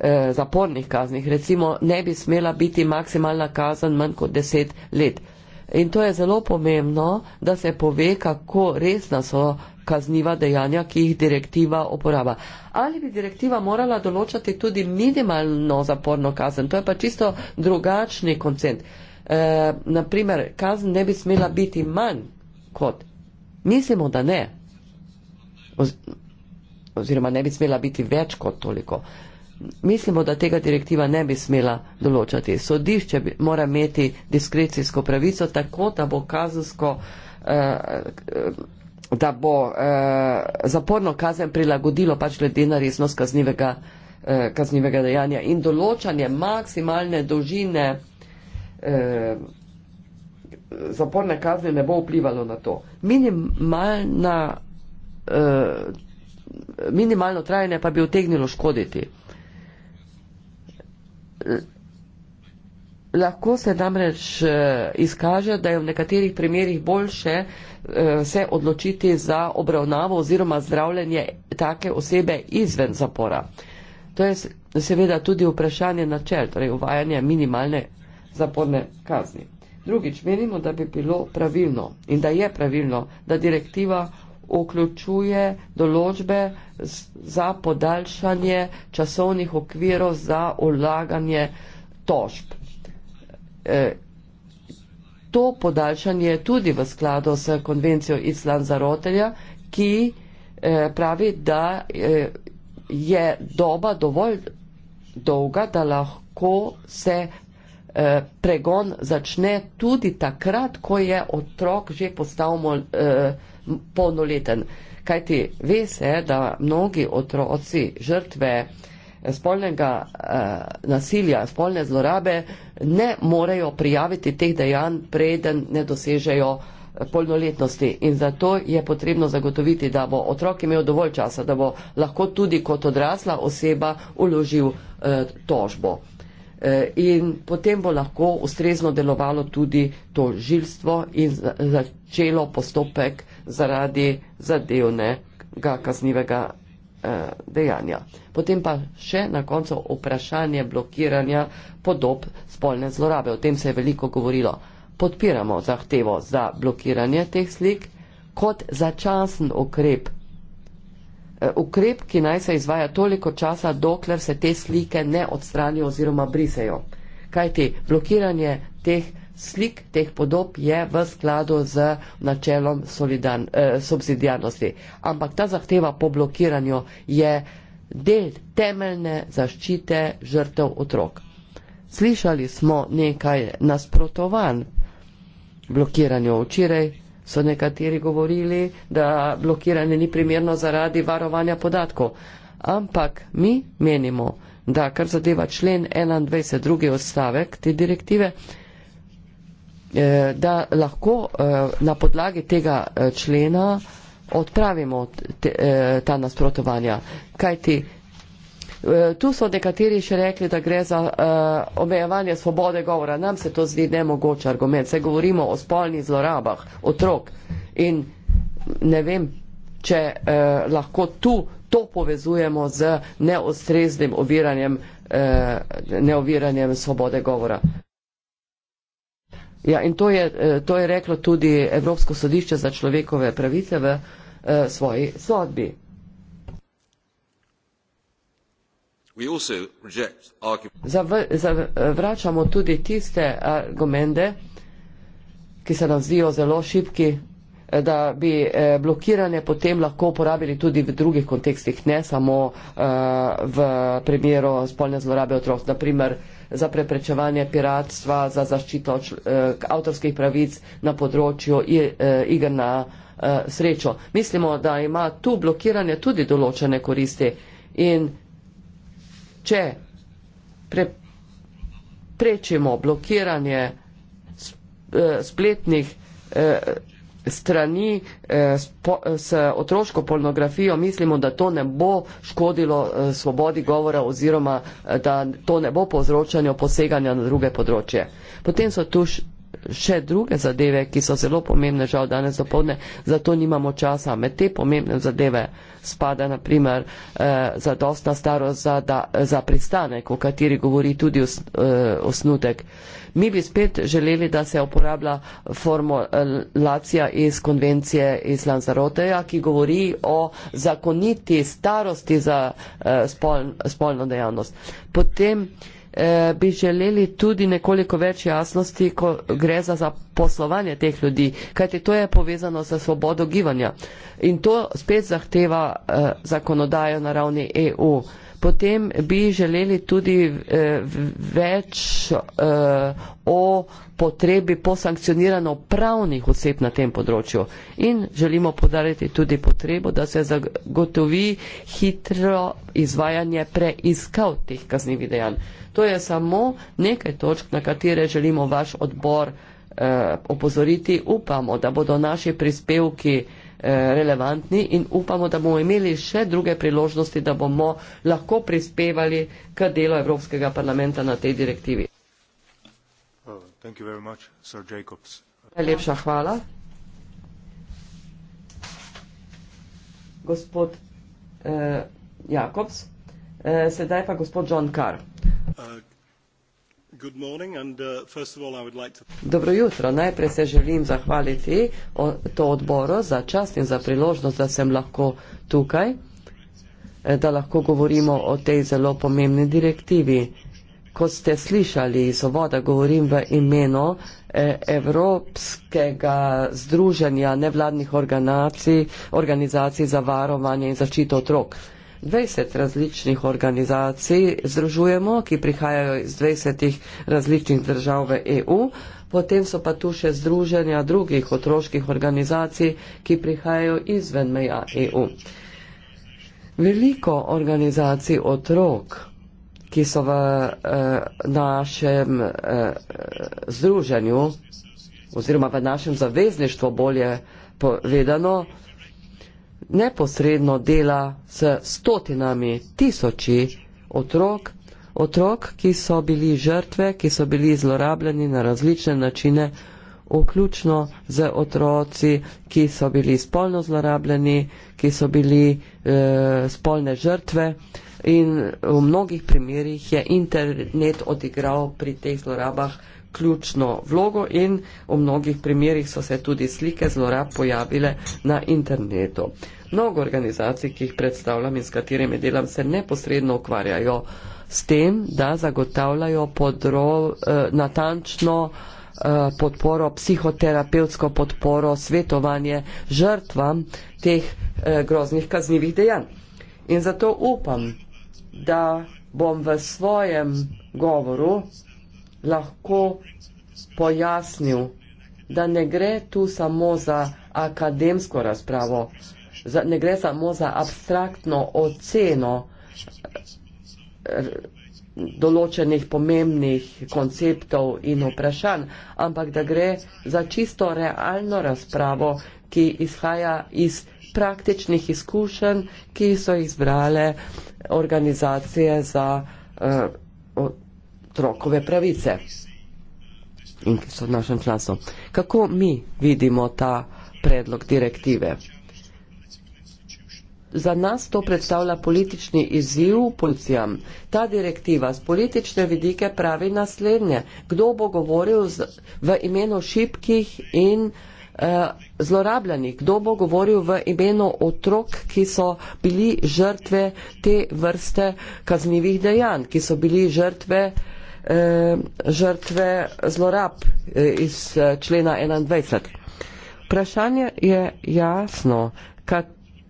eh, zapornih kaznih. Recimo, ne bi smela biti maksimalna kazen manj kot deset let. In to je zelo pomembno, da se pove, kako resna so kazniva dejanja, ki jih direktiva uporaba. Ali bi direktiva morala določati tudi minimalno zaporno kazen? To je pa čisto drugačni koncept eh, naprimer, kazen ne bi smela biti manj kot. Mislimo, da ne. Oz, oziroma, ne bi smela biti več kot toliko. Mislimo, da tega direktiva ne bi smela določati. Sodišče bi, mora imeti diskrecijsko pravico tako, da bo kazensko. Eh, da bo eh, zaporno kazen prilagodilo pač glede na resnost kaznivega, eh, kaznivega dejanja in določanje maksimalne dolžine eh, eh, zaporne kazni ne bo vplivalo na to. Minimalna, eh, minimalno trajanje pa bi otegnilo škoditi. Lahko se namreč eh, izkaže, da je v nekaterih primerjih boljše eh, se odločiti za obravnavo oziroma zdravljenje take osebe izven zapora. To je seveda tudi vprašanje načel, torej uvajanje minimalne zaporne kazni. Drugič, menimo, da bi bilo pravilno in da je pravilno, da direktiva vključuje določbe za podaljšanje časovnih okvirov za ulaganje tožb. E, to podaljšanje je tudi v skladu s konvencijo Island Zarotelja, ki e, pravi, da e, je doba dovolj dolga, da lahko se Eh, pregon začne tudi takrat, ko je otrok že postal mol, eh, polnoleten. Kajti ve se, da mnogi otroci žrtve eh, spolnega nasilja, spolne zlorabe ne morejo prijaviti teh dejanj, preden ne dosežejo polnoletnosti. In zato je potrebno zagotoviti, da bo otrok imel dovolj časa, da bo lahko tudi kot odrasla oseba uložil tožbo. Eh, in potem bo lahko ustrezno delovalo tudi to žilstvo in začelo postopek zaradi zadevnega kaznivega eh, dejanja. Potem pa še na koncu vprašanje blokiranja podob spolne zlorabe. O tem se je veliko govorilo. Podpiramo zahtevo za blokiranje teh slik kot začasen ukrep Eh, ukrep, ki naj se izvaja toliko časa, dokler se te slike ne odstranijo oziroma brisejo. Kajti blokiranje teh slik, teh podob je v skladu z načelom solidan, eh, subsidijarnosti. Ampak ta zahteva po blokiranju je del temeljne zaščite žrtev otrok. Slišali smo nekaj nasprotovanj blokiranju včeraj so nekateri govorili, da blokiranje ni primerno zaradi varovanja podatkov. Ampak mi menimo, da kar zadeva člen 21. drugi odstavek te direktive, eh, da lahko eh, na podlagi tega eh, člena odpravimo te, ta nasprotovanja. Kajti Eh, tu so nekateri še rekli, da gre za uh, omejevanje svobode govora. Nam se to zdi nemogoč argument. Se govorimo o spolnih zlorabah otrok in ne vem, če uh, lahko tu to povezujemo z neostreznim oviranjem, uh, neoviranjem svobode govora. Ja, in to je, to je reklo tudi Evropsko sodišče za človekove pravice v uh, svoji sodbi. Zavračamo tudi tiste argumente, ki se nam zdijo zelo šipki, da bi eh, blokiranje potem lahko uporabili tudi v drugih kontekstih, ne samo eh, v primeru spolne zlorabe otrok, naprimer za preprečevanje piratstva, za zaščito eh, avtorskih pravic na področju igr na srečo. Mislimo, da ima tu blokiranje tudi določene koristi. In če preprečimo blokiranje eh, spletnih eh, strani eh, s otroško pornografijo, mislimo, da to ne bo škodilo svobodi govora oziroma da to ne bo povzročanje poseganja na druge področje. Potem so tu še druge zadeve, ki so zelo pomembne, žal danes dopolne, zato nimamo časa. Med te pomembne zadeve spada naprimer eh, zadostna starost za, da, za pristanek, o kateri govori tudi os, eh, osnutek. Mi bi spet želeli, da se uporablja formulacija iz konvencije iz Lanzaroteja, ki govori o zakoniti starosti za eh, spol, spolno dejavnost. Potem, eh, Eh, bi želeli tudi nekoliko več jasnosti, ko gre za zaposlovanje teh ljudi, kajti to je povezano sa svobodo gibanja. In to spet zahteva eh, zakonodajo na ravni EU. Potem bi želeli tudi eh, več eh, o potrebi po sankcionirano pravnih oseb na tem področju. In želimo podariti tudi potrebo, da se zagotovi hitro izvajanje preiskav teh kaznjivih dejanj. To je samo nekaj točk, na katere želimo vaš odbor eh, opozoriti. Upamo, da bodo naši prispevki eh, relevantni in upamo, da bomo imeli še druge priložnosti, da bomo lahko prispevali k delu Evropskega parlamenta na tej direktivi. Oh, Najlepša hvala. Gospod eh, Jakobs, eh, sedaj pa gospod John Carr. Uh, uh, Dobro jutro. Najprej se želim zahvaliti to odboro za čast in za priložnost, da sem lahko tukaj, eh, da lahko govorimo o tej zelo pomembni direktivi. Ko ste slišali Svoboda, govorim v imenu eh, Evropskega združenja nevladnih organizacij za varovanje in zaščito otrok. 20 različnih organizacij združujemo, ki prihajajo iz 20 različnih držav v EU. Potem so pa tu še združenja drugih otroških organizacij, ki prihajajo izven meja EU. Veliko organizacij otrok, ki so v eh, našem eh, združenju oziroma v našem zavezništvu bolje povedano, eh, neposredno dela s stotinami, tisoči otrok, otrok, ki so bili žrtve, ki so bili zlorabljeni na različne načine, vključno z otroci, ki so bili spolno zlorabljeni, ki so bili e, spolne žrtve. In v mnogih primerjih je internet odigral pri teh zlorabah ključno vlogo in v mnogih primerjih so se tudi slike zlorab pojavile na internetu. Mnogo organizacij, ki jih predstavljam in s katerimi delam, se neposredno ukvarjajo s tem, da zagotavljajo podro, eh, natančno eh, podporo, psihoterapevtsko podporo, svetovanje žrtvam teh eh, groznih kaznjivih dejanj. In zato upam, da bom v svojem govoru lahko pojasnil, da ne gre tu samo za akademsko razpravo, za, ne gre samo za abstraktno oceno določenih pomembnih konceptov in vprašanj, ampak da gre za čisto realno razpravo, ki izhaja iz praktičnih izkušenj, ki so jih zbrale organizacije za uh, otrokove pravice in ki so v našem času. Kako mi vidimo ta predlog direktive? za nas to predstavlja politični izziv policijam. Ta direktiva z politične vidike pravi naslednje, kdo bo govoril z, v imenu šibkih in eh, zlorabljenih, kdo bo govoril v imenu otrok, ki so bili žrtve te vrste kaznjivih dejanj, ki so bili žrtve eh, žrtve zlorab eh, iz eh, člena 21. Vprašanje je jasno, kat,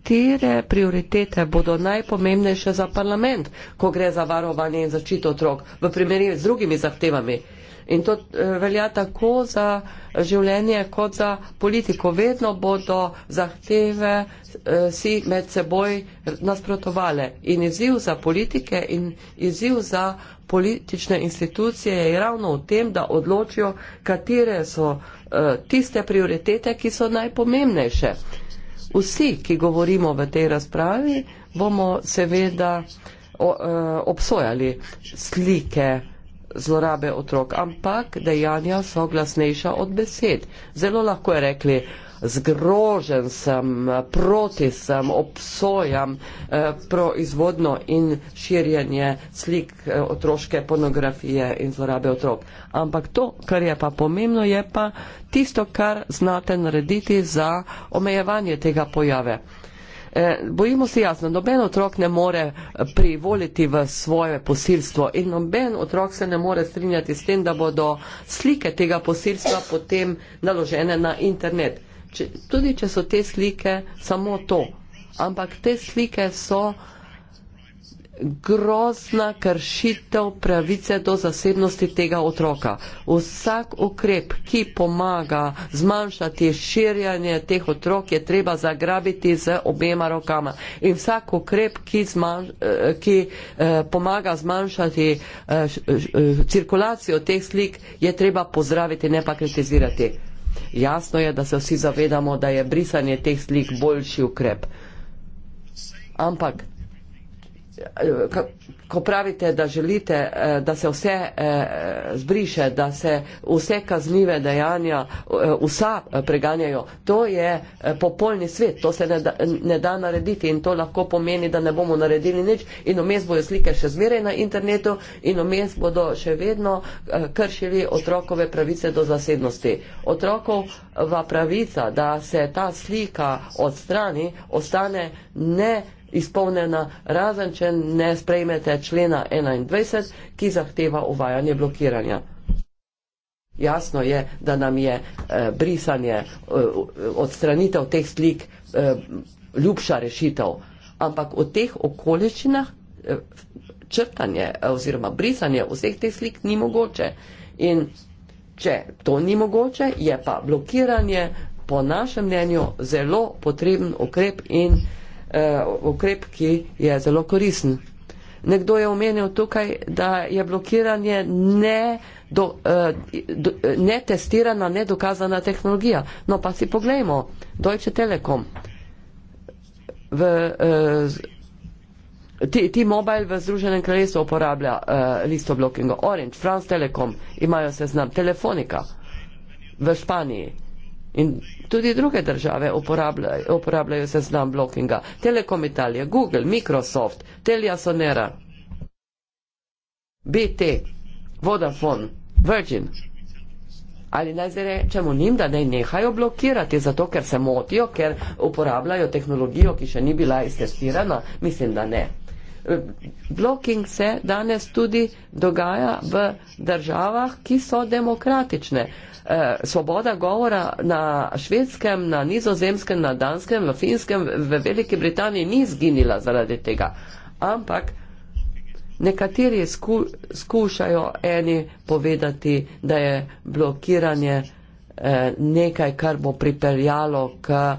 katere prioritete bodo najpomembnejše za parlament, ko gre za varovanje in začito otrok v primeri z drugimi zahtevami. In to eh, velja tako za življenje kot za politiko. Vedno bodo zahteve eh, si med seboj nasprotovale. In izziv za politike in izziv za politične institucije je ravno v tem, da odločijo, katere so eh, tiste prioritete, ki so najpomembnejše. Eh, vsi, ki govorimo v tej razpravi, bomo seveda eh, obsojali slike zlorabe otrok, ampak dejanja so glasnejša od besed. Zelo lahko je rekli, zgrožen sem, proti sem, obsojam eh, proizvodno in širjenje slik eh, otroške pornografije in zlorabe otrok. Ampak to, kar je pa pomembno, je pa tisto, kar znate narediti za omejevanje tega pojave. Eh, bojimo se jasno, noben otrok ne more eh, privoliti v svoje posilstvo in noben otrok se ne more strinjati s tem, da bodo slike tega posilstva potem naložene na internet če, tudi če so te slike samo to, ampak te slike so grozna kršitev pravice do zasebnosti tega otroka. Vsak ukrep, ki pomaga zmanjšati širjanje teh otrok, je treba zagrabiti z obema rokama. In vsak ukrep, ki, zmanj, eh, ki eh, pomaga zmanjšati eh, š, eh, cirkulacijo teh slik, je treba pozdraviti, ne pa kritizirati. Jasno je, da se vsi zavedamo, da je brisanje teh slik boljši ukrep. Ampak ko pravite, da želite, eh, da se vse eh, zbriše, da se vse kaznive dejanja, eh, vsa preganjajo, to je popolni svet, to se ne da, ne da narediti in to lahko pomeni, da ne bomo naredili nič in omes bojo slike še zmeraj na internetu in omes bodo še vedno kršili otrokove pravice do zasednosti. Otrokova pravica, da se ta slika odstrani, ostane ne izpolnjena, razen če ne sprejmete člena 21, ki zahteva uvajanje blokiranja. Jasno je, da nam je eh, brisanje, eh, odstranitev teh slik eh, ljubša rešitev, ampak v teh okoliščinah eh, črtanje eh, oziroma brisanje vseh teh slik ni mogoče. In če to ni mogoče, je pa blokiranje po našem mnenju zelo potreben ukrep in eh, Eh, ukrep, ki je zelo korisen. Nekdo je omenil tukaj, da je blokiranje ne, do, eh, eh, ne testirana, ne dokazana tehnologija. No pa si pogledajmo, Deutsche Telekom, v, ti, ti mobile v Združenem kraljestvu uporablja listo blokingo, Orange, France Telekom, imajo seznam, Telefonika v Španiji. In tudi druge države uporabljajo, uporabljajo seznam blokinga. Telekom Italije, Google, Microsoft, Telia Sonera, BT, Vodafone, Virgin. Ali naj zdaj rečemo njim, da naj nehajo blokirati, zato ker se motijo, ker uporabljajo tehnologijo, ki še ni bila iztestirana? Mislim, da ne. Blocking se danes tudi dogaja v državah, ki so demokratične. Eh, svoboda govora na švedskem, na nizozemskem, na danskem, na finskem, v Veliki Britaniji ni izginila zaradi tega. Ampak nekateri sku, skušajo eni povedati, da je blokiranje eh, nekaj, kar bo pripeljalo k eh,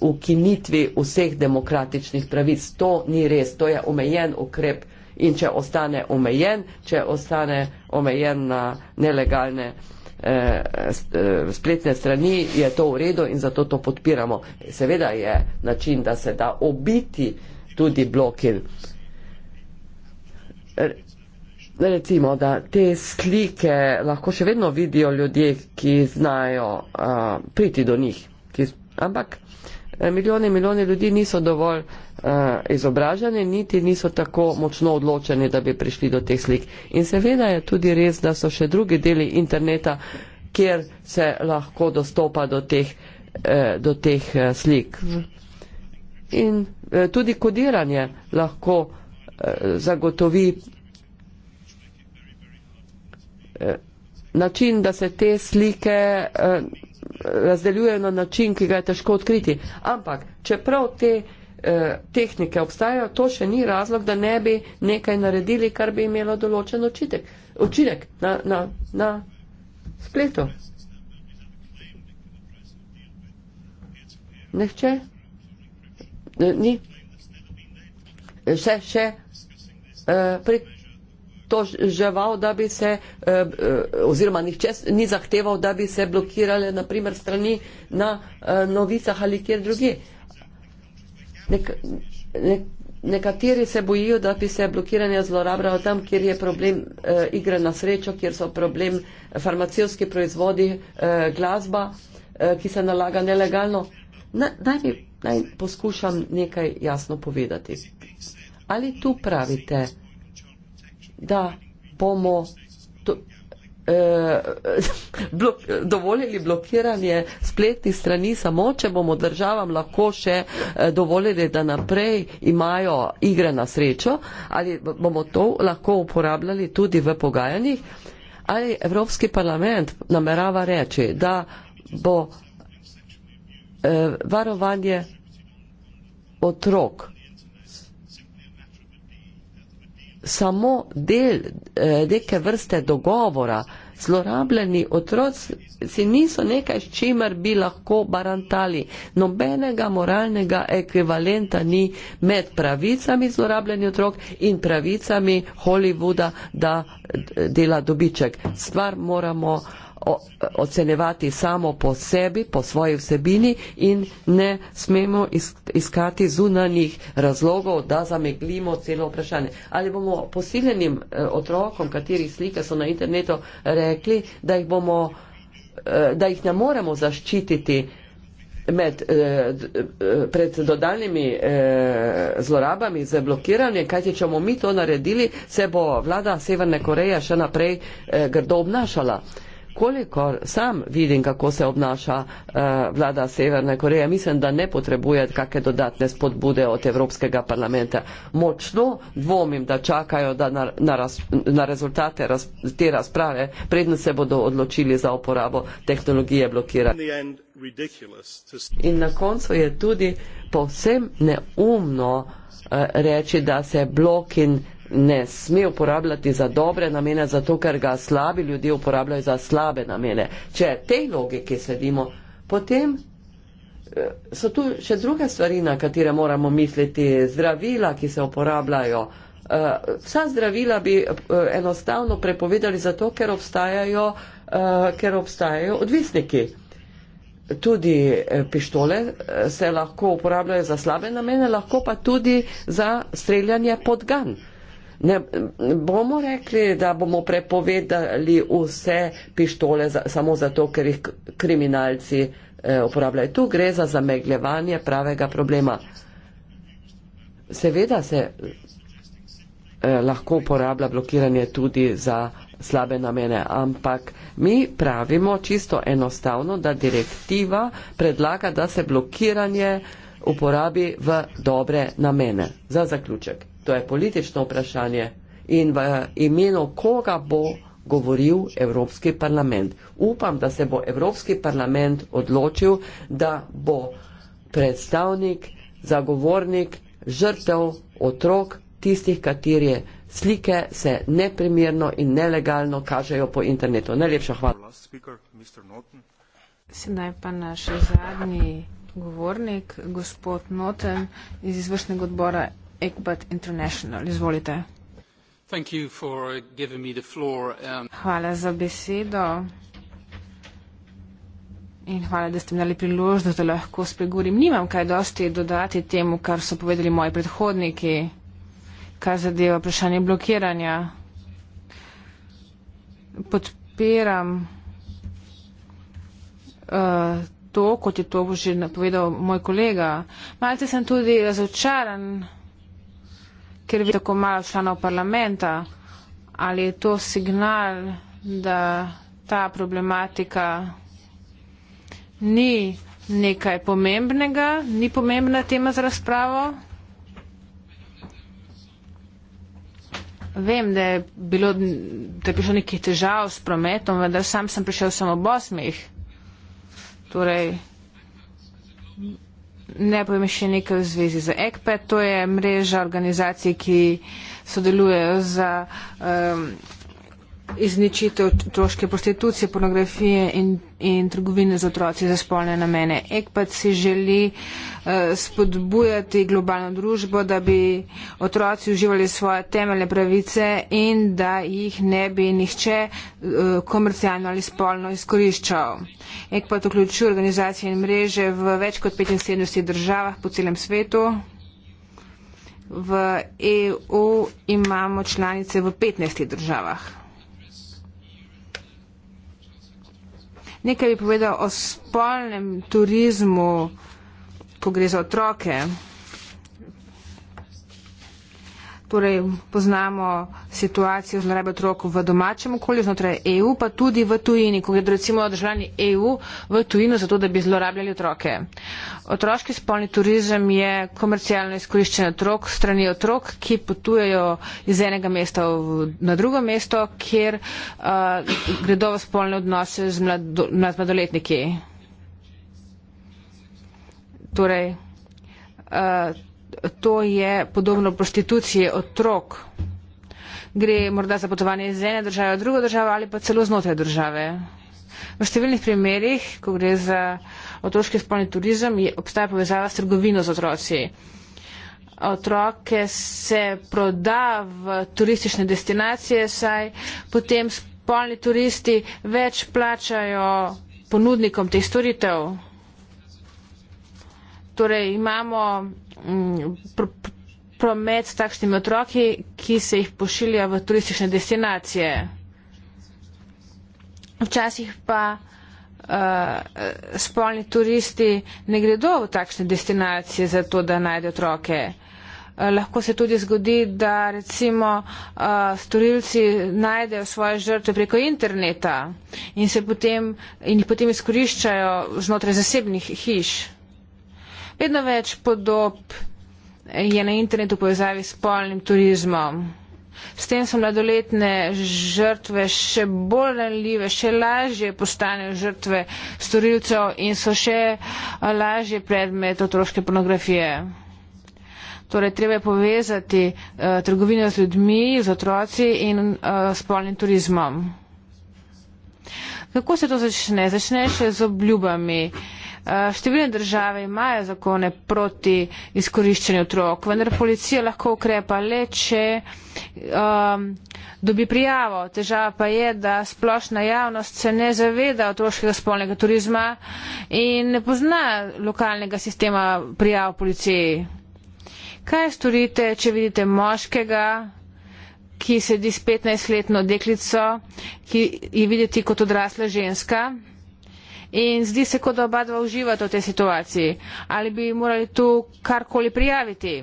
ukinitvi vseh demokratičnih pravic. To ni res, to je omejen ukrep in če ostane omejen, če ostane omejen na nelegalne. Eh, eh, spletne strani, je to v redu in zato to podpiramo. Seveda je način, da se da obiti tudi blokir. Recimo, da te slike lahko še vedno vidijo ljudje, ki znajo uh, priti do njih. Ki, ampak Eh, milijoni in milijoni ljudi niso dovolj eh, izobraženi, niti niso tako močno odločeni, da bi prišli do teh slik. In seveda je tudi res, da so še drugi deli interneta, kjer se lahko dostopa do teh, eh, do teh slik. In tudi kodiranje lahko zagotovi način, da se te slike razdeljujejo na način, ki ga je težko odkriti. Ampak, čeprav te eh, tehnike obstajajo, to še ni razlog, da ne bi nekaj naredili, kar bi imelo določen očitek, učinek na, na, na spletu. Nehče? Eh, ni? Eh, še, še? Uh, pri, toževal, da bi se, eh, eh, oziroma nihče ni zahteval, da bi se blokirale, naprimer, strani na eh, novicah ali kjer drugi. Nek, nek, Nekateri se bojijo, da bi se blokiranje zlorabljalo tam, kjer je problem e, igre na srečo, kjer so problem farmacijski proizvodi, e, glasba, e, ki se nalaga nelegalno. Na, daj mi naj poskušam nekaj jasno povedati. Ali tu pravite? da bomo to, eh, blok, dovolili blokiranje spletnih strani samo, če bomo državam lahko še eh, dovolili, da naprej imajo igre na srečo, ali bomo to lahko uporabljali tudi v pogajanjih. Ali Evropski parlament namerava reči, da bo eh, varovanje otrok samo del eh, neke vrste dogovora. Zlorabljeni otroci niso nekaj, s čimer bi lahko barantali. Nobenega moralnega ekvivalenta ni med pravicami zlorabljeni otrok in pravicami Hollywooda, da dela dobiček. Stvar moramo ocenevati samo po sebi, po svoji vsebini in ne smemo iskati zunanih razlogov, da zameglimo celo vprašanje. Ali bomo posiljenim e, otrokom, katerih slike so na internetu, rekli, da jih, bomo, e, da jih ne moremo zaščititi med, e, pred dodaljnimi zlorabami za blokiranje, kajti če bomo mi to naredili, se bo vlada Severne Koreje še naprej grdo obnašala kolikor sam vidim, kako se obnaša uh, vlada Severne Koreje, mislim, da ne potrebuje kakšne dodatne spodbude od Evropskega parlamenta. Močno dvomim, da čakajo da na, na, raz, na rezultate raz, te razprave, predno se bodo odločili za uporabo tehnologije blokiranja. In na koncu je tudi povsem neumno uh, reči, da se blokin ne sme uporabljati za dobre namene, zato ker ga slabi ljudje uporabljajo za slabe namene. Če tej logiki sledimo, potem eh, so tu še druge stvari, na katere moramo misliti, zdravila, ki se uporabljajo. Eh, vsa zdravila bi eh, enostavno prepovedali zato, ker obstajajo, ker obstajajo odvisniki. Tudi pištole se lahko uporabljajo za slabe namene, lahko pa tudi za streljanje podgan. Ne bomo rekli, da bomo prepovedali vse pištole za, samo zato, ker jih kriminalci eh, uporabljajo. Tu gre za zamegljevanje pravega problema. Seveda se eh, lahko uporablja blokiranje tudi za slabe namene, ampak mi pravimo čisto enostavno, da direktiva predlaga, da se blokiranje uporabi v dobre namene. Za zaključek. To je politično vprašanje in v imenu koga bo govoril Evropski parlament. Upam, da se bo Evropski parlament odločil, da bo predstavnik, zagovornik žrtev otrok, tistih, katerje slike se neprimerno in nelegalno kažejo po internetu. Najlepša hvala. Sedaj pa naš zadnji govornik, gospod Noten iz izvršnega odbora egbert international izvolite thank you for giving me the floor um, hvala za besedo In hvala, da ste mi dali priložnost, da lahko spregovorim. Nimam kaj dosti dodati temu, kar so povedali moji predhodniki, kar zadeva vprašanje blokiranja. Podpiram uh, to, kot je to že napovedal moj kolega. Malce sem tudi razočaran. Uh, ker vi tako malo članov parlamenta, ali je to signal, da ta problematika ni nekaj pomembnega, ni pomembna tema za razpravo? Vem, da je, bilo, da je prišlo nekaj težav s prometom, vendar sam sem prišel samo ob osmih. Torej, Ne povem še nekaj v zvezi z ECPE, to je mreža organizacij, ki sodelujejo za um, izničitev otroške prostitucije, pornografije in, in trgovine za otroci za spolne namene. ECPAT si želi uh, spodbujati globalno družbo, da bi otroci uživali svoje temeljne pravice in da jih ne bi nihče uh, komercialno ali spolno izkoriščal. ECPAT vključuje organizacije in mreže v več kot 75 državah po celem svetu. V EU imamo članice v 15 državah. Nekaj bi povedal o spolnem turizmu, ko gre za otroke torej poznamo situacijo zlorabe otrok v domačem okolju, znotraj EU, pa tudi v tujini, ko gredo recimo državljani EU v tujino zato, da bi zlorabljali otroke. Otroški spolni turizem je komercialno izkoriščen otrok strani otrok, ki potujejo iz enega mesta v, na drugo mesto, kjer uh, gredo v spolne odnose z, mlado, z mladoletniki. Torej, uh, to je podobno prostituciji otrok. Gre morda za potovanje iz ene države v drugo državo ali pa celo znotraj države. V številnih primerih, ko gre za otroški spolni turizem, je, obstaja povezava s trgovino z otroci. Otroke se proda v turistične destinacije, saj potem spolni turisti več plačajo ponudnikom teh storitev torej imamo mm, pr promet s takšnimi otroki, ki se jih pošilja v turistične destinacije. Včasih pa uh, spolni turisti ne gredo v takšne destinacije za to, da najde otroke. Eh, lahko se tudi zgodi, da recimo uh, storilci najdejo svoje žrtve preko interneta in, potem, in jih potem izkoriščajo znotraj zasebnih hiš. Vedno več podob je na internetu povezavi s spolnim turizmom. S tem so mladoletne žrtve še bolj ranljive, še lažje postanejo žrtve storilcev in so še lažje predmet otroške pornografije. Torej, treba je povezati uh, trgovino z ljudmi, z otroci in uh, spolnim turizmom. Kako se to začne? Začne še z obljubami. Uh, Eh, številne države imajo zakone proti izkoriščanju otrok, vendar policija lahko ukrepa le, če um, dobi prijavo. Težava pa je, da splošna javnost se ne zaveda otroškega spolnega turizma in ne pozna lokalnega sistema prijav policiji. Kaj storite, če vidite moškega, ki sedi s 15-letno deklico, ki je videti kot odrasla ženska? in zdi se, kot da oba dva uživata v tej situaciji. Ali bi morali tu karkoli prijaviti?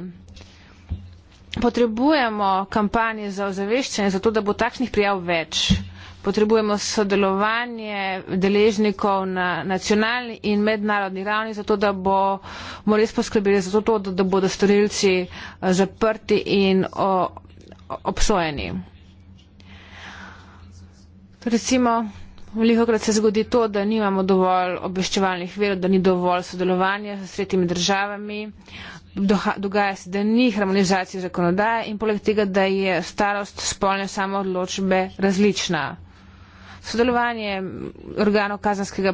Potrebujemo kampanje za ozaveščanje, zato da bo takšnih prijav več. Potrebujemo sodelovanje deležnikov na nacionalni in mednarodni ravni, zato da bomo res poskrbeli za to, da, da bodo storilci eh, zaprti in o, obsojeni. To recimo Velikokrat se zgodi to, da nimamo dovolj obveščevalnih verov, da ni dovolj sodelovanja s tretjimi državami. Doha, dogaja se, da ni harmonizacije zakonodaje in poleg tega, da je starost spolne samoodločbe različna. Sodelovanje organov kazanskega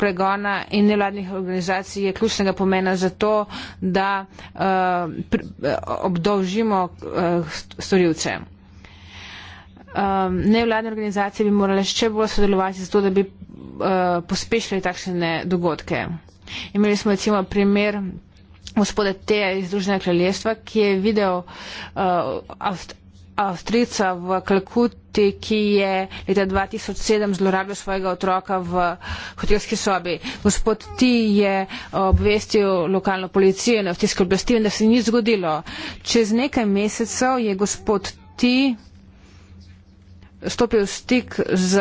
pregona in nevladnih organizacij je ključnega pomena za to, da uh, pri, obdolžimo uh, storilce um, nevladne organizacije bi morale še bolj sodelovati zato, da bi uh, pospešili takšne dogodke. Imeli smo recimo primer gospoda Teja iz Združenega kraljestva, ki je videl uh, avst Avstrica v Kalkuti, ki je leta 2007 zlorabil svojega otroka v hotelski sobi. Gospod Ti je obvestil lokalno policijo in avstrijske oblasti, da se ni zgodilo. Čez nekaj mesecev je gospod Ti stopil v stik z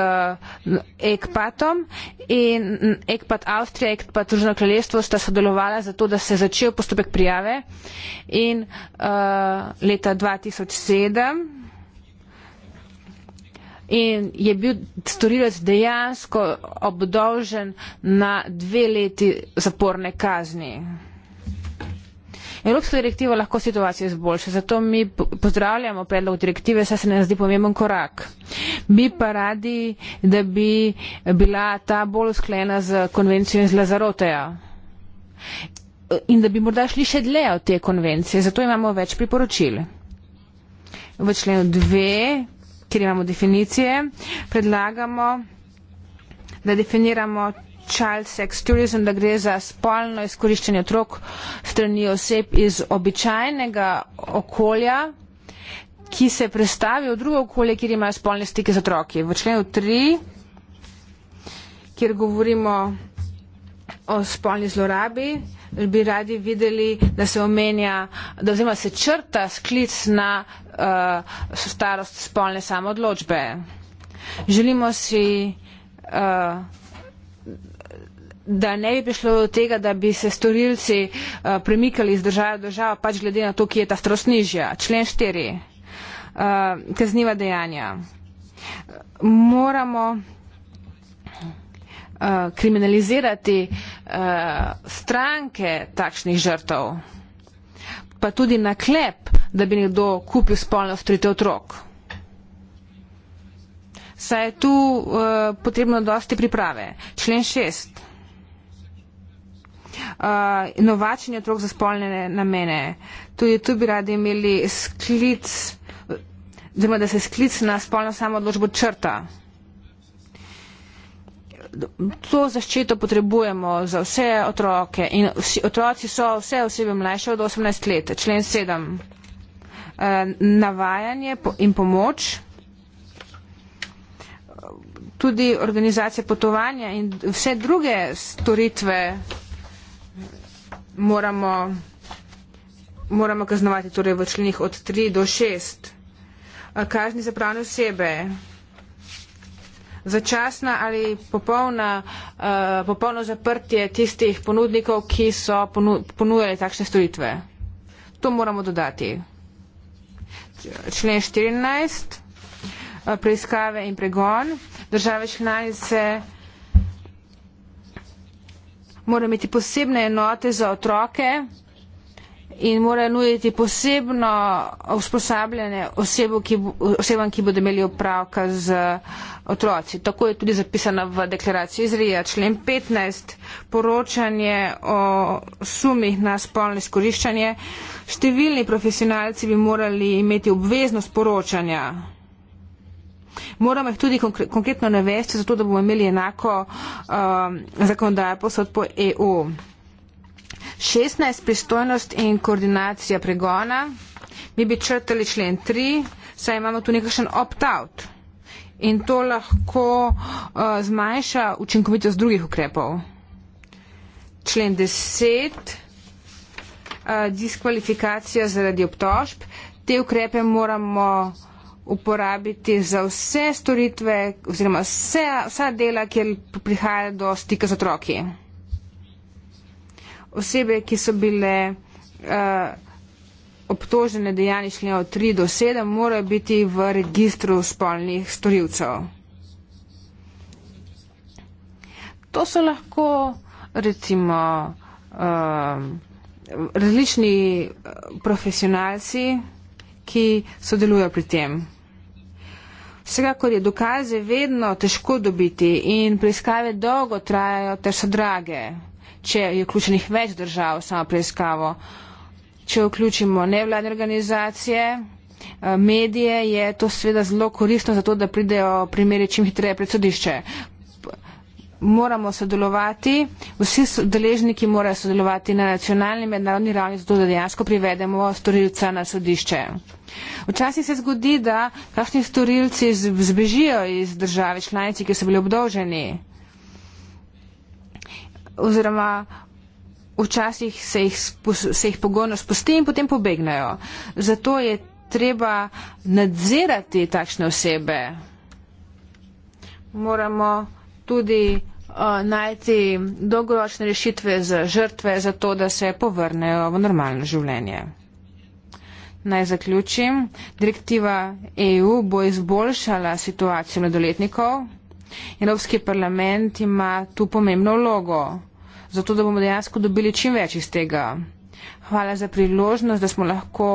ekpatom in ekpat Avstrija, ekpat Družno kraljestvo sta sodelovala za to, da se je začel postopek prijave in uh, leta 2007 in je bil storilec dejansko obdolžen na dve leti zaporne kazni. Evropska direktiva lahko situacijo izboljša, zato mi pozdravljamo predlog direktive, saj se nam zdi pomemben korak. Mi pa radi, da bi bila ta bolj usklena z konvencijo iz Lazaroteja in da bi morda šli še dlje od te konvencije, zato imamo več priporočil. V členu 2, kjer imamo definicije, predlagamo, da definiramo child sex tourism, da gre za spolno izkoriščenje otrok strani oseb iz običajnega okolja, ki se predstavi v drugo okolje, kjer imajo spolne stike z otroki. V členu 3, kjer govorimo o spolni zlorabi, bi radi videli, da se omenja, da vzima se črta sklic na uh, starost spolne samodločbe. Želimo si uh, da ne bi prišlo do tega, da bi se storilci eh, premikali iz države v državo, pač glede na to, kje je ta strost nižja. Člen 4. Eh, kazniva dejanja. Moramo eh, kriminalizirati stranke takšnih žrtov, pa tudi naklep, da bi nekdo kupil spolno ostrite otrok. Saj je tu uh, potrebno dosti priprave. Člen 6 uh, novačenje otrok za spolne namene. Tudi tu bi radi imeli sklic, oziroma da se sklic na spolno samo odločbo črta. To zaščito potrebujemo za vse otroke in vsi, otroci so vse osebe mlajše od 18 let. Člen 7. Uh, navajanje in pomoč. Tudi organizacija potovanja in vse druge storitve moramo, moramo kaznovati torej v členih od 3 do 6. Eh, kazni za pravne osebe. Začasna ali popolna, uh, popolno zaprtje tistih ponudnikov, ki so ponu ponujali takšne storitve. To moramo dodati. Člen 14. Uh, eh, preiskave in pregon. Države članice. Uh, mora imeti posebne enote za otroke in mora nuditi posebno usposabljanje osebam, ki bodo imeli upravka z eh, otroci. Tako je tudi zapisano v deklaraciji Izrija. Člen 15, poročanje o sumih na spolno izkoriščanje. Številni profesionalci bi morali imeti obveznost poročanja Moramo jih tudi konkre konkretno navesti, zato da bomo imeli enako um, zakonodajo posod po EU. 16. Pristojnost in koordinacija pregona. Mi bi črtali člen 3, saj imamo tu nekakšen opt-out. In to lahko uh, zmanjša učinkovitost drugih ukrepov. Člen 10. Uh, diskvalifikacija zaradi obtožb. Te ukrepe moramo uporabiti za vse storitve oziroma vse, vsa dela, kjer prihaja do stika z otroki. Osebe, ki so bile uh, obtožene dejanišnje od 3 do 7, morajo biti v registru spolnih storilcev. To so lahko recimo uh, različni eh, profesionalci, ki sodelujo pri tem. Vsekakor je dokaze vedno težko dobiti in preiskave dolgo trajajo ter so drage, če je vključenih več držav v samo preiskavo. Če vključimo nevladne organizacije, eh, medije, je to seveda zelo koristno za to, da pridejo primeri čim hitreje pred sodišče moramo sodelovati, vsi deležniki morajo sodelovati na nacionalni in mednarodni ravni, zato da dejansko privedemo storilca na sodišče. Včasih se zgodi, da kakšni storilci zbežijo iz države članice, ki so bili obdolženi. Oziroma, včasih se jih, se jih pogojno spusti in potem pobegnajo. Zato je treba nadzirati takšne osebe. Moramo tudi Eh, najti dolgoročne rešitve za žrtve, za to, da se povrnejo v normalno življenje. Naj zaključim. Direktiva EU bo izboljšala situacijo mladoletnikov. Evropski parlament ima tu pomembno vlogo, zato da bomo dejansko dobili čim več iz tega. Hvala za priložnost, da smo lahko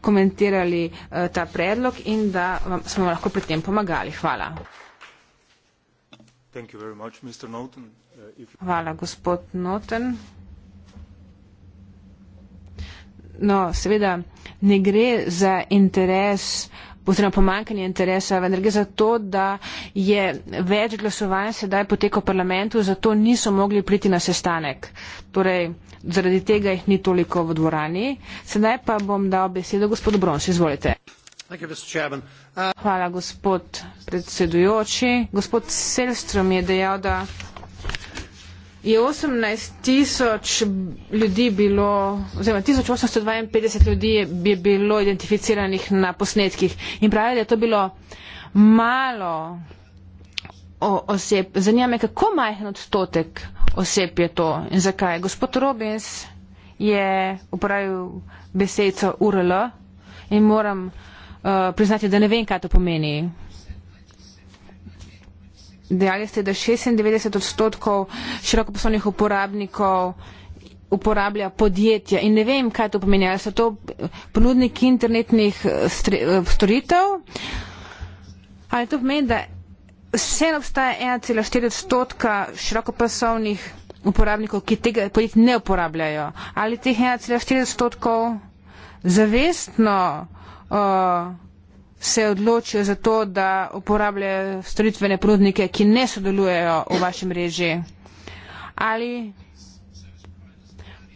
komentirali uh, ta predlog in da smo lahko pri tem pomagali. Hvala. Uh, Hvala, gospod Noten. No, seveda ne gre za interes oziroma pomankanje interesa, vendar gre za to, da je več glasovanj sedaj potekal v parlamentu, zato niso mogli priti na sestanek. Torej, zaradi tega jih ni toliko v dvorani. Sedaj pa bom dal besedo gospodu Bronsu. Izvolite. Uh, Hvala, gospod predsedujoči. Gospod Selstrom je dejal, da je 18 tisoč ljudi bilo, oziroma 1852 ljudi je bi bilo identificiranih na posnetkih in pravi, da je to bilo malo oseb. Zanima me, kako majhen odstotek oseb je to in zakaj. Gospod Robins je upravil besedico URL in moram uh, priznati, da ne vem, kaj to pomeni. Dejali ste, da 96 odstotkov široko poslovnih uporabnikov uporablja podjetja in ne vem, kaj to pomeni. Ali so to ponudniki internetnih eh, eh, storitev? Ali to pomeni, da vseeno obstaja 1,4 odstotka široko poslovnih uporabnikov, ki tega podjetja ne uporabljajo? Ali teh 1,4 odstotkov zavestno uh, se odločijo za to, da uporabljajo storitvene ponudnike, ki ne sodelujejo v vaši mreži. Ali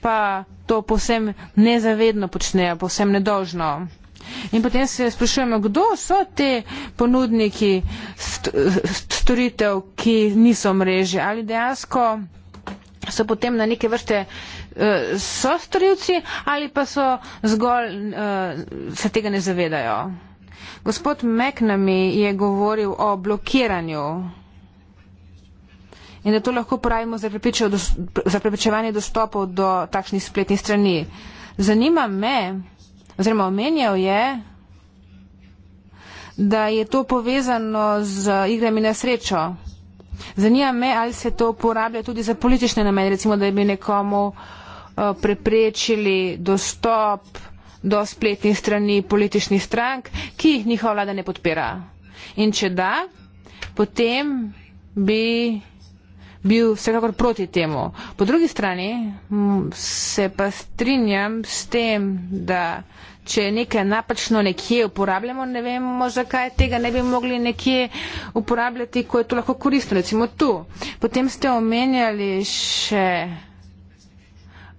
pa to povsem nezavedno počnejo, povsem nedolžno. In potem se sprašujemo, kdo so te ponudniki st storitev, ki niso v mreži. Ali dejansko so potem na neke vrste Eh, so storilci ali pa so zgolj eh, se tega ne zavedajo. Gospod Meknami je govoril o blokiranju in da to lahko pravimo za prepričevanje dostopov do takšnih spletnih strani. Zanima me, oziroma omenjal je, da je to povezano z igrami na srečo. Zanima me, ali se to uporablja tudi za politične namene, recimo, da bi nekomu uh, Eh, preprečili dostop do spletnih strani političnih strank, ki jih njihova vlada ne podpira. In če da, potem bi bil vsekakor proti temu. Po drugi strani se pa strinjam s tem, da če nekaj napačno nekje uporabljamo, ne vemo, zakaj tega ne bi mogli nekje uporabljati, ko je to lahko koristno, recimo tu. Potem ste omenjali še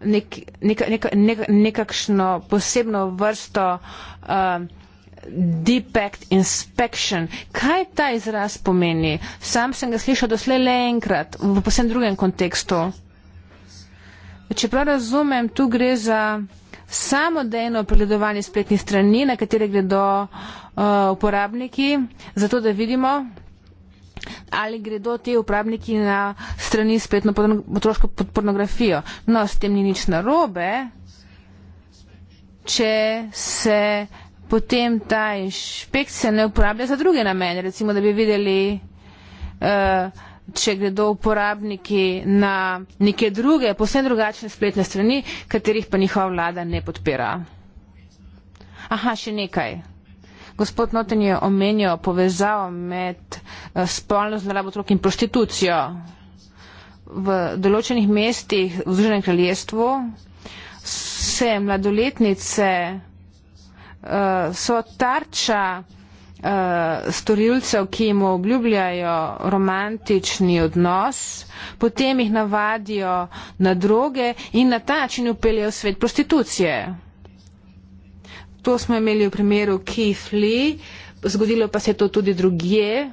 nek, nek, nek, nek, nekakšno posebno vrsto uh, defect inspection. Kaj ta izraz pomeni? Sam sem ga slišal doslej le enkrat v posebno drugem kontekstu. Če prav razumem, tu gre za samodejno pregledovanje spletnih strani, na katere gredo uh, uporabniki, zato da vidimo, ali gredo ti uporabniki na strani spletno potroško pod pornografijo. No, s tem ni nič narobe, če se potem ta inšpekcija ne uporablja za druge namene, recimo da bi videli, eh, če gredo uporabniki na neke druge, posebej drugačne spletne strani, katerih pa njihova vlada ne podpira. Aha, še nekaj gospod Noten je omenjal povezavo med eh, spolno zlorabo otrok in prostitucijo. V določenih mestih v Združenem kraljestvu se mladoletnice eh, so tarča eh, storilcev, ki jim obljubljajo romantični odnos, potem jih navadijo na droge in na ta način upeljejo svet prostitucije. To smo imeli v primeru Keith Lee, zgodilo pa se je to tudi drugje,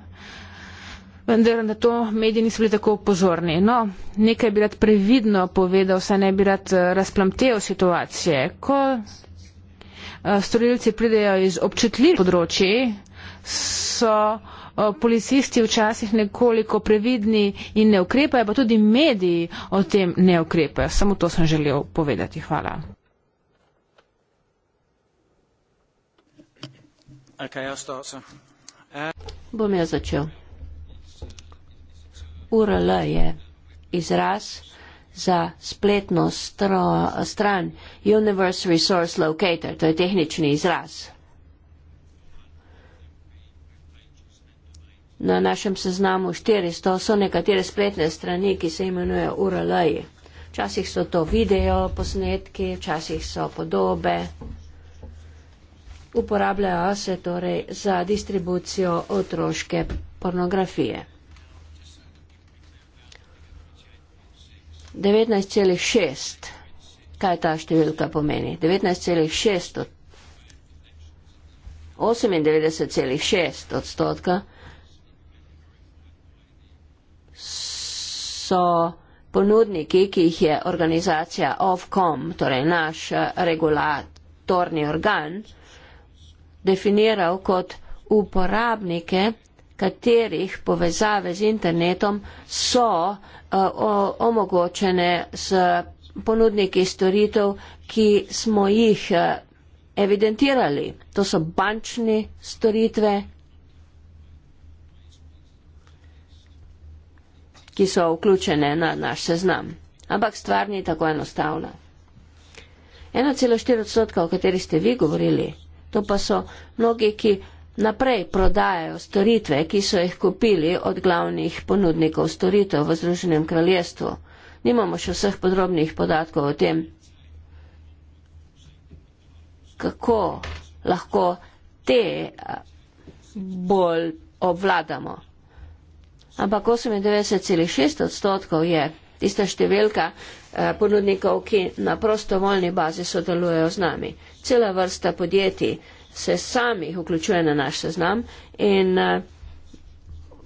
vendar na to mediji niso bili tako pozorni. No, nekaj bi rad previdno povedal, saj ne bi rad eh, razplamteval situacije. Ko eh, storilci pridejo iz občutljivih področji, so eh, policisti včasih nekoliko previdni in ne ukrepajo, pa tudi mediji o tem ne ukrepajo. Samo to sem želel povedati. Hvala. Eh. Bom jaz začel. URL je izraz za spletno stro, stran Universe Resource Locator, to je tehnični izraz. Na našem seznamu 400 so nekatere spletne strani, ki se imenujejo URL-ji. Včasih so to video posnetki, včasih so podobe uporabljajo se torej za distribucijo otroške pornografije. 19,6. Kaj ta številka pomeni? 19,6. 98,6 odstotka so ponudniki, ki jih je organizacija OFCOM, torej naš regulatorni organ, definiral kot uporabnike, katerih povezave z internetom so eh, omogočene s ponudniki storitev, ki smo jih eh, evidentirali. To so bančne storitve. ki so vključene na naš seznam. Ampak stvar ni tako enostavna. 1,4 odstotka, o kateri ste vi govorili, To pa so mnogi, ki naprej prodajajo storitve, ki so jih kupili od glavnih ponudnikov storitev v Združenem kraljestvu. Nimamo še vseh podrobnih podatkov o tem, kako lahko te bolj obvladamo. Ampak 98,6 odstotkov je tista številka ponudnikov, ki na prostovoljni bazi sodelujejo z nami cela vrsta podjetij se samih vključuje na naš seznam in eh,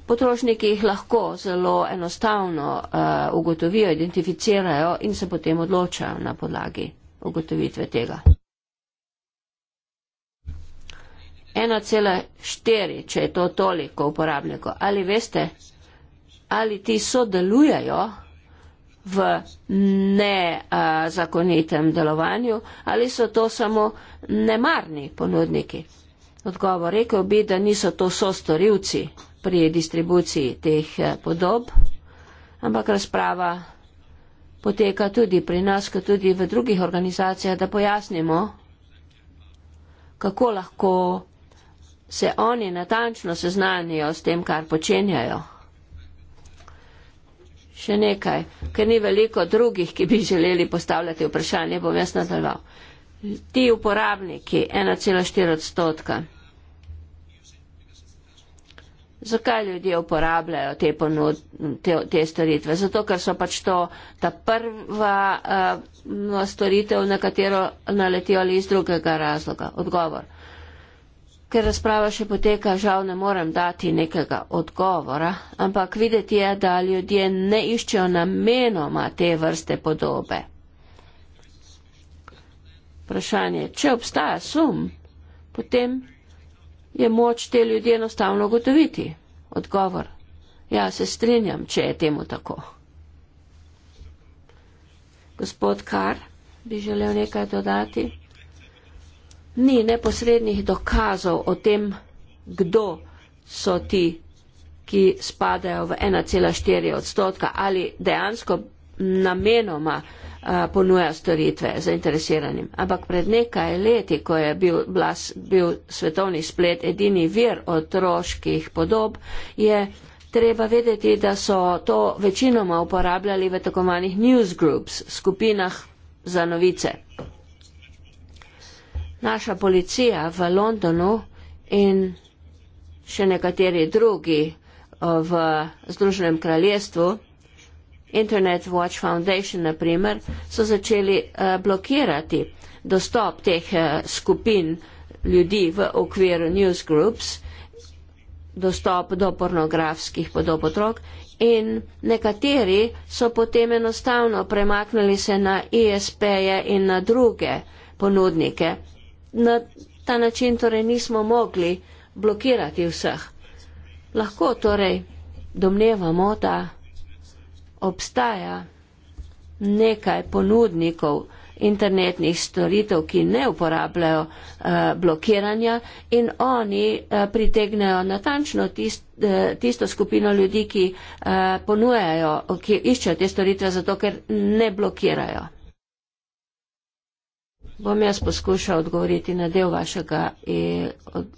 potrošniki jih lahko zelo enostavno eh, ugotovijo, identificirajo in se potem odločajo na podlagi ugotovitve tega. 1,4, če je to toliko uporabnikov. Ali veste, ali ti sodelujajo v nezakonitem delovanju ali so to samo nemarni ponudniki. Odgovor rekel bi, da niso to sostorilci pri distribuciji teh eh, podob, ampak razprava poteka tudi pri nas, kot tudi v drugih organizacijah, da pojasnimo, kako lahko se oni natančno seznanijo s tem, kar počenjajo še nekaj, ker ni veliko drugih, ki bi želeli postavljati vprašanje, bom jaz nadaljeval. Ti uporabniki 1,4 odstotka. Zakaj ljudje uporabljajo te, ponud, te, te storitve? Zato, ker so pač to ta prva uh, storitev, na katero naletijo ali iz drugega razloga. Odgovor ker razprava še poteka, žal ne morem dati nekega odgovora, ampak videti je, da ljudje ne iščejo namenoma te vrste podobe. Vprašanje, če obstaja sum, potem je moč te ljudi enostavno gotoviti. Odgovor, ja, se strinjam, če je temu tako. Gospod Kar, bi želel nekaj dodati? ni neposrednih dokazov o tem, kdo so ti, ki spadajo v 1,4 odstotka ali dejansko namenoma eh, ponuja storitve zainteresiranim. Ampak pred nekaj leti, ko je bil, bila, bil svetovni splet edini vir otroških podob, je treba vedeti, da so to večinoma uporabljali v takomanih newsgroups, skupinah za novice naša policija v Londonu in še nekateri drugi eh, v Združenem kraljestvu, Internet Watch Foundation na primer, so začeli eh, blokirati dostop teh eh, skupin ljudi v okviru newsgroups, dostop do pornografskih podob otrok in nekateri so potem enostavno premaknili se na ISP-je in na druge ponudnike na ta način torej nismo mogli blokirati vseh. Lahko torej domnevamo, da obstaja nekaj ponudnikov internetnih storitev, ki ne uporabljajo uh, blokiranja in oni uh, pritegnejo natančno tist, uh, tisto skupino ljudi, ki uh, ponujajo, ki iščejo te storitve, zato ker ne blokirajo bom jaz poskušal odgovoriti na del vašega eh,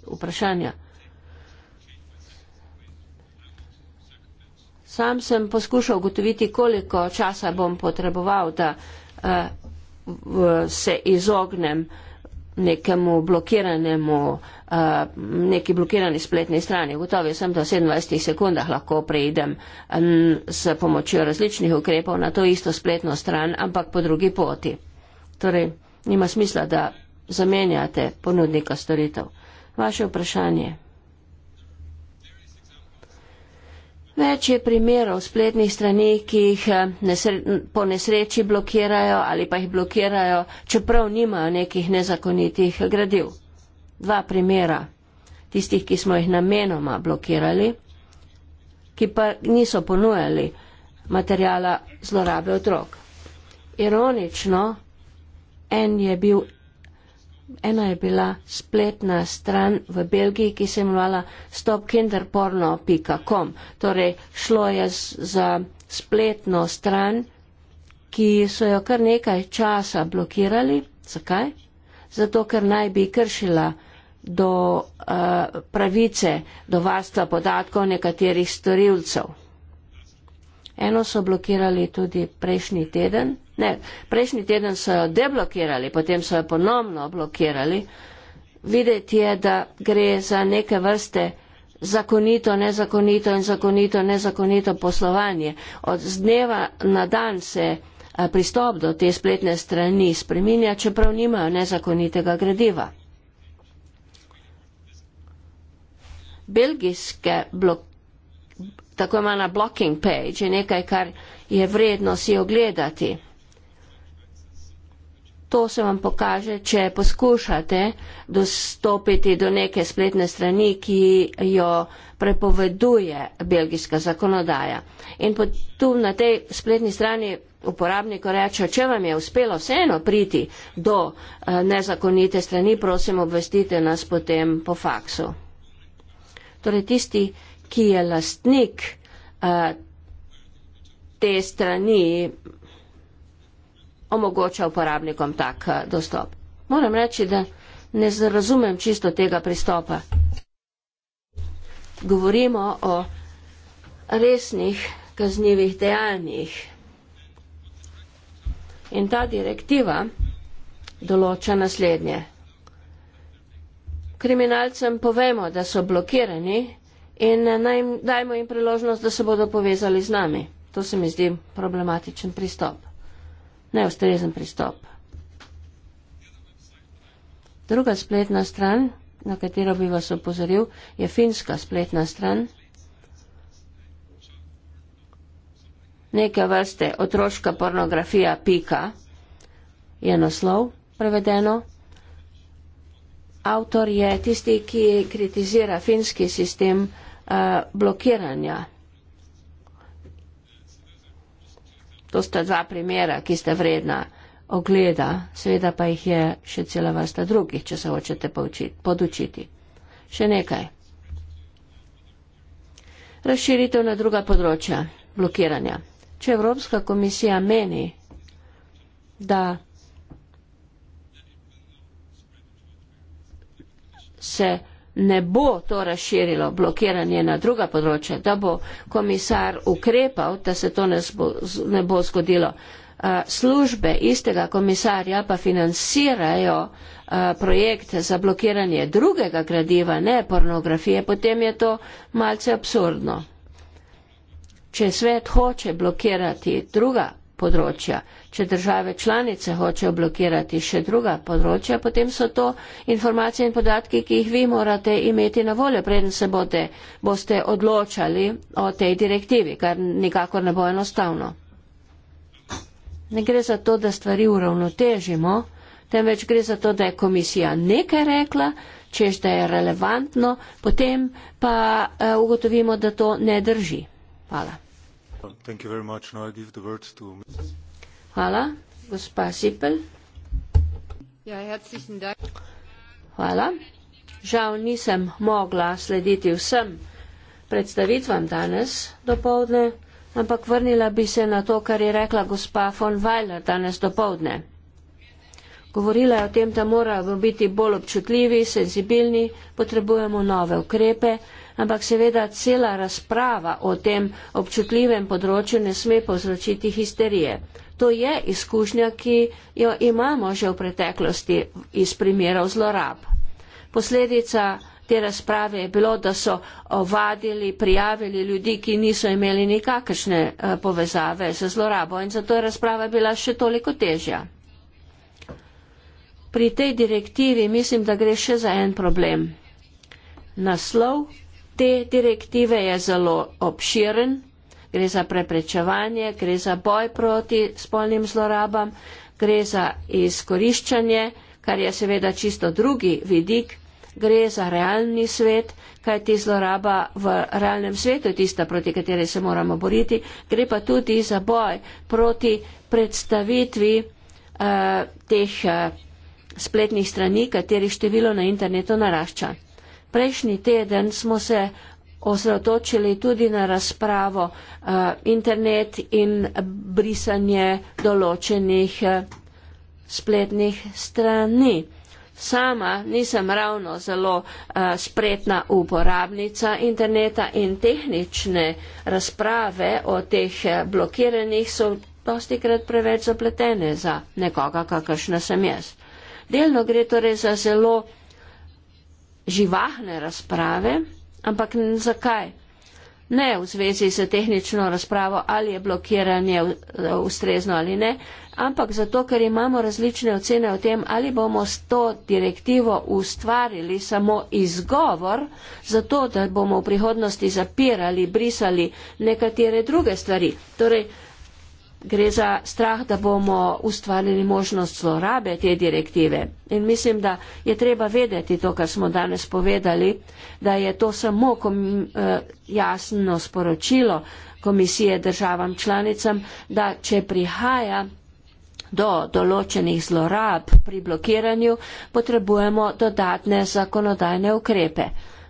vprašanja. Sam sem poskušal ugotoviti, koliko časa bom potreboval, da eh, se izognem nekemu blokiranemu, eh, neki blokirani spletni strani. Gotovi sem, da v 27 sekundah lahko preidem s pomočjo različnih ukrepov na to isto spletno stran, ampak po drugi poti. Torej, Nima smisla, da zamenjate ponudnika storitev. Vaše vprašanje. Več je primerov spletnih strani, ki jih eh, nesre, po nesreči blokirajo ali pa jih blokirajo, čeprav nimajo nekih nezakonitih gradiv. Dva primera tistih, ki smo jih namenoma blokirali, ki pa niso ponujali materijala zlorabe otrok. Ironično, En je bil, ena je bila spletna stran v Belgiji, ki se imenovala stopkinderporno.com. Torej, šlo je za spletno stran, ki so jo kar nekaj časa blokirali. Zakaj? Zato, ker naj bi kršila do uh, pravice, do varstva podatkov nekaterih storilcev. Eno so blokirali tudi prejšnji teden. Ne, prejšnji teden so jo deblokirali, potem so jo ponovno blokirali. Videti je, da gre za neke vrste zakonito, nezakonito in zakonito, nezakonito poslovanje. Od dneva na dan se pristop do te spletne strani spreminja, čeprav nimajo nezakonitega gradiva. Belgijske blok, tako imena blocking page je nekaj, kar je vredno si ogledati. To se vam pokaže, če poskušate dostopiti do neke spletne strani, ki jo prepoveduje belgijska zakonodaja. In tu na tej spletni strani uporabniku reče, če vam je uspelo vseeno priti do eh, nezakonite strani, prosim, obvestite nas potem po faksu. Torej tisti, ki je lastnik eh, te strani, omogoča uporabnikom tak eh, dostop. Moram reči, da ne razumem čisto tega pristopa. Govorimo o resnih kaznjivih dejanjih. In ta direktiva določa naslednje. Kriminalcem povemo, da so blokirani in eh, dajmo jim priložnost, da se bodo povezali z nami. To se mi zdi problematičen pristop neustrezen pristop. Druga spletna stran, na katero bi vas opozoril, je finska spletna stran. Neke vrste otroška pornografija pika je naslov prevedeno. Avtor je tisti, ki kritizira finski sistem uh, blokiranja To sta dva primera, ki sta vredna ogleda, seveda pa jih je še cela vrsta drugih, če se hočete podučiti. Še nekaj. Razširitev na druga področja blokiranja. Če Evropska komisija meni, da se ne bo to razširilo blokiranje na druga področja, da bo komisar ukrepal, da se to ne, zbo, ne bo zgodilo. Uh, službe istega komisarja pa financirajo uh, projekt za blokiranje drugega gradiva, ne pornografije, potem je to malce absurdno. Če svet hoče blokirati druga področja. Če države članice hočejo blokirati še druga področja, potem so to informacije in podatki, ki jih vi morate imeti na voljo, preden se bote, boste odločali o tej direktivi, kar nikakor ne bo enostavno. Ne gre za to, da stvari uravnotežimo, temveč gre za to, da je komisija nekaj rekla, čež da je relevantno, potem pa eh, ugotovimo, da to ne drži. Hvala. Hvala. Gospa Sipel. Ja, Hvala. Žal nisem mogla slediti vsem predstavitvam danes do povdne, ampak vrnila bi se na to, kar je rekla gospa von Weiler danes do povdne. Govorila je o tem, da moramo biti bolj občutljivi, senzibilni, potrebujemo nove ukrepe, ampak seveda cela razprava o tem občutljivem področju ne sme povzročiti histerije. To je izkušnja, ki jo imamo že v preteklosti iz primerov zlorab. Posledica te razprave je bilo, da so ovadili, prijavili ljudi, ki niso imeli nikakršne eh, povezave z zlorabo in zato je razprava bila še toliko težja. Pri tej direktivi mislim, da gre še za en problem. Naslov te direktive je zelo obširen, gre za preprečevanje, gre za boj proti spolnim zlorabam, gre za izkoriščanje, kar je seveda čisto drugi vidik, gre za realni svet, kaj ti zloraba v realnem svetu je tista, proti kateri se moramo boriti, gre pa tudi za boj proti predstavitvi uh, teh uh, spletnih strani, katerih število na internetu narašča. Prejšnji teden smo se osredotočili tudi na razpravo eh, internet in brisanje določenih eh, spletnih strani. Sama nisem ravno zelo uh, spretna uporabnica interneta in tehnične razprave o teh blokiranih so dosti krat preveč zapletene za nekoga, kakršna sem jaz. Delno gre torej za zelo živahne razprave, ampak zakaj? Ne v zvezi z tehnično razpravo, ali je blokiranje ustrezno ali ne, ampak zato, ker imamo različne ocene o tem, ali bomo s to direktivo ustvarili samo izgovor, zato da bomo v prihodnosti zapirali, brisali nekatere druge stvari. Torej, gre za strah, da bomo ustvarili možnost zlorabe te direktive. In mislim, da je treba vedeti to, kar smo danes povedali, da je to samo eh, jasno sporočilo komisije državam članicam, da če prihaja do določenih zlorab pri blokiranju, potrebujemo dodatne zakonodajne ukrepe.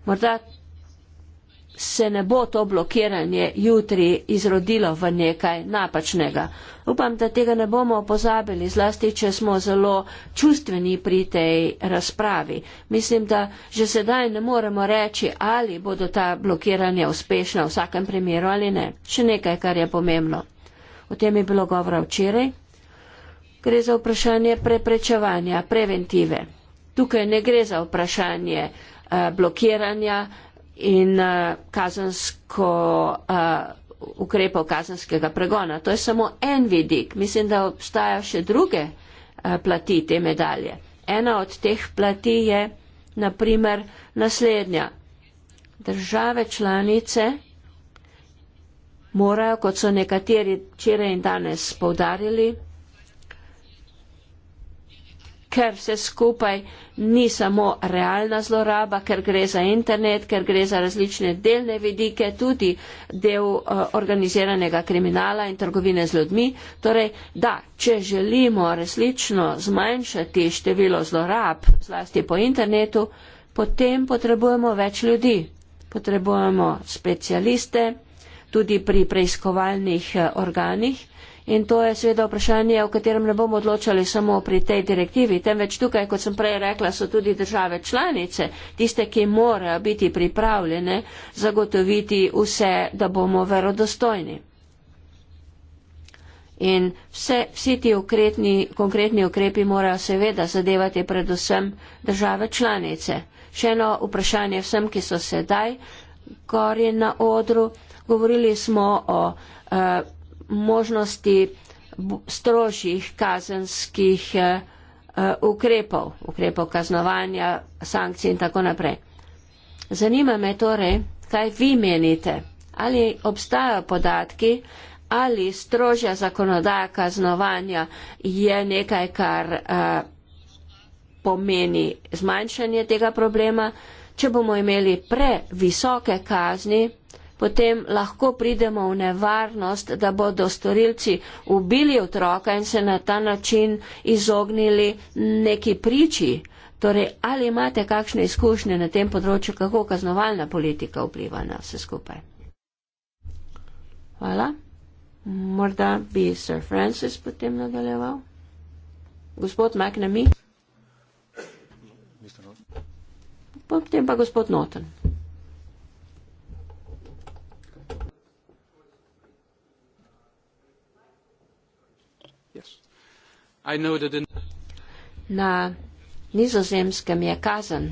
Morda se ne bo to blokiranje jutri izrodilo v nekaj napačnega. Upam, da tega ne bomo pozabili, zlasti, če smo zelo čustveni pri tej razpravi. Mislim, da že sedaj ne moremo reči, ali bodo ta blokiranja uspešna v vsakem primeru ali ne. Še nekaj, kar je pomembno. O tem je bilo govora včeraj. Gre za vprašanje preprečevanja, preventive. Tukaj ne gre za vprašanje eh, blokiranja, in uh, eh, kazansko uh, eh, ukrepov kazanskega pregona. To je samo en vidik. Mislim, da obstajajo še druge uh, plati te medalje. Ena od teh plati je naprimer naslednja. Države članice morajo, kot so nekateri včeraj in danes povdarili, ker vse skupaj ni samo realna zloraba, ker gre za internet, ker gre za različne delne vidike, tudi del uh, organiziranega kriminala in trgovine z ljudmi. Torej, da, če želimo resnično zmanjšati število zlorab, zlasti po internetu, potem potrebujemo več ljudi. Potrebujemo specialiste, tudi pri preiskovalnih eh, organih. In to je seveda vprašanje, o katerem ne bomo odločali samo pri tej direktivi, temveč tukaj, kot sem prej rekla, so tudi države članice, tiste, ki morajo biti pripravljene zagotoviti vse, da bomo verodostojni. In vse, vsi ti ukretni, konkretni ukrepi morajo seveda zadevati predvsem države članice. Še eno vprašanje vsem, ki so sedaj gorje na odru. Govorili smo o eh, možnosti strožjih kazenskih eh, eh, ukrepov, ukrepov kaznovanja, sankcij in tako naprej. Zanima me torej, kaj vi menite, ali obstajajo podatki, ali strožja zakonodaja kaznovanja je nekaj, kar eh, pomeni zmanjšanje tega problema. Če bomo imeli previsoke kazni, potem lahko pridemo v nevarnost, da bodo storilci ubili otroka in se na ta način izognili neki priči. Torej, ali imate kakšne izkušnje na tem področju, kako kaznovalna politika vpliva na vse skupaj? Hvala. Morda bi Sir Francis potem nadaljeval. Gospod McNamee. Potem pa gospod Noten. Na nizozemskem je kazen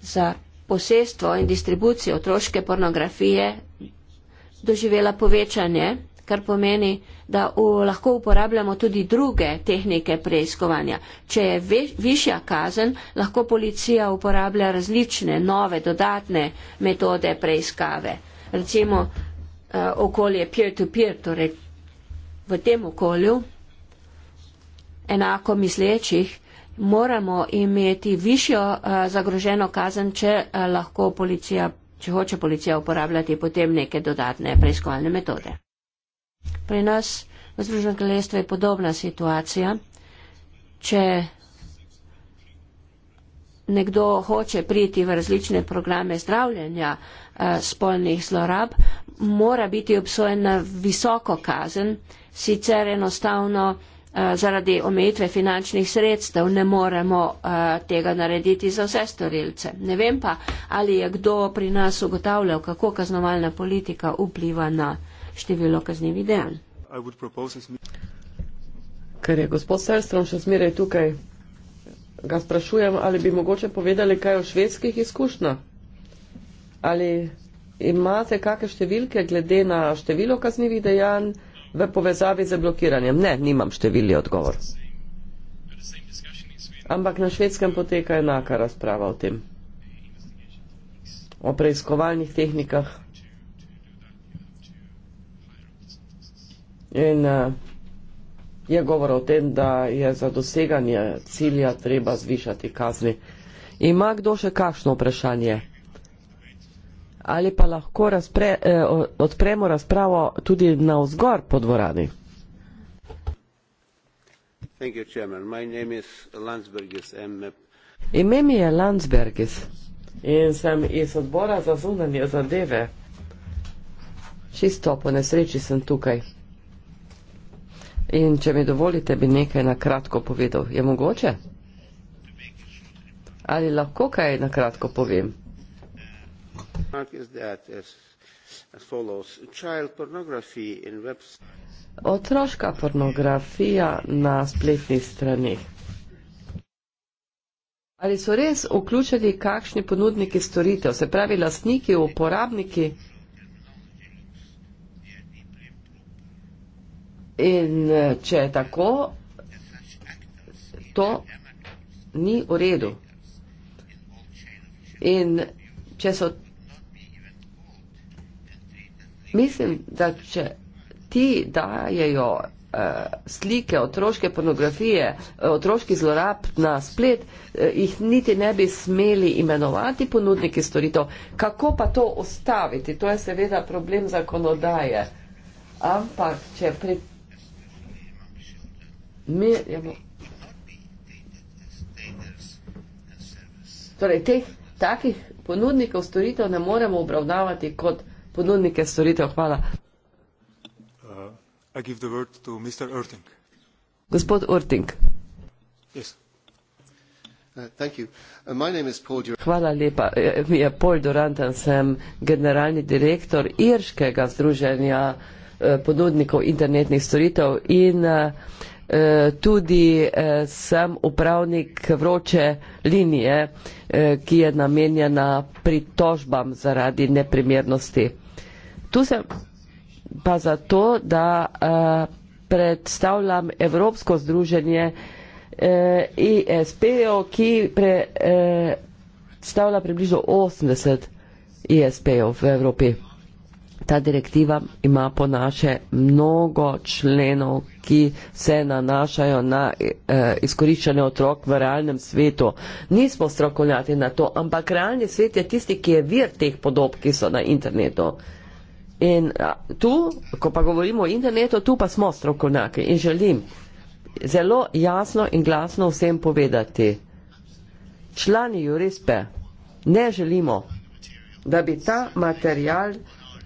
za posestvo in distribucijo otroške pornografije doživela povečanje, kar pomeni, da v, lahko uporabljamo tudi druge tehnike preiskovanja. Če je ve, višja kazen, lahko policija uporablja različne nove dodatne metode preiskave. Recimo uh, okolje peer-to-peer, -peer, torej v tem okolju enako mislečih, moramo imeti višjo eh, zagroženo kazen, če eh, lahko policija, če hoče policija uporabljati potem neke dodatne preiskovalne metode. Pri nas v Združenem kraljestvu je podobna situacija. Če nekdo hoče priti v različne programe zdravljenja eh, spolnih zlorab, mora biti obsojen na visoko kazen, sicer enostavno Eh, zaradi omejitve finančnih sredstev ne moremo eh, tega narediti za vse storilce. Ne vem pa, ali je kdo pri nas ugotavljal, kako kaznovalna politika vpliva na število kaznjivih dejanj. Ker je gospod Selstrom še zmeraj tukaj, ga sprašujem, ali bi mogoče povedali kaj o švedskih izkušnjah. Ali imate kakšne številke glede na število kaznjivih dejanj? v povezavi z blokiranjem? Ne, nimam številni odgovor. Ampak na švedskem poteka enaka razprava o tem. O preiskovalnih tehnikah in uh, je govor o tem, da je za doseganje cilja treba zvišati kazni. Ima kdo še kakšno vprašanje? ali pa lahko razpre, eh, odpremo razpravo tudi na vzgor po dvorani. Ime mi je Landsbergis in sem iz odbora za zunanje zadeve. Čisto po nesreči sem tukaj. In če mi dovolite, bi nekaj na kratko povedal. Je mogoče? Ali lahko kaj na kratko povem? remark is that as, as follows. Child pornography in websites... Otroška pornografija na spletnih straneh. Ali so res vključeni kakšni ponudniki storitev, se pravi lastniki, uporabniki? In če je tako, to ni v redu. In če so Mislim, da če ti dajejo uh, slike otroške pornografije, eh, otroški zlorab na splet, uh, jih niti ne bi smeli imenovati ponudniki storitev. Kako pa to ustaviti? To je seveda problem zakonodaje. Ampak, če pri. Merjamo. Torej, teh, takih ponudnikov storitev ne moremo obravnavati kot ponudnike storitev. Hvala. Uh, I give the word to Mr. Urting. Gospod Urting. Yes. Uh, uh, Hvala lepa. E, e, mi je Paul Durantan, sem generalni direktor Irškega združenja e, ponudnikov internetnih storitev in tudi sem upravnik vroče linije, ki je namenjena pritožbam zaradi neprimernosti. Tu sem pa zato, da eh, predstavljam Evropsko združenje ISP-jev, eh, e ki predstavlja eh, približno 80 ISP-jev e v Evropi. Ta direktiva ima po naše mnogo členov, ki se nanašajo na eh, izkoriščanje otrok v realnem svetu. Nismo strokovnjati na to, ampak realni svet je tisti, ki je vir teh podob, ki so na internetu. Eh, In tu, ko pa govorimo o internetu, tu pa smo strokovnjaki in želim zelo jasno in glasno vsem povedati. Člani Jurispe ne želimo, da bi ta material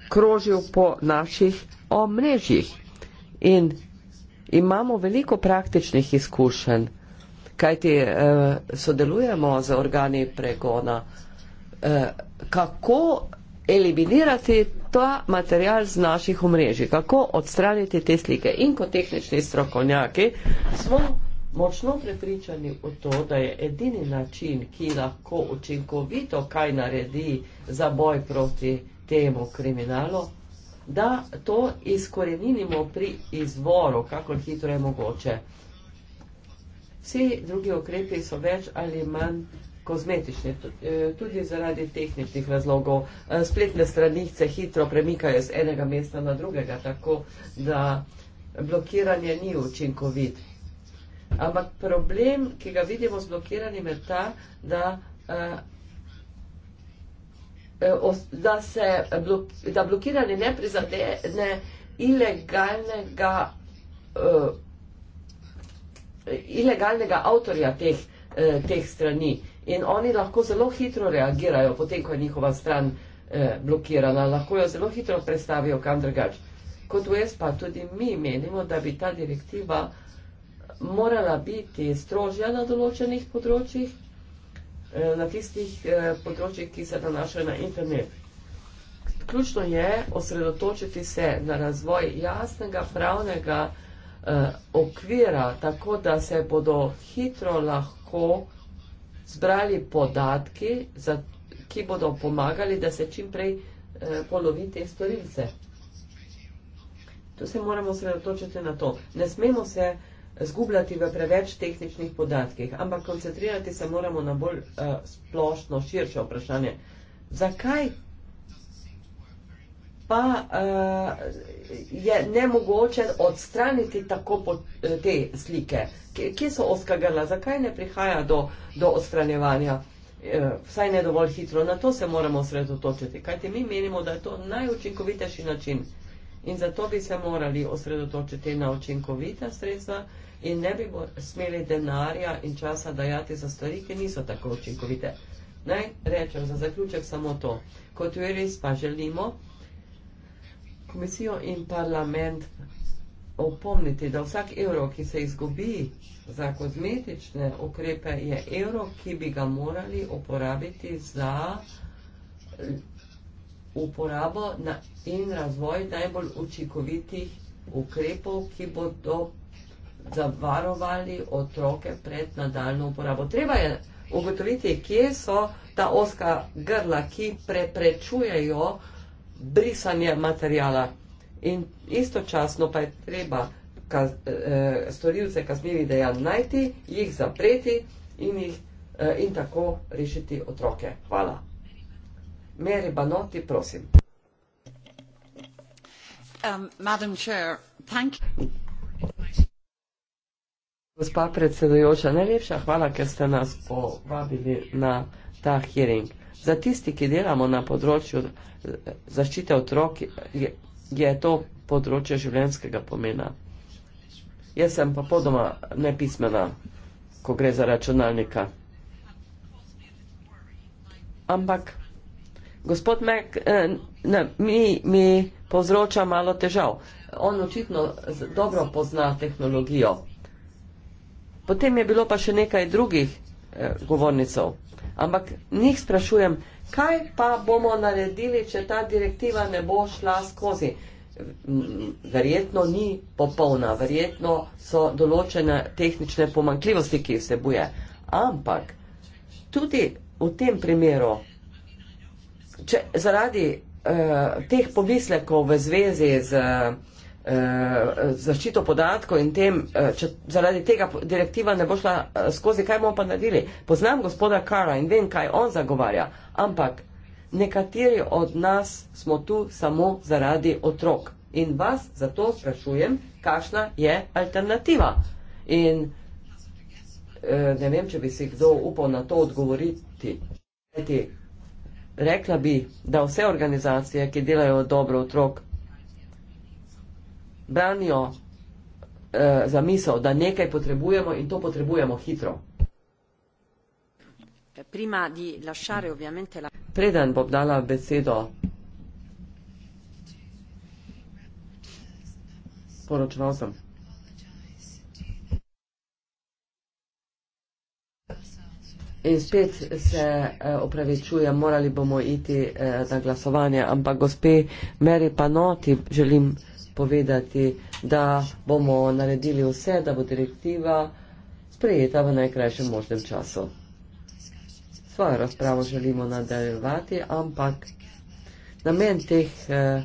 krožil po naših omrežjih. In imamo veliko praktičnih izkušenj, kajti eh, sodelujemo z organi pregona. Eh, kako eliminirati ta material z naših omrežij, kako odstraniti te slike. In kot tehnični strokovnjaki smo močno prepričani v to, da je edini način, ki lahko učinkovito kaj naredi za boj proti temu kriminalu, da to izkoreninimo pri izvoru, kako hitro je mogoče. Vsi drugi okrepi so več ali manj kozmetične, eh, tudi zaradi tehničnih razlogov. Eh, spletne stranice hitro premikajo z enega mesta na drugega, tako da blokiranje ni učinkovit. Ampak problem, ki ga vidimo z blokiranjem, je ta, da, eh, da se da blokiranje ne prizadene ilegalnega, ilegalnega avtorja teh, teh strani. In oni lahko zelo hitro reagirajo, potem ko je njihova stran eh, blokirana, lahko jo zelo hitro predstavijo kam drugač. Kot v SPA tudi mi menimo, da bi ta direktiva morala biti strožja na določenih področjih, eh, na tistih eh, področjih, ki se nanašajo na internet. Ključno je osredotočiti se na razvoj jasnega pravnega eh, okvira, tako da se bodo hitro lahko zbrali podatki, za, ki bodo pomagali, da se čim prej eh, polovi te storilce. Tu se moramo sredotočiti na to. Ne smemo se zgubljati v preveč tehničnih podatkih, ampak koncentrirati se moramo na bolj eh, splošno, širše vprašanje. Zakaj pa uh, je ne mogoče odstraniti tako pot, eh, te slike. Kje so oska grla? Zakaj ne prihaja do, do odstranjevanja? Eh, vsaj ne dovolj hitro, na to se moramo osredotočiti, kajti mi menimo, da je to najučinkovitejši način in zato bi se morali osredotočiti na učinkovita sredstva in ne bi smeli denarja in časa dajati za stvari, ki niso tako učinkovite. Naj rečem za zaključek samo to, kot veri pa želimo, komisijo in parlament opomniti, da vsak evro, ki se izgubi za kozmetične ukrepe, je evro, ki bi ga morali uporabiti za uporabo na, in razvoj najbolj učinkovitih ukrepov, ki bodo zavarovali otroke pred nadaljno uporabo. Treba je ugotoviti, kje so ta oska grla, ki preprečujejo brisanje materijala. In istočasno pa je treba kaz, eh, eh storilce kaznjivih dejanj najti, jih zapreti in, jih, eh, in tako rešiti otroke. Hvala. Meri Banoti, prosim. Um, madam Chair, thank you. Gospa predsedujoča, najlepša hvala, ker ste nas povabili na ta hearing. Za tisti, ki delamo na področju eh, zaščite otrok, je, je to področje življenjskega pomena. Jaz sem pa podoma nepismena, ko gre za računalnika. Ampak gospod Mek eh, ne, mi, mi povzroča malo težav. On očitno dobro pozna tehnologijo. Potem je bilo pa še nekaj drugih eh, govornicov. Ampak njih sprašujem, kaj pa bomo naredili, če ta direktiva ne bo šla skozi. Verjetno ni popolna, verjetno so določene tehnične pomankljivosti, ki jih vsebuje. Ampak tudi v tem primeru, če, zaradi eh, teh pomislekov v zvezi z eh, Eh, zaščito podatkov in tem, eh, če zaradi tega direktiva ne bo šla eh, skozi, kaj bomo pa naredili. Poznam gospoda Kara in vem, kaj on zagovarja, ampak nekateri od nas smo tu samo zaradi otrok. In vas zato sprašujem, kakšna je alternativa. In ne vem, če bi si kdo upal na to odgovoriti. Rekla bi, da vse organizacije, ki delajo dobro otrok, branijo eh, zamisel, da nekaj potrebujemo in to potrebujemo hitro. Preden bom dala besedo poročevalcem. In spet se eh, opravičujem, morali bomo iti eh, na glasovanje, ampak gospe Meri Panoti želim povedati, da bomo naredili vse, da bo direktiva sprejeta v najkrajšem možnem času. Svojo razpravo želimo nadaljevati, ampak namen teh uh,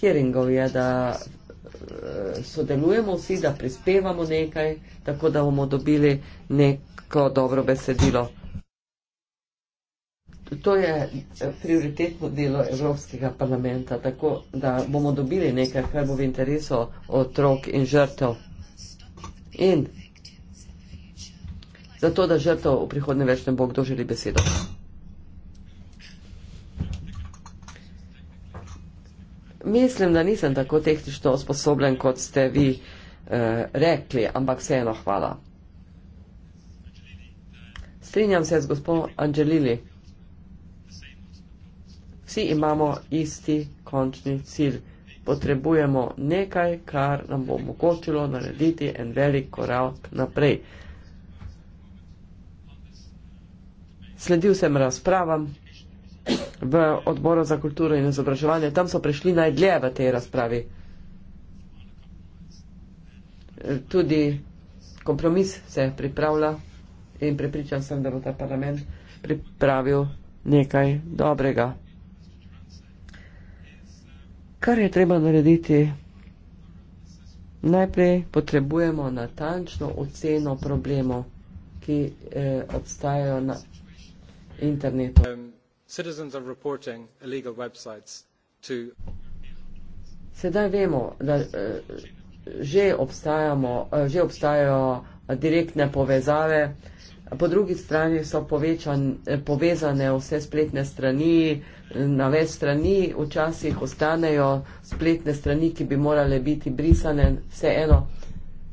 hearingov je, da uh, sodelujemo vsi, da prispevamo nekaj, tako da bomo dobili neko dobro besedilo to je prioritetno delo Evropskega parlamenta, tako da bomo dobili nekaj, kar bo v interesu otrok in žrtev. In zato, da žrtev v prihodnje več ne bo kdo želi besedo. Mislim, da nisem tako tehnično sposoben, kot ste vi eh, rekli, ampak vseeno hvala. Strinjam se z gospodom Angelili. Vsi imamo isti končni cilj. Potrebujemo nekaj, kar nam bo omogočilo narediti en velik korak naprej. Sledil sem razpravam v odboru za kulturo in izobraževanje. Tam so prišli najdlje v tej razpravi. Tudi kompromis se pripravlja in prepričan sem, da bo ta parlament pripravil nekaj dobrega kar je treba narediti, najprej potrebujemo natančno oceno problemov, ki eh, obstajajo na internetu. Um, Sedaj vemo, da eh, že, obstajamo, eh, že obstajajo direktne povezave eh, Po drugi strani so povečan, povezane vse spletne strani, na več strani včasih ostanejo spletne strani, ki bi morale biti brisane, vseeno.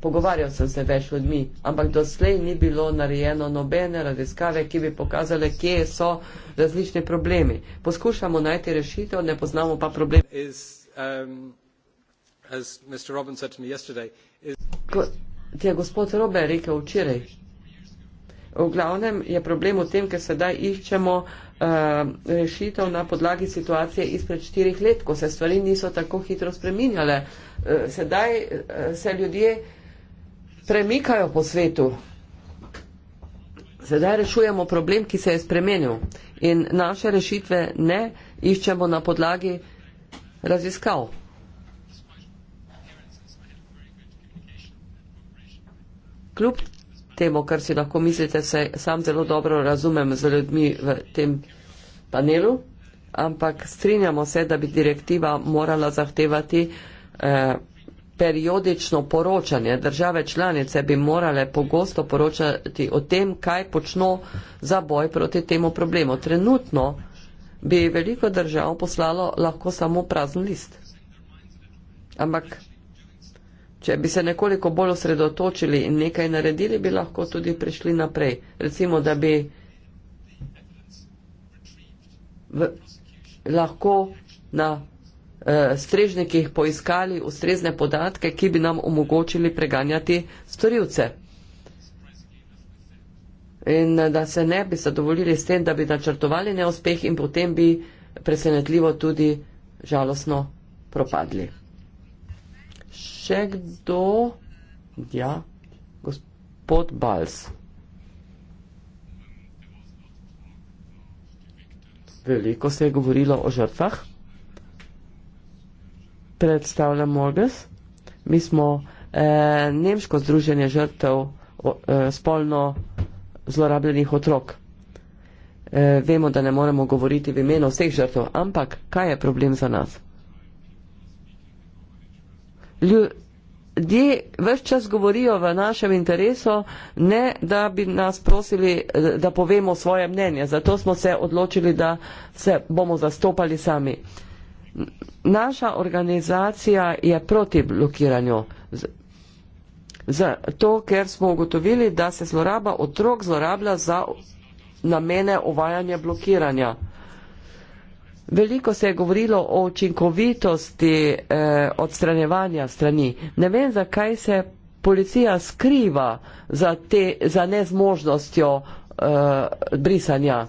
Pogovarjal sem se več ljudmi, ampak doslej ni bilo narejeno nobene raziskave, ki bi pokazale, kje so različni problemi. Poskušamo najti rešitev, ne poznamo pa problemi. Um, Kot je gospod Robert rekel včeraj, V glavnem je problem v tem, ker sedaj iščemo uh, rešitev na podlagi situacije izpred štirih let, ko se stvari niso tako hitro spreminjale. Uh, sedaj uh, se ljudje premikajo po svetu. Sedaj rešujemo problem, ki se je spremenil in naše rešitve ne iščemo na podlagi raziskav. Kljub temu, kar si lahko mislite, se sam zelo dobro razumem z ljudmi v tem panelu, ampak strinjamo se, da bi direktiva morala zahtevati eh, periodično poročanje. Države članice bi morale pogosto poročati o tem, kaj počno za boj proti temu problemu. Trenutno bi veliko držav poslalo lahko samo prazen list. Ampak Če bi se nekoliko bolj osredotočili in nekaj naredili, bi lahko tudi prišli naprej. Recimo, da bi v, lahko na eh, strežnikih poiskali ustrezne podatke, ki bi nam omogočili preganjati storilce. In eh, da se ne bi zadovoljili s tem, da bi načrtovali neuspeh in potem bi presenetljivo tudi žalostno propadli še kdo? Ja, gospod Bals. Veliko se je govorilo o žrtvah. Predstavljam Morges. Mi smo eh, Nemško združenje žrtev eh, spolno zlorabljenih otrok. Eh, vemo, da ne moremo govoriti v imenu vseh žrtev, ampak kaj je problem za nas? ljudje vse čas govorijo v našem interesu, ne da bi nas prosili, da povemo svoje mnenje. Zato smo se odločili, da se bomo zastopali sami. Naša organizacija je proti blokiranju. Zato, ker smo ugotovili, da se zloraba otrok zlorablja za namene uvajanja blokiranja. Veliko se je govorilo o učinkovitosti eh, odstranjevanja strani. Ne vem, zakaj se policija skriva za, te, za nezmožnostjo eh, brisanja.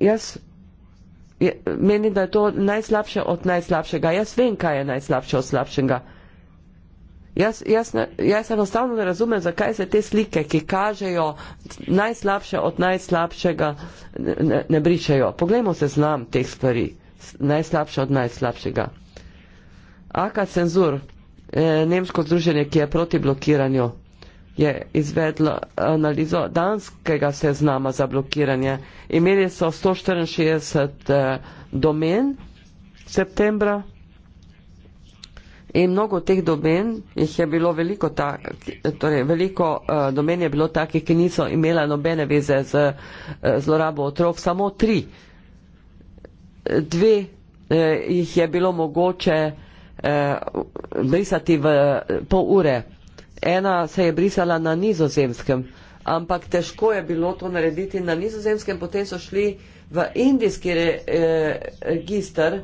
Jaz je, menim, da je to najslabše od najslabšega. Jaz vem, kaj je najslabše od slabšega. Jaz, jaz, jaz enostavno ne razumem, zakaj se te slike, ki kažejo najslabše od najslabšega, ne, ne brišejo. Poglejmo se znam teh stvari. Najslabše od najslabšega. Aka cenzur, eh, nemško združenje, ki je proti blokiranju, je izvedlo analizo danskega seznama za blokiranje. Imeli so 164 eh, domen septembra In mnogo teh domen jih je bilo veliko, ta, torej veliko uh, domen je bilo takih, ki niso imela nobene veze z uh, zlorabo otrok, samo tri. Dve uh, jih je bilo mogoče uh, brisati v uh, pol ure. Ena se je brisala na nizozemskem, ampak težko je bilo to narediti na nizozemskem, potem so šli v indijski re, eh, register.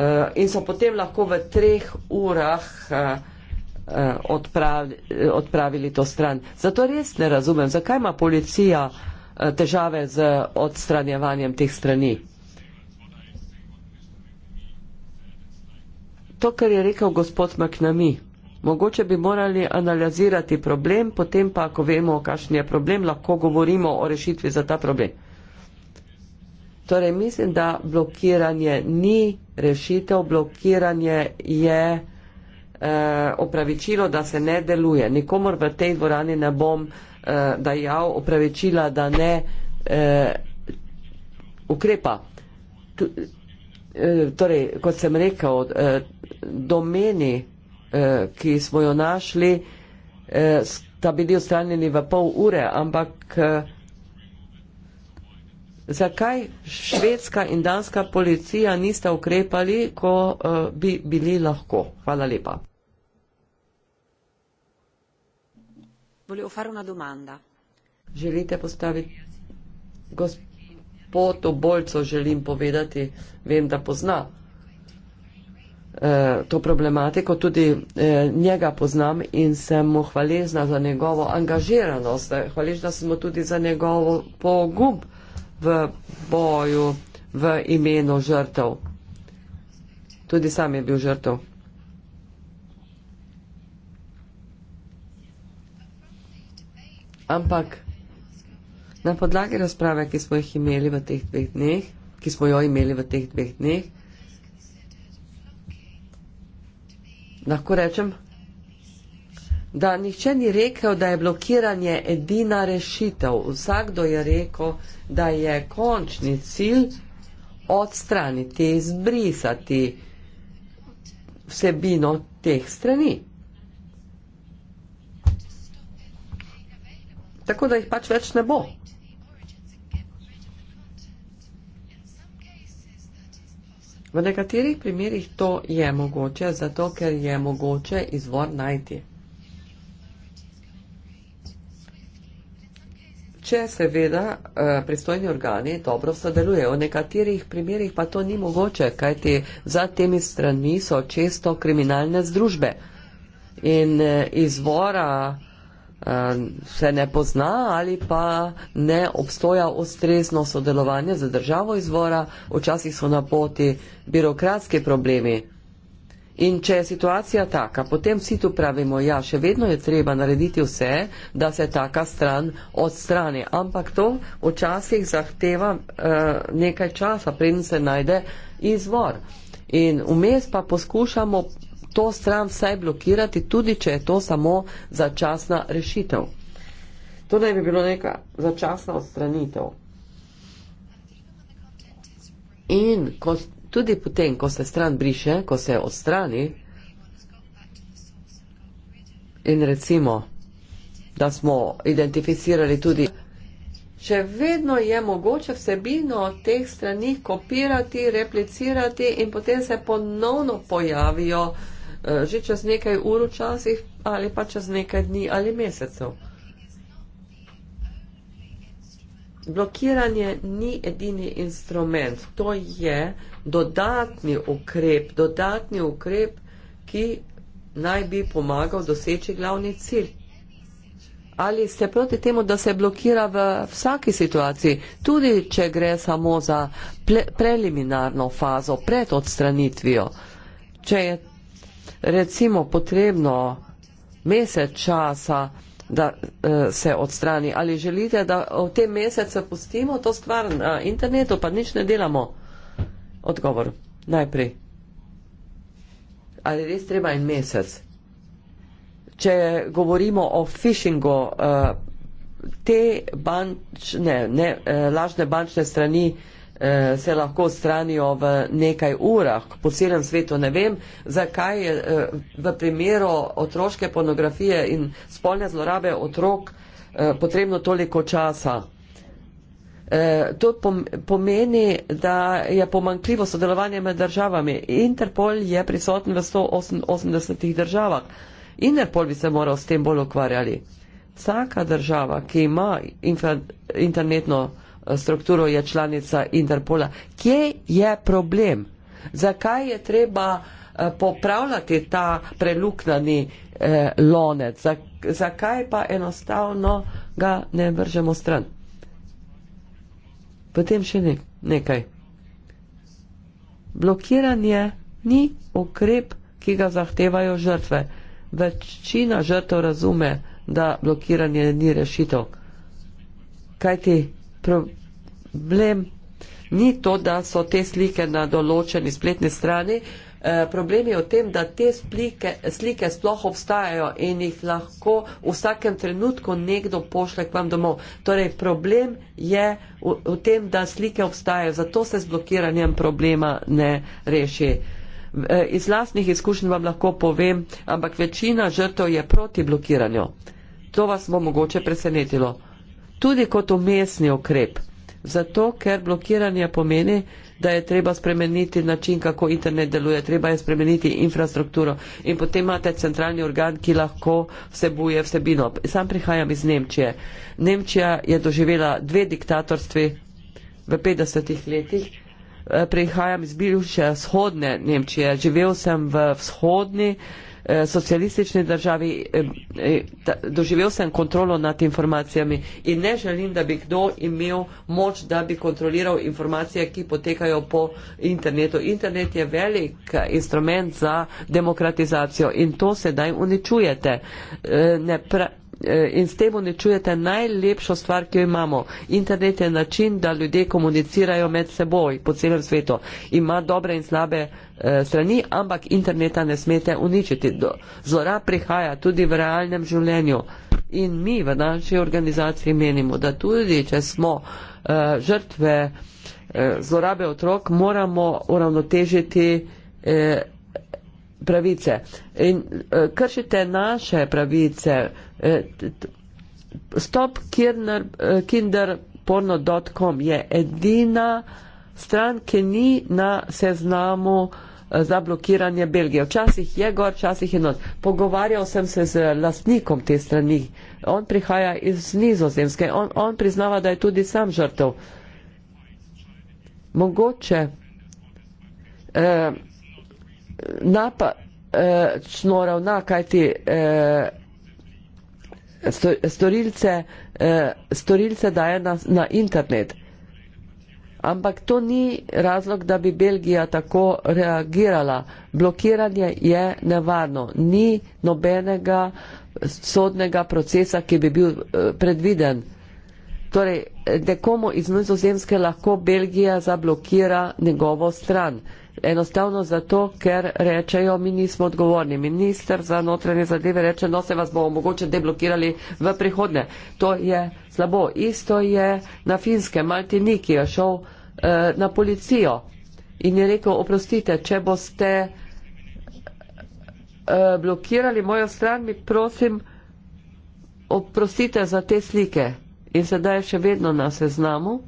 Eh, in so potem lahko v treh urah eh, eh, odpravili, odpravili to stran. Zato res ne razumem, zakaj ima policija težave z odstranjevanjem teh strani. To, kar je rekel gospod Maknami, mogoče bi morali analizirati problem, potem pa, ko vemo, kakšen je problem, lahko govorimo o rešitvi za ta problem. Torej, mislim, da blokiranje ni rešitev, blokiranje je eh, opravičilo, da se ne deluje. Nikomor v tej dvorani ne bom eh, dajal opravičila, da ne eh, ukrepa. T eh, torej, kot sem rekel, eh, domeni, eh, ki smo jo našli, eh, sta bili odstranjeni v pol ure, ampak eh, zakaj švedska in danska policija nista ukrepali, ko eh, bi bili lahko. Hvala lepa. Želite postaviti? Gospod Obolco želim povedati, vem, da pozna eh, to problematiko, tudi eh, njega poznam in sem mu hvaležna za njegovo angažiranost, hvaležna sem mu tudi za njegovo pogub. Po v boju, v imenu žrtev. Tudi sam je bil žrtev. Ampak na podlagi razprave, ki smo jo imeli v teh dveh dneh, ki smo jo imeli v teh dveh dneh, lahko rečem, da nihče ni rekel, da je blokiranje edina rešitev. Vsakdo je rekel, da je končni cilj odstraniti, izbrisati vsebino teh strani. Tako da jih pač več ne bo. V nekaterih primerjih to je mogoče, zato ker je mogoče izvor najti. če seveda eh, pristojni organi dobro sodelujejo. V nekaterih primerjih pa to ni mogoče, kajti za temi strani so često kriminalne združbe. In eh, izvora eh, se ne pozna ali pa ne obstoja ustrezno sodelovanje za državo izvora, včasih so na poti birokratski problemi. In če je situacija taka, potem vsi tu pravimo, ja, še vedno je treba narediti vse, da se taka stran odstrani. Ampak to včasih zahteva uh, nekaj časa, preden se najde izvor. In vmes pa poskušamo to stran vsaj blokirati, tudi če je to samo začasna rešitev. To naj bi bilo neka začasna odstranitev. In ko tudi potem, ko se stran briše, ko se odstrani in recimo, da smo identificirali tudi, še vedno je mogoče vsebino teh stranih kopirati, replicirati in potem se ponovno pojavijo eh, že čez nekaj ur včasih ali pa čez nekaj dni ali mesecev. Blokiranje ni edini instrument, to je dodatni ukrep, dodatni ukrep, ki naj bi pomagal doseči glavni cilj. Ali ste proti temu, da se blokira v vsaki situaciji, tudi če gre samo za ple, preliminarno fazo pred odstranitvijo? Če je recimo potrebno mesec časa, da uh, se odstrani. Ali želite, da v tem mesecu pustimo to stvar na internetu, pa nič ne delamo? Odgovor. Najprej. Ali res treba en mesec? Če govorimo o phishingu, uh, te bančne, ne, uh, lažne bančne strani, uh, Eh, se lahko stranijo v nekaj urah po celem svetu. Ne vem, zakaj je eh, v primeru otroške pornografije in spolne zlorabe otrok eh, potrebno toliko časa. To pomeni, da je pomankljivo sodelovanje med državami. Interpol je prisoten v 180 državah. Interpol bi se moral s tem bolj ukvarjali. Vsaka država, ki ima internetno strukturo je članica Interpola. Kje je problem? Zakaj je treba eh, popravljati ta preluknani eh, lonec? Zakaj pa enostavno ga ne vržemo stran? Potem še nekaj. Blokiranje ni ukrep, ki ga zahtevajo žrtve. Večina žrtev razume, da blokiranje ni rešitev. Kaj ti problem ni to, da so te slike na določeni spletni strani. Eh, problem je v tem, da te splike, slike sploh obstajajo in jih lahko v vsakem trenutku nekdo pošle k vam domov. Torej, problem je v, v tem, da slike obstajajo, zato se z blokiranjem problema ne reši. Eh, iz lastnih izkušenj vam lahko povem, ampak večina žrtev je proti blokiranju. To vas bo mogoče presenetilo tudi kot umestni okrep. Zato, ker blokiranje pomeni, da je treba spremeniti način, kako internet deluje, treba je spremeniti infrastrukturo in potem imate centralni organ, ki lahko vsebuje vsebino. Sam prihajam iz Nemčije. Nemčija je doživela dve diktatorstvi v 50-ih letih. Eh, prihajam iz bivše vzhodne Nemčije. Živel sem v vzhodni. Uh, Eh, socialistični državi eh, eh, doživel sem kontrolo nad informacijami in ne želim, da bi kdo imel moč, da bi kontroliral informacije, ki potekajo po internetu. Internet je velik instrument za demokratizacijo in to sedaj uničujete. Eh, in s tem uničujete najlepšo stvar, ki jo imamo. Internet je način, da ljudje komunicirajo med seboj po celem svetu. Ima dobre in slabe eh, strani, ampak interneta ne smete uničiti. Zlora prihaja tudi v realnem življenju. In mi v naši organizaciji menimo, da tudi, če smo uh, žrtve uh, zlorabe otrok, moramo uravnotežiti uh, pravice in uh, kršite naše pravice. Uh, stop kirner, uh, eh, kinderporno.com je edina stran, ki ni na seznamu za blokiranje Belgije. Včasih je gor, včasih je noč. Pogovarjal sem se z lastnikom te strani. On prihaja iz nizozemske. On, on priznava, da je tudi sam žrtev. Mogoče. Eh, napačno eh, ravna, kajti eh, storilce, eh, storilce daje na, na internet. Ampak to ni razlog, da bi Belgija tako reagirala. Blokiranje je nevarno. Ni nobenega sodnega procesa, ki bi bil predviden. Torej, nekomu iz Nizozemske lahko Belgija zablokira njegovo stran enostavno zato, ker rečejo, mi nismo odgovorni. Minister za notranje zadeve reče, no se vas bomo mogoče deblokirali v prihodne. To je slabo. Isto je na finske Maltini, ki je šel eh, na policijo in je rekel, oprostite, če boste eh, blokirali mojo stran, mi prosim, oprostite za te slike. In sedaj je še vedno na seznamu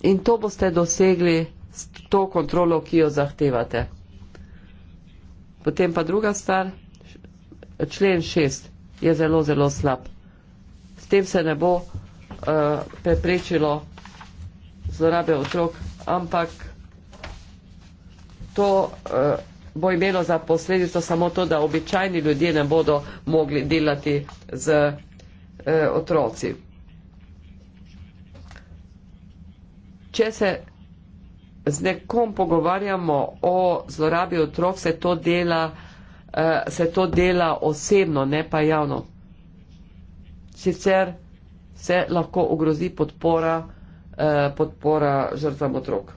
in to boste dosegli s to kontrolo, ki jo zahtevate. Potem pa druga stvar, člen šest je zelo, zelo slab. S tem se ne bo uh, preprečilo zlorabe otrok, ampak to uh, bo imelo za posledico samo to, da običajni ljudje ne bodo mogli delati z uh, otroci. če se z nekom pogovarjamo o zlorabi otrok, se to dela, uh, se to dela osebno, ne pa javno. Sicer se lahko ogrozi podpora, uh, podpora žrtvam otrok.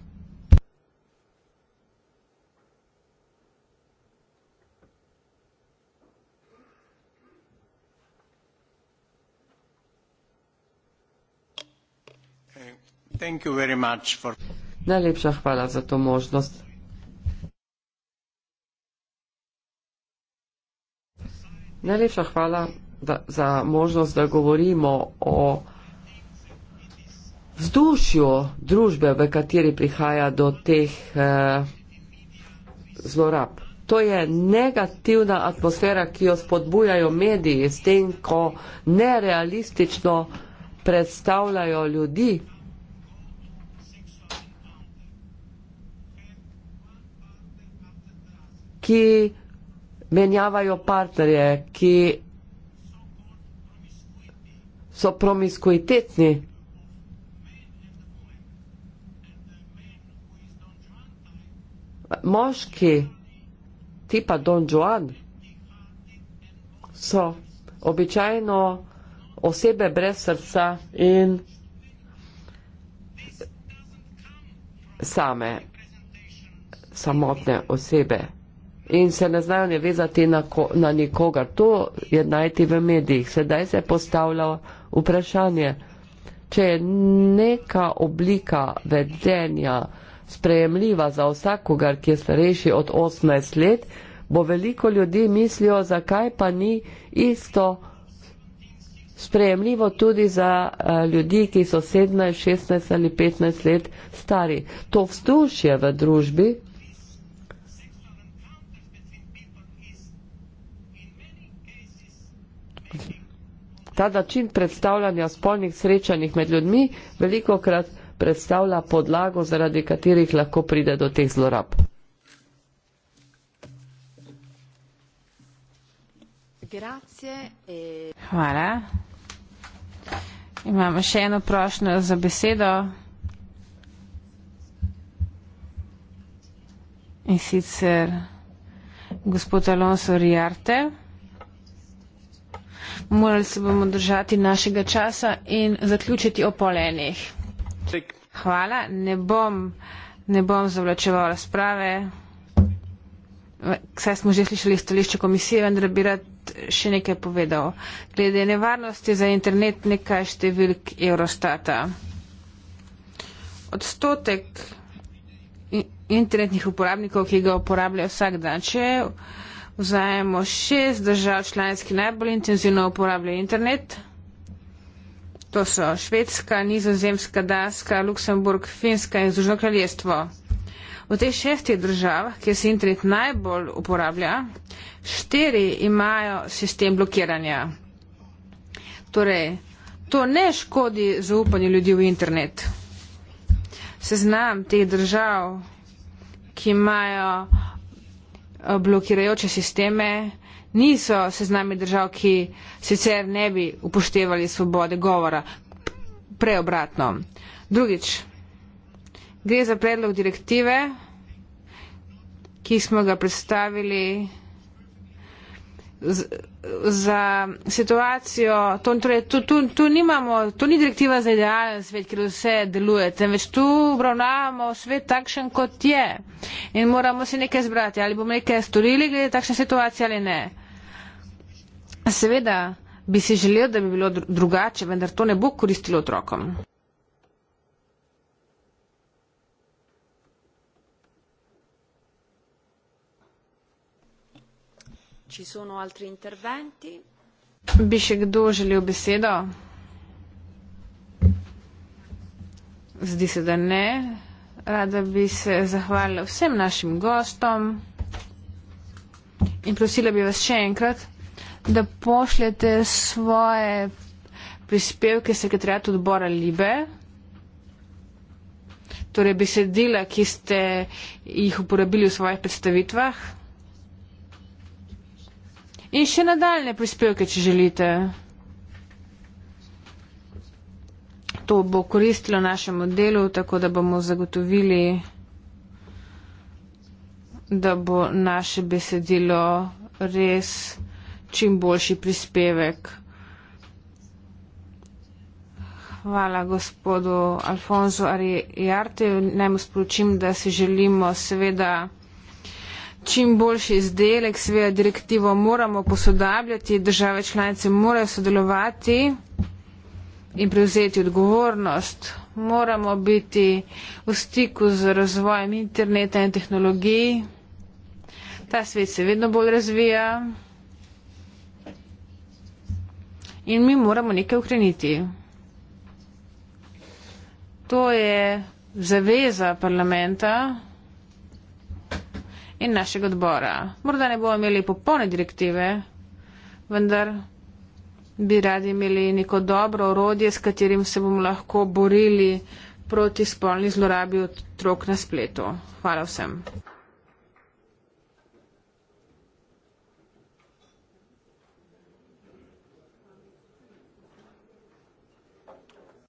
Najlepša hvala za to možnost. Najlepša hvala da, za možnost, da govorimo o vzdušju družbe, v kateri prihaja do teh eh, zlorab. To je negativna atmosfera, ki jo spodbujajo mediji s tem, ko nerealistično predstavljajo ljudi. ki menjavajo partnerje, ki so promiskuitetni. Moški tipa Don Juan so običajno osebe brez srca in same samotne osebe in se ne znajo ne vezati na, ko, na nikogar. To je najti v medijih. Sedaj se postavlja vprašanje, če je neka oblika vedenja sprejemljiva za vsakogar, ki je starejši od 18 let, bo veliko ljudi mislijo, zakaj pa ni isto sprejemljivo tudi za a, eh, ljudi, ki so 17, 16 ali 15 let stari. To vzdušje v družbi ta način predstavljanja spolnih srečanjih med ljudmi veliko krat predstavlja podlago, zaradi katerih lahko pride do teh zlorab. E- Hvala. Imamo še eno prošnjo za besedo. In sicer gospod Alonso Rijartev. Morali se bomo držati našega časa in zaključiti o polenih. Hvala, ne bom, ne bom zavlačeval razprave. Vse smo že slišali stališče komisije, vendar bi rad še nekaj povedal. Glede nevarnosti za internet nekaj številk Eurostata. Odstotek internetnih uporabnikov, ki ga uporabljajo vsak dan, če je vzajemo šest držav članic, ki najbolj intenzivno uporabljajo internet. To so Švedska, Nizozemska, Danska, Luksemburg, Finska in Združeno kraljestvo. V teh šestih državah, kjer se internet najbolj uporablja, štiri imajo sistem blokiranja. Torej, to ne škodi zaupanju ljudi v internet. Seznam teh držav, ki imajo Eh, blokirajoče sisteme, niso se z nami držav, ki sicer ne bi upoštevali svobode govora. Preobratno. Drugič, gre za predlog direktive, ki smo ga predstavili z, za situacijo, to, torej, tu, tu, tu, nimamo, tu ni direktiva za idealen svet, kjer vse deluje, temveč tu obravnavamo svet takšen, kot je in moramo si nekaj zbrati, ali bomo nekaj storili glede takšne situacije ali ne. Seveda bi si želel, da bi bilo drugače, vendar to ne bo koristilo otrokom. Ci sono altri interventi? Bi še kdo želel besedo? Zdi se, da ne. Rada bi se zahvalila vsem našim gostom in prosila bi vas še enkrat, da pošljete svoje prispevke sekretariatu odbora Libe, torej besedila, ki ste jih uporabili v svojih predstavitvah in še nadaljne prispevke, če želite. To bo koristilo našemu delu, tako da bomo zagotovili, da bo naše besedilo res čim boljši prispevek. Hvala gospodu Alfonso Ariarte. Naj mu sporočim, da si želimo seveda čim boljši izdelek, seveda direktivo moramo posodabljati, države članice morajo sodelovati in prevzeti odgovornost. Moramo biti v stiku z razvojem interneta in tehnologij. Ta svet se vedno bolj razvija in mi moramo nekaj ukreniti. To je zaveza parlamenta in našega odbora. Morda ne bomo imeli popolne direktive, vendar bi radi imeli neko dobro orodje, s katerim se bomo lahko borili proti spolni zlorabi otrok na spletu. Hvala vsem.